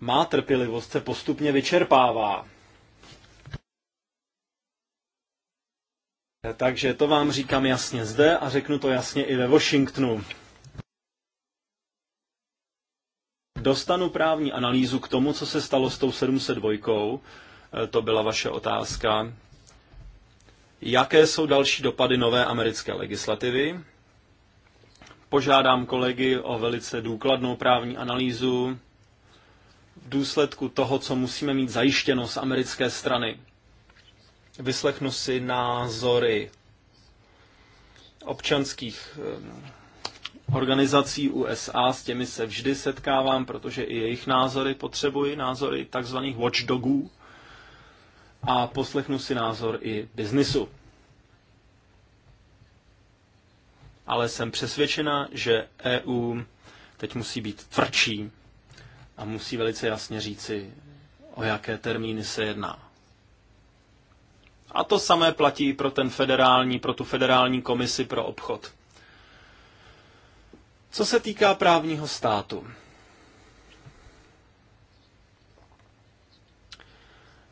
má trpělivost se postupně vyčerpává Takže to vám říkám jasně zde a řeknu to jasně i ve Washingtonu. Dostanu právní analýzu k tomu, co se stalo s tou 702. E, to byla vaše otázka. Jaké jsou další dopady nové americké legislativy? Požádám kolegy o velice důkladnou právní analýzu v důsledku toho, co musíme mít zajištěno z americké strany vyslechnu si názory občanských organizací USA, s těmi se vždy setkávám, protože i jejich názory potřebuji, názory takzvaných watchdogů a poslechnu si názor i biznisu. Ale jsem přesvědčena, že EU teď musí být tvrdší a musí velice jasně říci, o jaké termíny se jedná. A to samé platí i pro, ten federální, pro tu federální komisi pro obchod. Co se týká právního státu.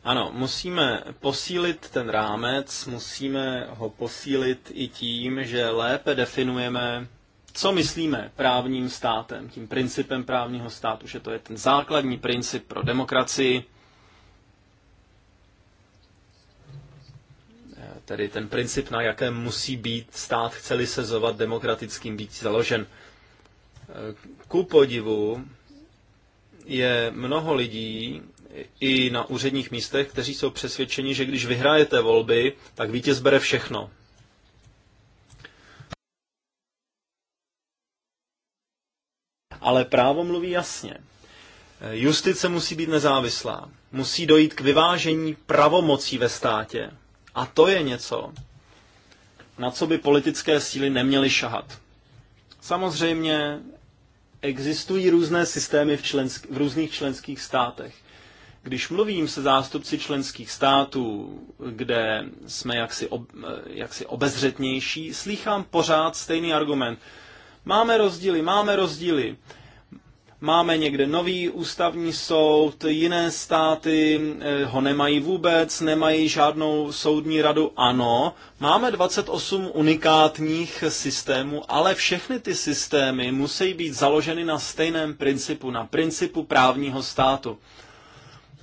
Ano, musíme posílit ten rámec, musíme ho posílit i tím, že lépe definujeme, co myslíme právním státem, tím principem právního státu, že to je ten základní princip pro demokracii, tedy ten princip, na jakém musí být stát, chceli sezovat demokratickým být založen. Ku podivu je mnoho lidí i na úředních místech, kteří jsou přesvědčeni, že když vyhrajete volby, tak vítěz bere všechno. Ale právo mluví jasně. Justice musí být nezávislá. Musí dojít k vyvážení pravomocí ve státě. A to je něco, na co by politické síly neměly šahat. Samozřejmě existují různé systémy v, člensk- v různých členských státech. Když mluvím se zástupci členských států, kde jsme jaksi, ob- jaksi obezřetnější, slýchám pořád stejný argument. Máme rozdíly, máme rozdíly. Máme někde nový ústavní soud, jiné státy eh, ho nemají vůbec, nemají žádnou soudní radu. Ano, máme 28 unikátních systémů, ale všechny ty systémy musí být založeny na stejném principu, na principu právního státu.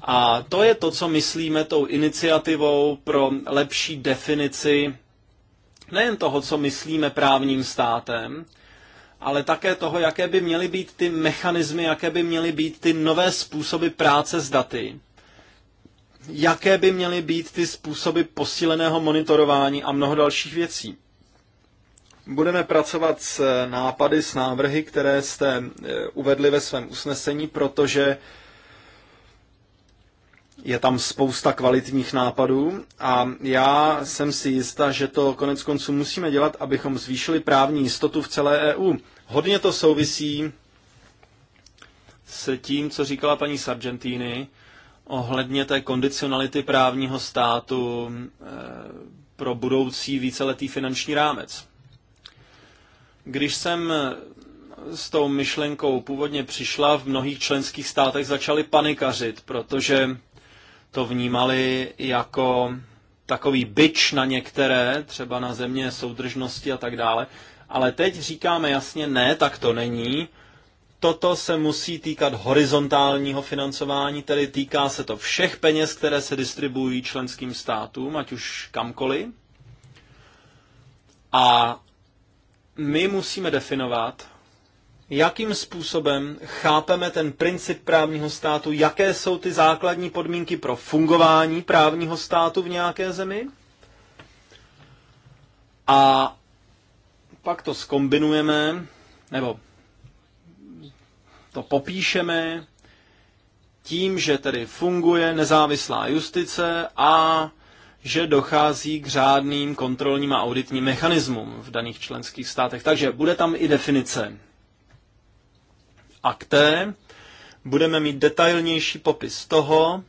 A to je to, co myslíme tou iniciativou pro lepší definici nejen toho, co myslíme právním státem, ale také toho, jaké by měly být ty mechanismy, jaké by měly být ty nové způsoby práce s daty, jaké by měly být ty způsoby posíleného monitorování a mnoho dalších věcí. Budeme pracovat s nápady, s návrhy, které jste eh, uvedli ve svém usnesení, protože je tam spousta kvalitních nápadů a já jsem si jistá, že to konec konců musíme dělat, abychom zvýšili právní jistotu v celé EU. Hodně to souvisí s tím, co říkala paní Sargentini ohledně té kondicionality právního státu eh, pro budoucí víceletý finanční rámec. Když jsem s tou myšlenkou původně přišla, v mnohých členských státech začali panikařit, protože to vnímali jako takový byč na některé, třeba na země soudržnosti a tak dále. Ale teď říkáme jasně, ne, tak to není. Toto se musí týkat horizontálního financování, tedy týká se to všech peněz, které se distribuují členským státům, ať už kamkoliv. A my musíme definovat, jakým způsobem chápeme ten princip právního státu, jaké jsou ty základní podmínky pro fungování právního státu v nějaké zemi. A pak to skombinujeme, nebo to popíšeme tím, že tedy funguje nezávislá justice a že dochází k řádným kontrolním a auditním mechanismům v daných členských státech. Takže bude tam i definice akté budeme mít detailnější popis toho,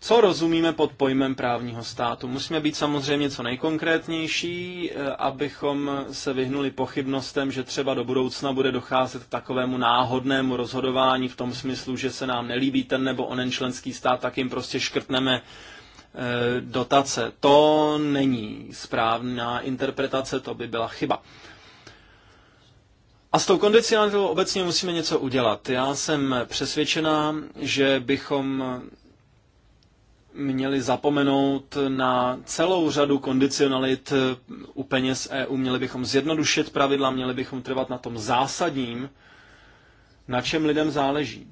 co rozumíme pod pojmem právního státu? Musíme být samozřejmě co nejkonkrétnější, eh, abychom se vyhnuli pochybnostem, že třeba do budoucna bude docházet k takovému náhodnému rozhodování v tom smyslu, že se nám nelíbí ten nebo onen členský stát, tak jim prostě škrtneme eh, dotace. To není správná interpretace, to by byla chyba. A s tou kondicionalitou obecně musíme něco udělat. Já jsem přesvědčená, že bychom měli zapomenout na celou řadu kondicionalit e u peněz EU. Měli bychom zjednodušit pravidla, měli bychom trvat na tom zásadním, na čem lidem záleží.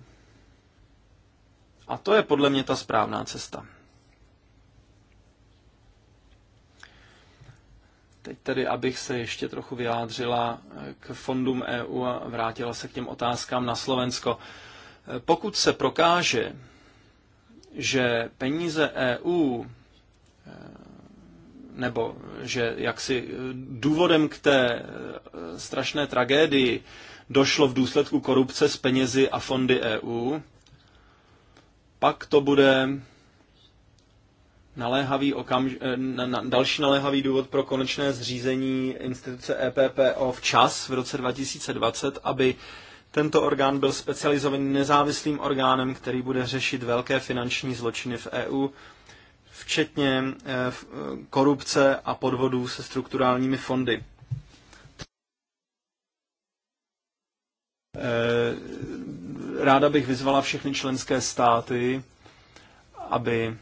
A to je podle mě ta správná cesta. Teď tedy, abych se ještě trochu vyjádřila eh, k fondům EU a vrátila se k těm otázkám na Slovensko. Eh, pokud se prokáže, že peníze EU eh, nebo že jaksi důvodem k té strašné tragédii došlo v důsledku korupce s penězi a fondy EU, pak to bude naléhavý okamž- eh, na, na, další naléhavý důvod pro konečné zřízení instituce EPPO včas v roce 2020, aby tento orgán byl specializovaný nezávislým orgánem, který bude řešit velké finanční zločiny v EU, včetně eh, eh, korupce a podvodů se strukturálními fondy. Ráda bych vyzvala všechny členské státy, aby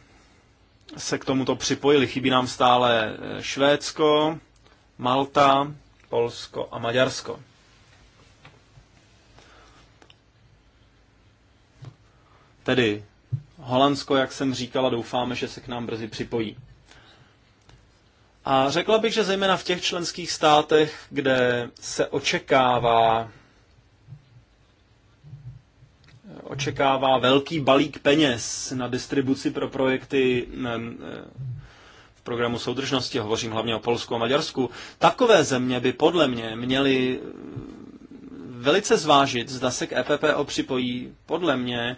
se k tomuto připojili. Chybí nám stále eh, Švédsko, Malta, Polsko a Maďarsko. Tedy Holandsko, jak jsem říkala, doufáme, že se k nám brzy připojí. A řekla bych, že zejména v těch členských státech, kde se očekává očekává velký balík peněz na distribuci pro projekty mm, eh, v programu soudržnosti, hovořím hlavně o Polsku a Maďarsku, takové země by podle mě měly eh, velice zvážit, zda se k EPPO připojí. Podle mě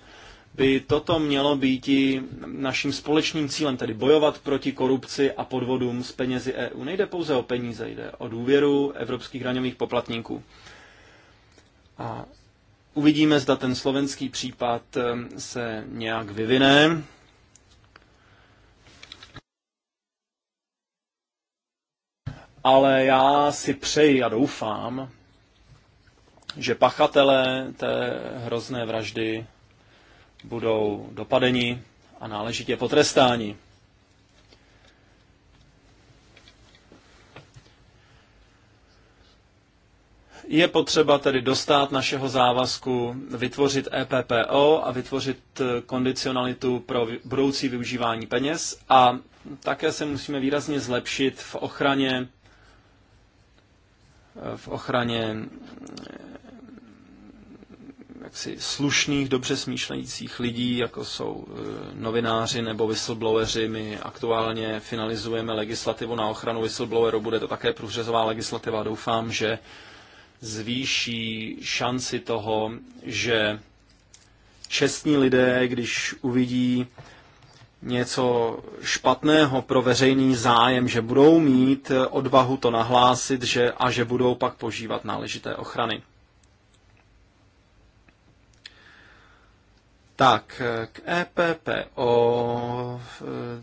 by toto mělo být i naším společným cílem, tedy bojovat proti korupci a podvodům s penězi EU. Nejde pouze o peníze, jde o důvěru evropských daňových poplatníků. A Uvidíme, zda ten slovenský případ ehm, se nějak vyvine. Ale já si přeji a doufám, že pachatelé té hrozné vraždy budou dopadeni a náležitě potrestáni. Je potřeba tedy dostat našeho závazku, vytvořit EPPO a vytvořit eh, kondicionalitu pro budoucí využívání peněz a také se musíme výrazně zlepšit v ochraně eh, v ochraně eh, jaksi slušných, dobře smýšlejících lidí, jako jsou novináři nebo whistlebloweri. My aktuálně finalizujeme legislativu na ochranu whistleblowerů, bude to také průřezová legislativa. Doufám, že zvýší šanci toho, že čestní lidé, když uvidí něco špatného pro veřejný zájem, že budou mít odvahu to nahlásit že, a že budou pak požívat náležité ochrany. Tak, k EPPO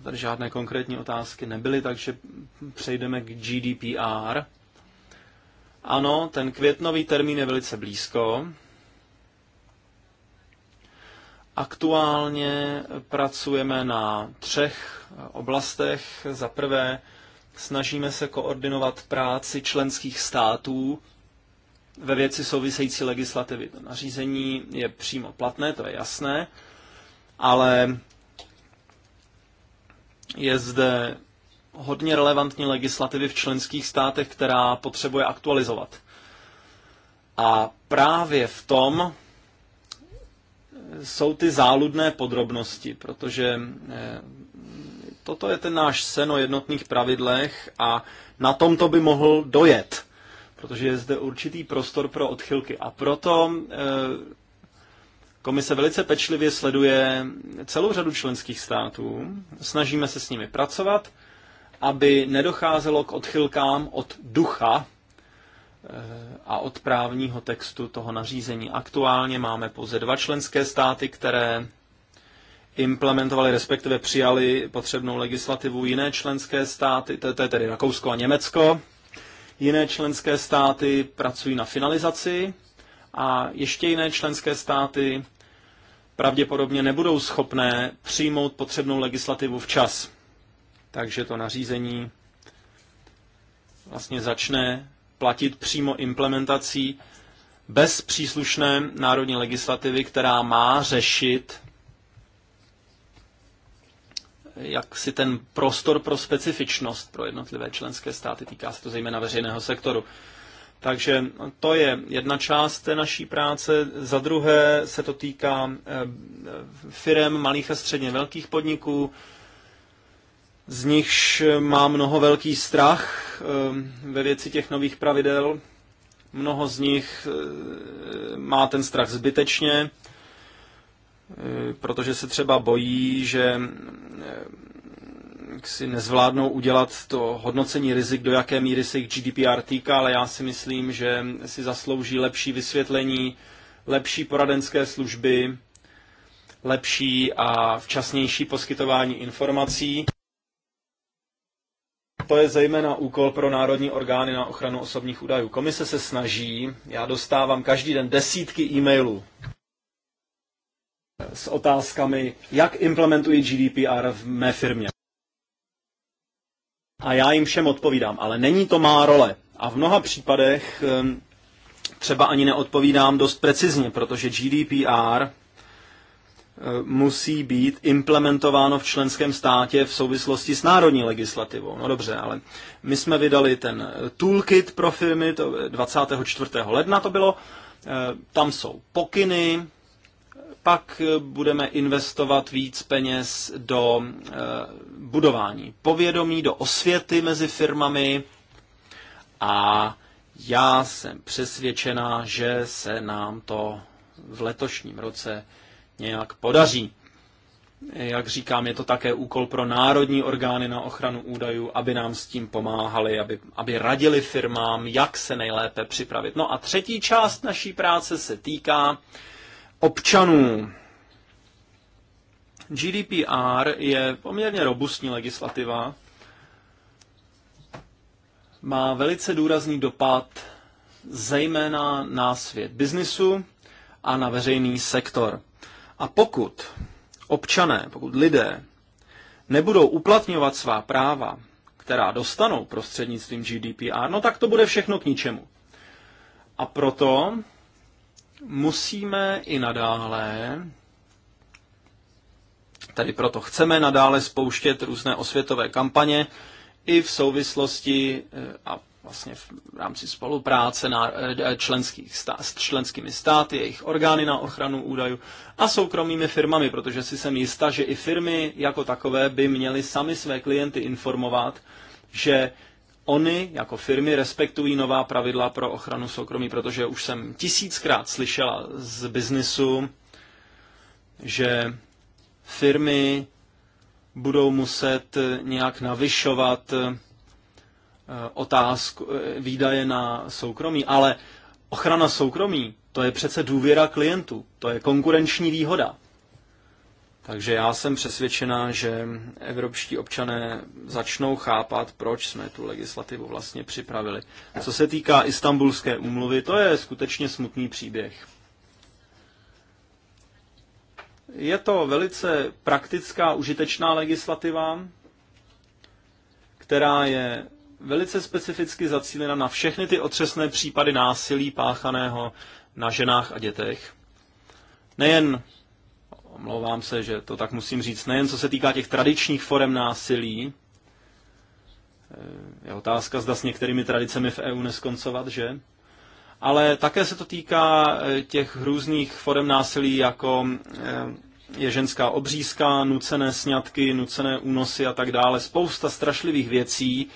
tady žádné konkrétní otázky nebyly, takže přejdeme k GDPR. Ano, ten květnový termín je velice blízko. Aktuálně pracujeme na třech oblastech. Za prvé, snažíme se koordinovat práci členských států ve věci související legislativy. To nařízení je přímo platné, to je jasné, ale je zde hodně relevantní legislativy v členských státech, která potřebuje aktualizovat. A právě v tom jsou ty záludné podrobnosti, protože eh, toto je ten náš sen o jednotných pravidlech a na tom to by mohl dojet, protože je zde určitý prostor pro odchylky. A proto eh, Komise velice pečlivě sleduje celou řadu členských států, snažíme se s nimi pracovat aby nedocházelo k odchylkám od ducha eh, a od právního textu toho nařízení. Aktuálně máme pouze dva členské státy, které implementovali, respektive přijali potřebnou legislativu jiné členské státy, to, je tedy Rakousko a Německo. Jiné členské státy pracují na finalizaci a ještě jiné členské státy pravděpodobně nebudou schopné přijmout potřebnou legislativu včas takže to nařízení vlastně začne platit přímo implementací bez příslušné národní legislativy, která má řešit jak si ten prostor pro specifičnost pro jednotlivé členské státy, týká se to zejména veřejného sektoru. Takže to je jedna část té naší práce. Za druhé se to týká eh, firem malých a středně velkých podniků, z nichž eh, má mnoho velký strach eh, ve věci těch nových pravidel. Mnoho z nich eh, má ten strach zbytečně, protože se třeba bojí, že si nezvládnou udělat to hodnocení rizik, do jaké míry se jich GDPR týká, ale já si myslím, že si zaslouží lepší vysvětlení, lepší poradenské služby, lepší a včasnější poskytování informací. To je zejména úkol pro národní orgány na ochranu osobních údajů. Komise se snaží, já dostávám každý den desítky e-mailů s otázkami, jak implementují GDPR v mé firmě. A já jim všem odpovídám, ale není to má role. A v mnoha případech ehm, třeba ani neodpovídám dost precizně, protože GDPR musí být implementováno v členském státě v souvislosti s národní legislativou. No dobře, ale my jsme vydali ten eh, toolkit pro firmy, to 24. ledna to bylo, eh, tam jsou pokyny, pak eh, budeme investovat víc peněz do budování povědomí, do osvěty mezi firmami a já jsem přesvědčená, že se nám to v letošním roce nějak podaří. Jak říkám, je to také úkol pro národní orgány na ochranu údajů, aby nám s tím pomáhali, aby, aby radili firmám, jak se nejlépe připravit. No a třetí část naší práce se týká občanů. GDPR je poměrně robustní legislativa, má velice důrazný dopad zejména na svět biznisu a na veřejný sektor. A pokud občané, pokud lidé nebudou uplatňovat svá práva, která dostanou prostřednictvím GDPR, no tak to bude všechno k ničemu. A proto musíme i nadále, tedy proto chceme nadále spouštět různé osvětové kampaně i v souvislosti eh, a vlastně v rámci spolupráce na, eh, členských stá, s členskými státy, jejich orgány na ochranu údajů a soukromými firmami, protože si jsem jista, že i firmy jako takové by měly sami své klienty informovat, že Oni jako firmy respektují nová pravidla pro ochranu soukromí, protože už jsem tisíckrát slyšela z biznisu, že firmy budou muset nějak navyšovat Eh, otázku, eh, výdaje na soukromí, ale ochrana soukromí, to je přece důvěra klientů, to je konkurenční výhoda. Takže já jsem přesvědčená, že evropští občané začnou chápat, proč jsme tu legislativu vlastně připravili. Co se týká istambulské úmluvy, to je skutečně smutný příběh. Je to velice praktická, užitečná legislativa, která je velice specificky zacílena na všechny ty otřesné případy násilí páchaného na ženách a dětech. Nejen, omlouvám se, že to tak musím říct, nejen co se týká těch tradičních forem násilí, e, je otázka, zda s některými tradicemi v EU neskoncovat, že? Ale také se to týká e, těch různých forem násilí, jako e, je ženská obřízka, nucené sňatky, nucené únosy a tak dále. Spousta strašlivých věcí,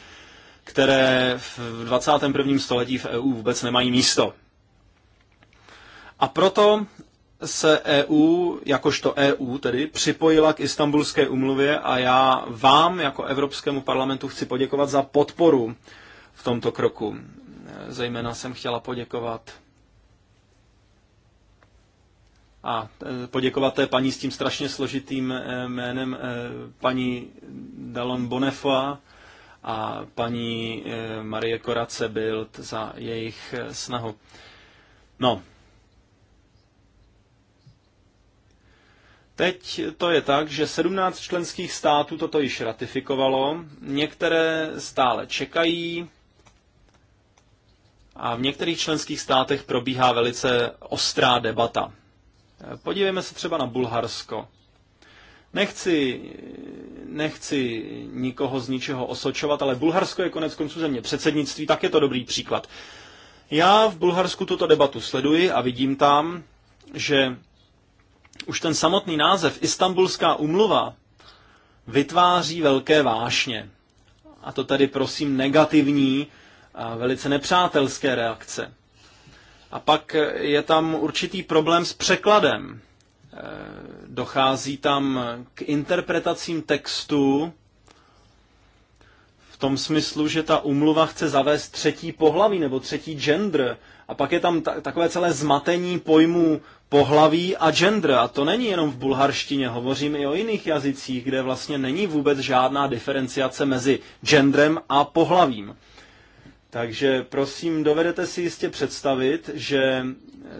které v 21. století v EU vůbec nemají místo. A proto se EU, jakožto EU tedy, připojila k Istanbulské umluvě a já vám jako Evropskému parlamentu chci poděkovat za podporu v tomto kroku. Zejména jsem chtěla poděkovat a e, poděkovat té paní s tím strašně složitým e, jménem, e, paní Dalon Bonefoa, a paní eh, Marie Korace byl za jejich eh, snahu. No. Teď to je tak, že 17 členských států toto již ratifikovalo, některé stále čekají a v některých členských státech probíhá velice ostrá debata. Eh, podívejme se třeba na Bulharsko. Nechci, nechci nikoho z ničeho osočovat, ale Bulharsko je konec konců země předsednictví, tak je to dobrý příklad. Já v Bulharsku tuto debatu sleduji a vidím tam, že už ten samotný název Istanbulská umluva vytváří velké vášně. A to tady prosím negativní a velice nepřátelské reakce. A pak je tam určitý problém s překladem. Eh, dochází tam k interpretacím textu v tom smyslu, že ta umluva chce zavést třetí pohlaví nebo třetí gender a pak je tam ta, takové celé zmatení pojmů pohlaví a gender. A to není jenom v bulharštině, hovořím i o jiných jazycích, kde vlastně není vůbec žádná diferenciace mezi genderem a pohlavím. Takže prosím, dovedete si jistě představit, že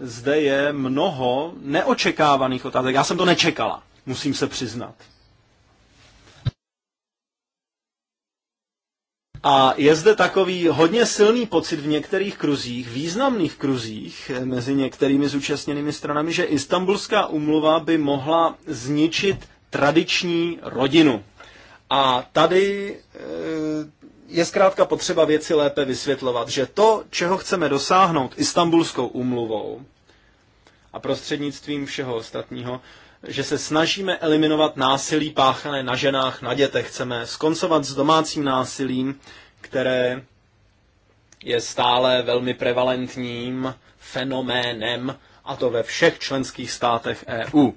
zde je mnoho neočekávaných otázek. Já jsem to nečekala, musím se přiznat. A je zde takový hodně silný pocit v některých kruzích, významných kruzích eh, mezi některými zúčastněnými stranami, že Istanbulská umluva by mohla zničit tradiční rodinu. A tady e, je zkrátka potřeba věci lépe vysvětlovat, že to, čeho chceme dosáhnout istambulskou úmluvou a prostřednictvím všeho ostatního, že se snažíme eliminovat násilí páchané na ženách, na dětech. Chceme skoncovat s domácím násilím, které je stále velmi prevalentním fenoménem, a to ve všech členských státech EU.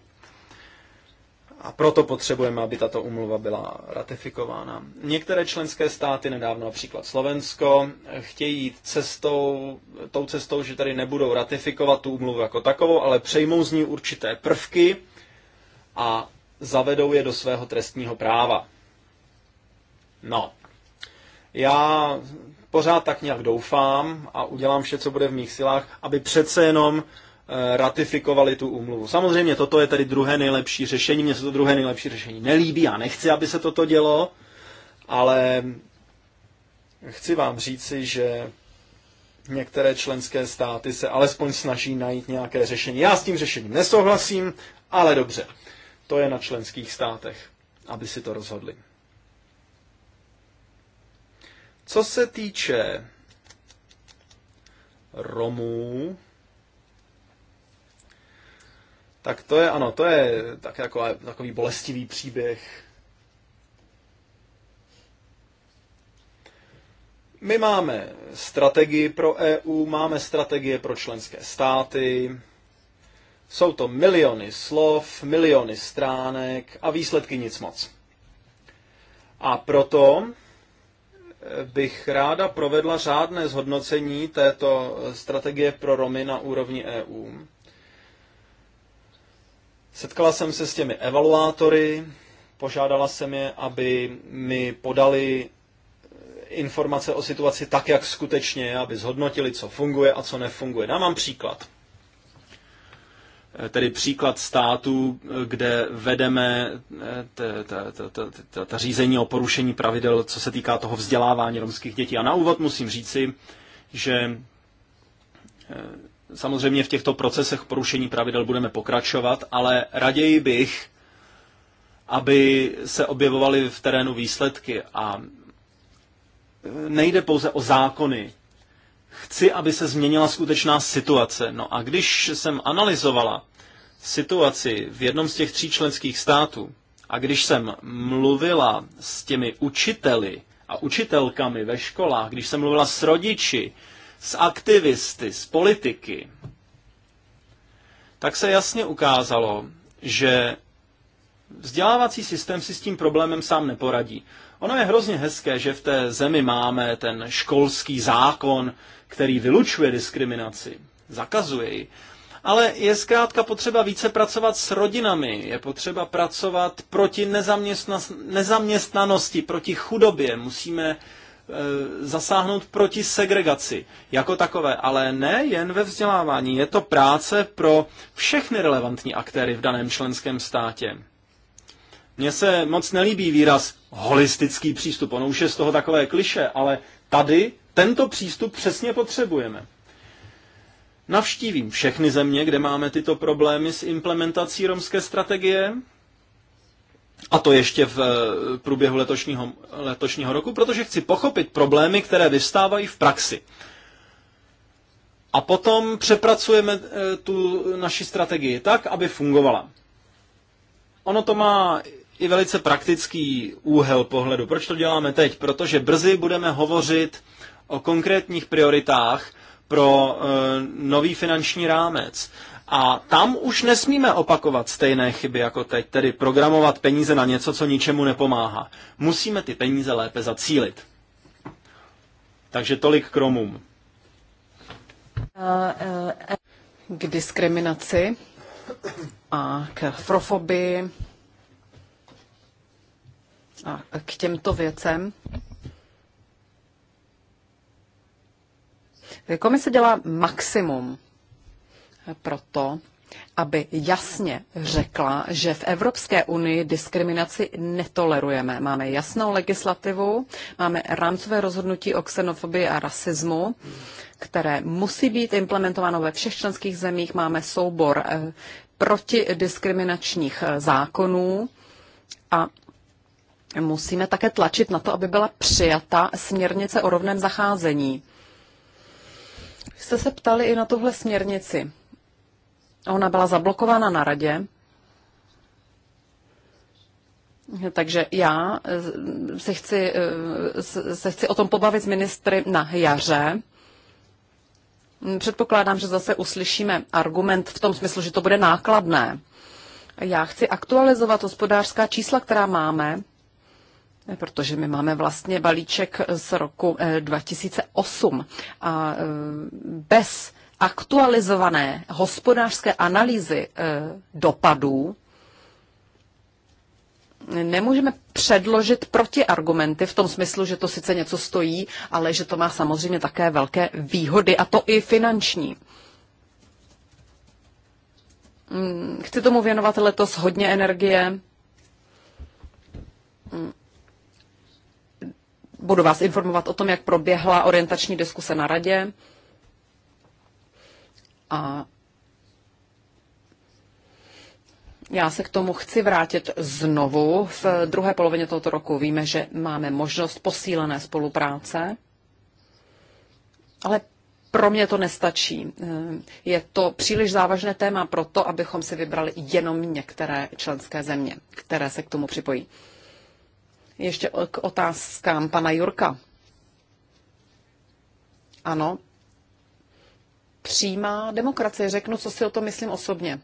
A proto potřebujeme, aby tato umluva byla ratifikována. Některé členské státy, nedávno například Slovensko, chtějí jít cestou, tou cestou, že tady nebudou ratifikovat tu umluvu jako takovou, ale přejmou z ní určité prvky a zavedou je do svého trestního práva. No, já pořád tak nějak doufám a udělám vše, co bude v mých silách, aby přece jenom Eh, ratifikovali tu úmluvu. Samozřejmě toto je tedy druhé nejlepší řešení, mně se to druhé nejlepší řešení nelíbí, já nechci, aby se toto dělo, ale chci vám říci, že některé členské státy se alespoň snaží najít nějaké řešení. Já s tím řešením nesouhlasím, ale dobře, to je na členských státech, aby si to rozhodli. Co se týče Romů, tak to je, ano, to je tak jako, takový bolestivý příběh. My máme strategii pro EU, máme strategie pro členské státy, jsou to miliony slov, miliony stránek a výsledky nic moc. A proto bych ráda provedla řádné zhodnocení této strategie pro Romy na úrovni EU Setkala jsem se s těmi evaluátory, požádala jsem je, aby mi podali eh, informace o situaci tak, jak skutečně je, aby zhodnotili, co funguje a co nefunguje. Dám vám příklad. Eh, tedy příklad států, eh, kde vedeme ta řízení o porušení pravidel, co se týká toho vzdělávání romských dětí. A na úvod musím říci, že Samozřejmě v těchto procesech porušení pravidel budeme pokračovat, ale raději bych, aby se objevovaly v terénu výsledky. A nejde pouze o zákony. Chci, aby se změnila skutečná situace. No a když jsem analyzovala situaci v jednom z těch tří členských států, a když jsem mluvila s těmi učiteli a učitelkami ve školách, když jsem mluvila s rodiči, s aktivisty, s politiky, tak se jasně ukázalo, že vzdělávací systém si s tím problémem sám neporadí. Ono je hrozně hezké, že v té zemi máme ten školský zákon, který vylučuje diskriminaci, zakazuje ji. Ale je zkrátka potřeba více pracovat s rodinami, je potřeba pracovat proti nezaměstnanosti, proti chudobě. Musíme Eh, zasáhnout proti segregaci jako takové, ale ne jen ve vzdělávání. Je to práce pro všechny relevantní aktéry v daném členském státě. Mně se moc nelíbí výraz holistický přístup. Ono už je z toho takové kliše, ale tady tento přístup přesně potřebujeme. Navštívím všechny země, kde máme tyto problémy s implementací romské strategie a to ještě v eh, průběhu letošního, letošního roku, protože chci pochopit problémy, které vystávají v praxi. A potom přepracujeme eh, tu naši strategii tak, aby fungovala. Ono to má i velice praktický úhel pohledu. Proč to děláme teď? Protože brzy budeme hovořit o konkrétních prioritách pro eh, nový finanční rámec. A tam už nesmíme opakovat stejné chyby jako teď, tedy programovat peníze na něco, co ničemu nepomáhá. Musíme ty peníze lépe zacílit. Takže tolik k Romům. K diskriminaci a k afrofobii a k těmto věcem. Komise dělá maximum proto, aby jasně řekla, že v Evropské unii diskriminaci netolerujeme. Máme jasnou legislativu, máme rámcové rozhodnutí o xenofobii a rasismu, které musí být implementováno ve všech členských zemích. Máme soubor eh, protidiskriminačních eh, zákonů a musíme také tlačit na to, aby byla přijata směrnice o rovném zacházení. Jste se ptali i na tuhle směrnici. Ona byla zablokována na radě, takže já eh, se chci, eh, se chci o tom pobavit s ministry na jaře. Předpokládám, že zase uslyšíme argument v tom smyslu, že to bude nákladné. Já chci aktualizovat hospodářská čísla, která máme, eh, protože my máme vlastně balíček z roku 2008 a bez aktualizované hospodářské analýzy eh, dopadů nemůžeme předložit protiargumenty v tom smyslu, že to sice něco stojí, ale že to má samozřejmě také velké výhody, a to i finanční. Hmm, chci tomu věnovat letos hodně energie. Hmm. Budu vás informovat o tom, jak proběhla orientační diskuse na radě. A já se k tomu chci vrátit znovu. V druhé polovině tohoto roku víme, že máme možnost posílené spolupráce, ale pro mě to nestačí. Je to příliš závažné téma pro to, abychom si vybrali jenom některé členské země, které se k tomu připojí. Ještě k otázkám pana Jurka. Ano, přímá demokracie. Řeknu, co si o to myslím osobně.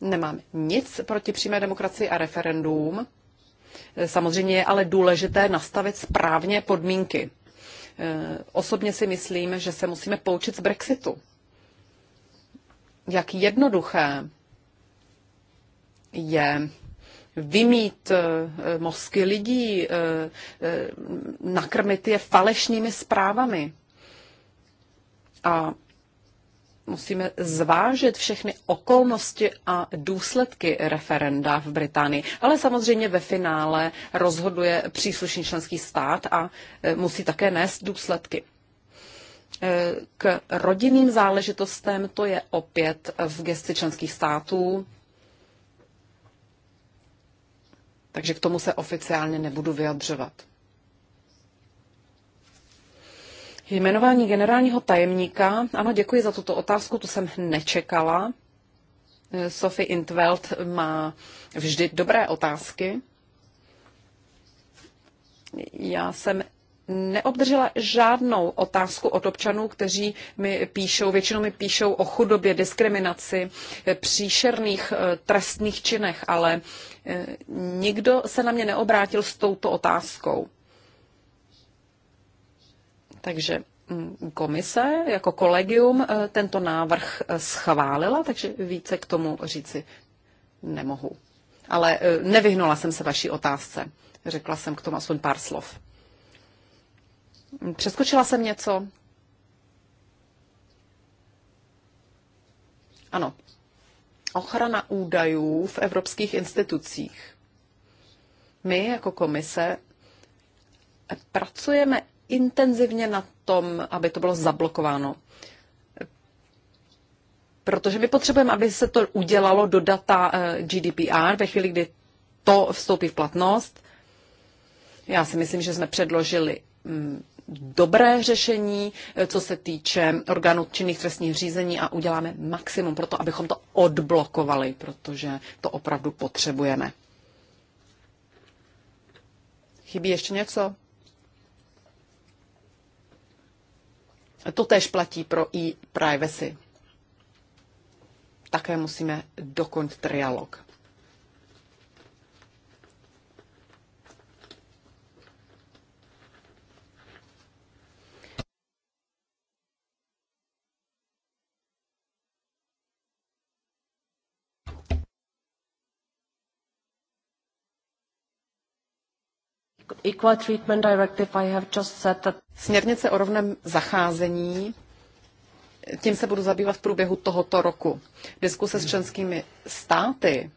Nemám nic proti přímé demokracii a referendum, Samozřejmě je ale důležité nastavit správně podmínky. E, osobně si myslím, že se musíme poučit z Brexitu. Jak jednoduché je vymít e, mozky lidí, e, nakrmit je falešnými zprávami. A musíme zvážit všechny okolnosti a důsledky referenda v Británii. Ale samozřejmě ve finále rozhoduje příslušný členský stát a e, musí také nést důsledky. E, k rodinným záležitostem to je opět v gesti členských států. Takže k tomu se oficiálně nebudu vyjadřovat. Jmenování generálního tajemníka. Ano, děkuji za tuto otázku, tu jsem nečekala. Eh, Sophie Intveld má vždy dobré otázky. Já jsem neobdržela žádnou otázku od občanů, kteří mi píšou, většinou mi píšou o chudobě, diskriminaci, eh, příšerných eh, trestných činech, ale nikdo se na mě neobrátil s touto otázkou. Takže mm, komise jako kolegium eh, tento návrh eh, schválila, takže více k tomu říci nemohu. Ale eh, nevyhnula jsem se vaší otázce. Řekla jsem k tomu aspoň pár slov. Přeskočila jsem něco? Ano. Ochrana údajů v evropských institucích. My jako komise pracujeme intenzivně na tom, aby to bylo zablokováno. Protože my potřebujeme, aby se to udělalo do data eh, GDPR ve chvíli, kdy to vstoupí v platnost. Já si myslím, že jsme předložili mm, dobré řešení, eh, co se týče orgánů činných trestních řízení a uděláme maximum pro to, abychom to odblokovali, protože to opravdu potřebujeme. Chybí ještě něco? To též platí pro e-privacy. Také musíme dokončit trialog. Equal Treatment Directive, I have just said that... Směrnice o rovném zacházení, tím se budu zabývat v průběhu tohoto roku. Diskuse s členskými státy,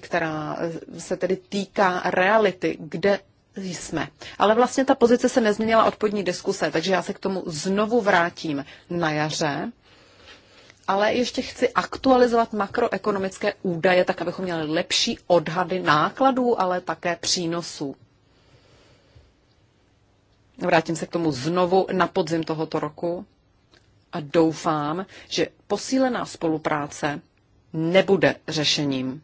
která se tedy týká reality, kde jsme. Ale vlastně ta pozice se nezměnila od podní diskuse, takže já se k tomu znovu vrátím na jaře ale ještě chci aktualizovat makroekonomické údaje, tak abychom měli lepší odhady nákladů, ale také přínosů. Vrátím se k tomu znovu na podzim tohoto roku a doufám, že posílená spolupráce nebude řešením.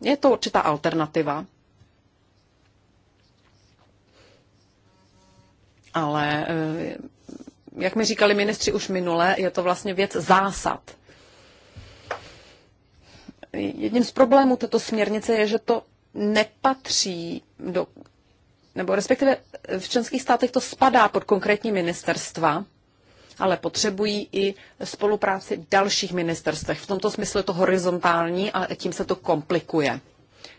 Je to určitá alternativa, ale eh, jak mi říkali ministři už minule, je to vlastně věc zásad. Jedním z problémů této směrnice je, že to nepatří do, nebo respektive v členských státech to spadá pod konkrétní ministerstva, ale potřebují i spolupráci dalších ministerstvech. V tomto smyslu je to horizontální a tím se to komplikuje.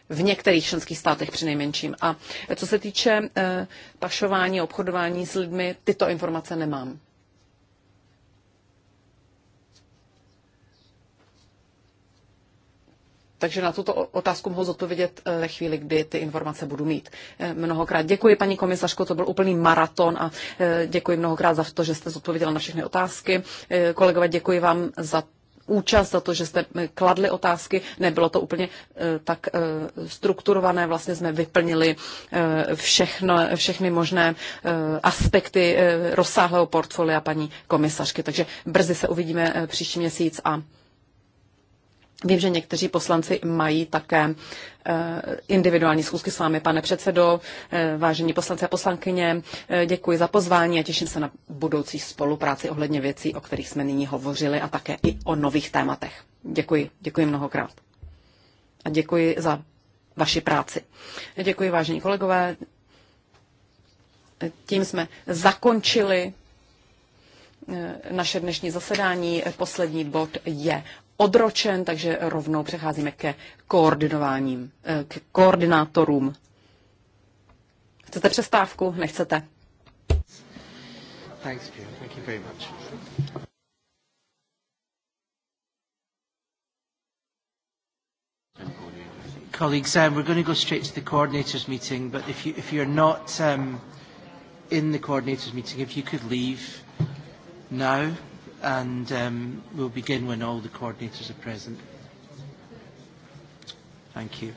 V některých členských státech přinejmenším. A co se týče e, pašování, obchodování s lidmi, tyto informace nemám. Takže na tuto otázku mohu zodpovědět eh, ve chvíli, kdy ty informace budu mít. Eh, mnohokrát děkuji, paní komisařko, to byl úplný maraton a eh, děkuji mnohokrát za to, že jste zodpověděla na všechny otázky. Kolegové, děkuji vám za účast, za to, že jste kladli otázky. Nebylo to úplně tak strukturované, vlastně jsme vyplnili všechno, všechny možné aspekty rozsáhlého portfolia paní komisařky. Takže brzy se uvidíme příští měsíc a Vím, že někteří poslanci mají také eh, individuální schůzky s vámi, pane předsedo, eh, vážení poslanci a poslankyně. Eh, děkuji za pozvání a těším se na budoucí spolupráci ohledně věcí, o kterých jsme nyní hovořili a také i o nových tématech. Děkuji, děkuji mnohokrát. A děkuji za vaši práci. Děkuji, vážení kolegové. Tím jsme zakončili naše dnešní zasedání. Poslední bod je odročen, takže rovnou přecházíme ke koordinováním, eh, k koordinátorům. Chcete přestávku? Nechcete? Thanks, Thank you very much. colleagues, um, we're going to go straight to the coordinators meeting, but if, you, if you're not um, in the coordinators meeting, if you could leave now and um, we'll begin when all the coordinators are present. Thank you.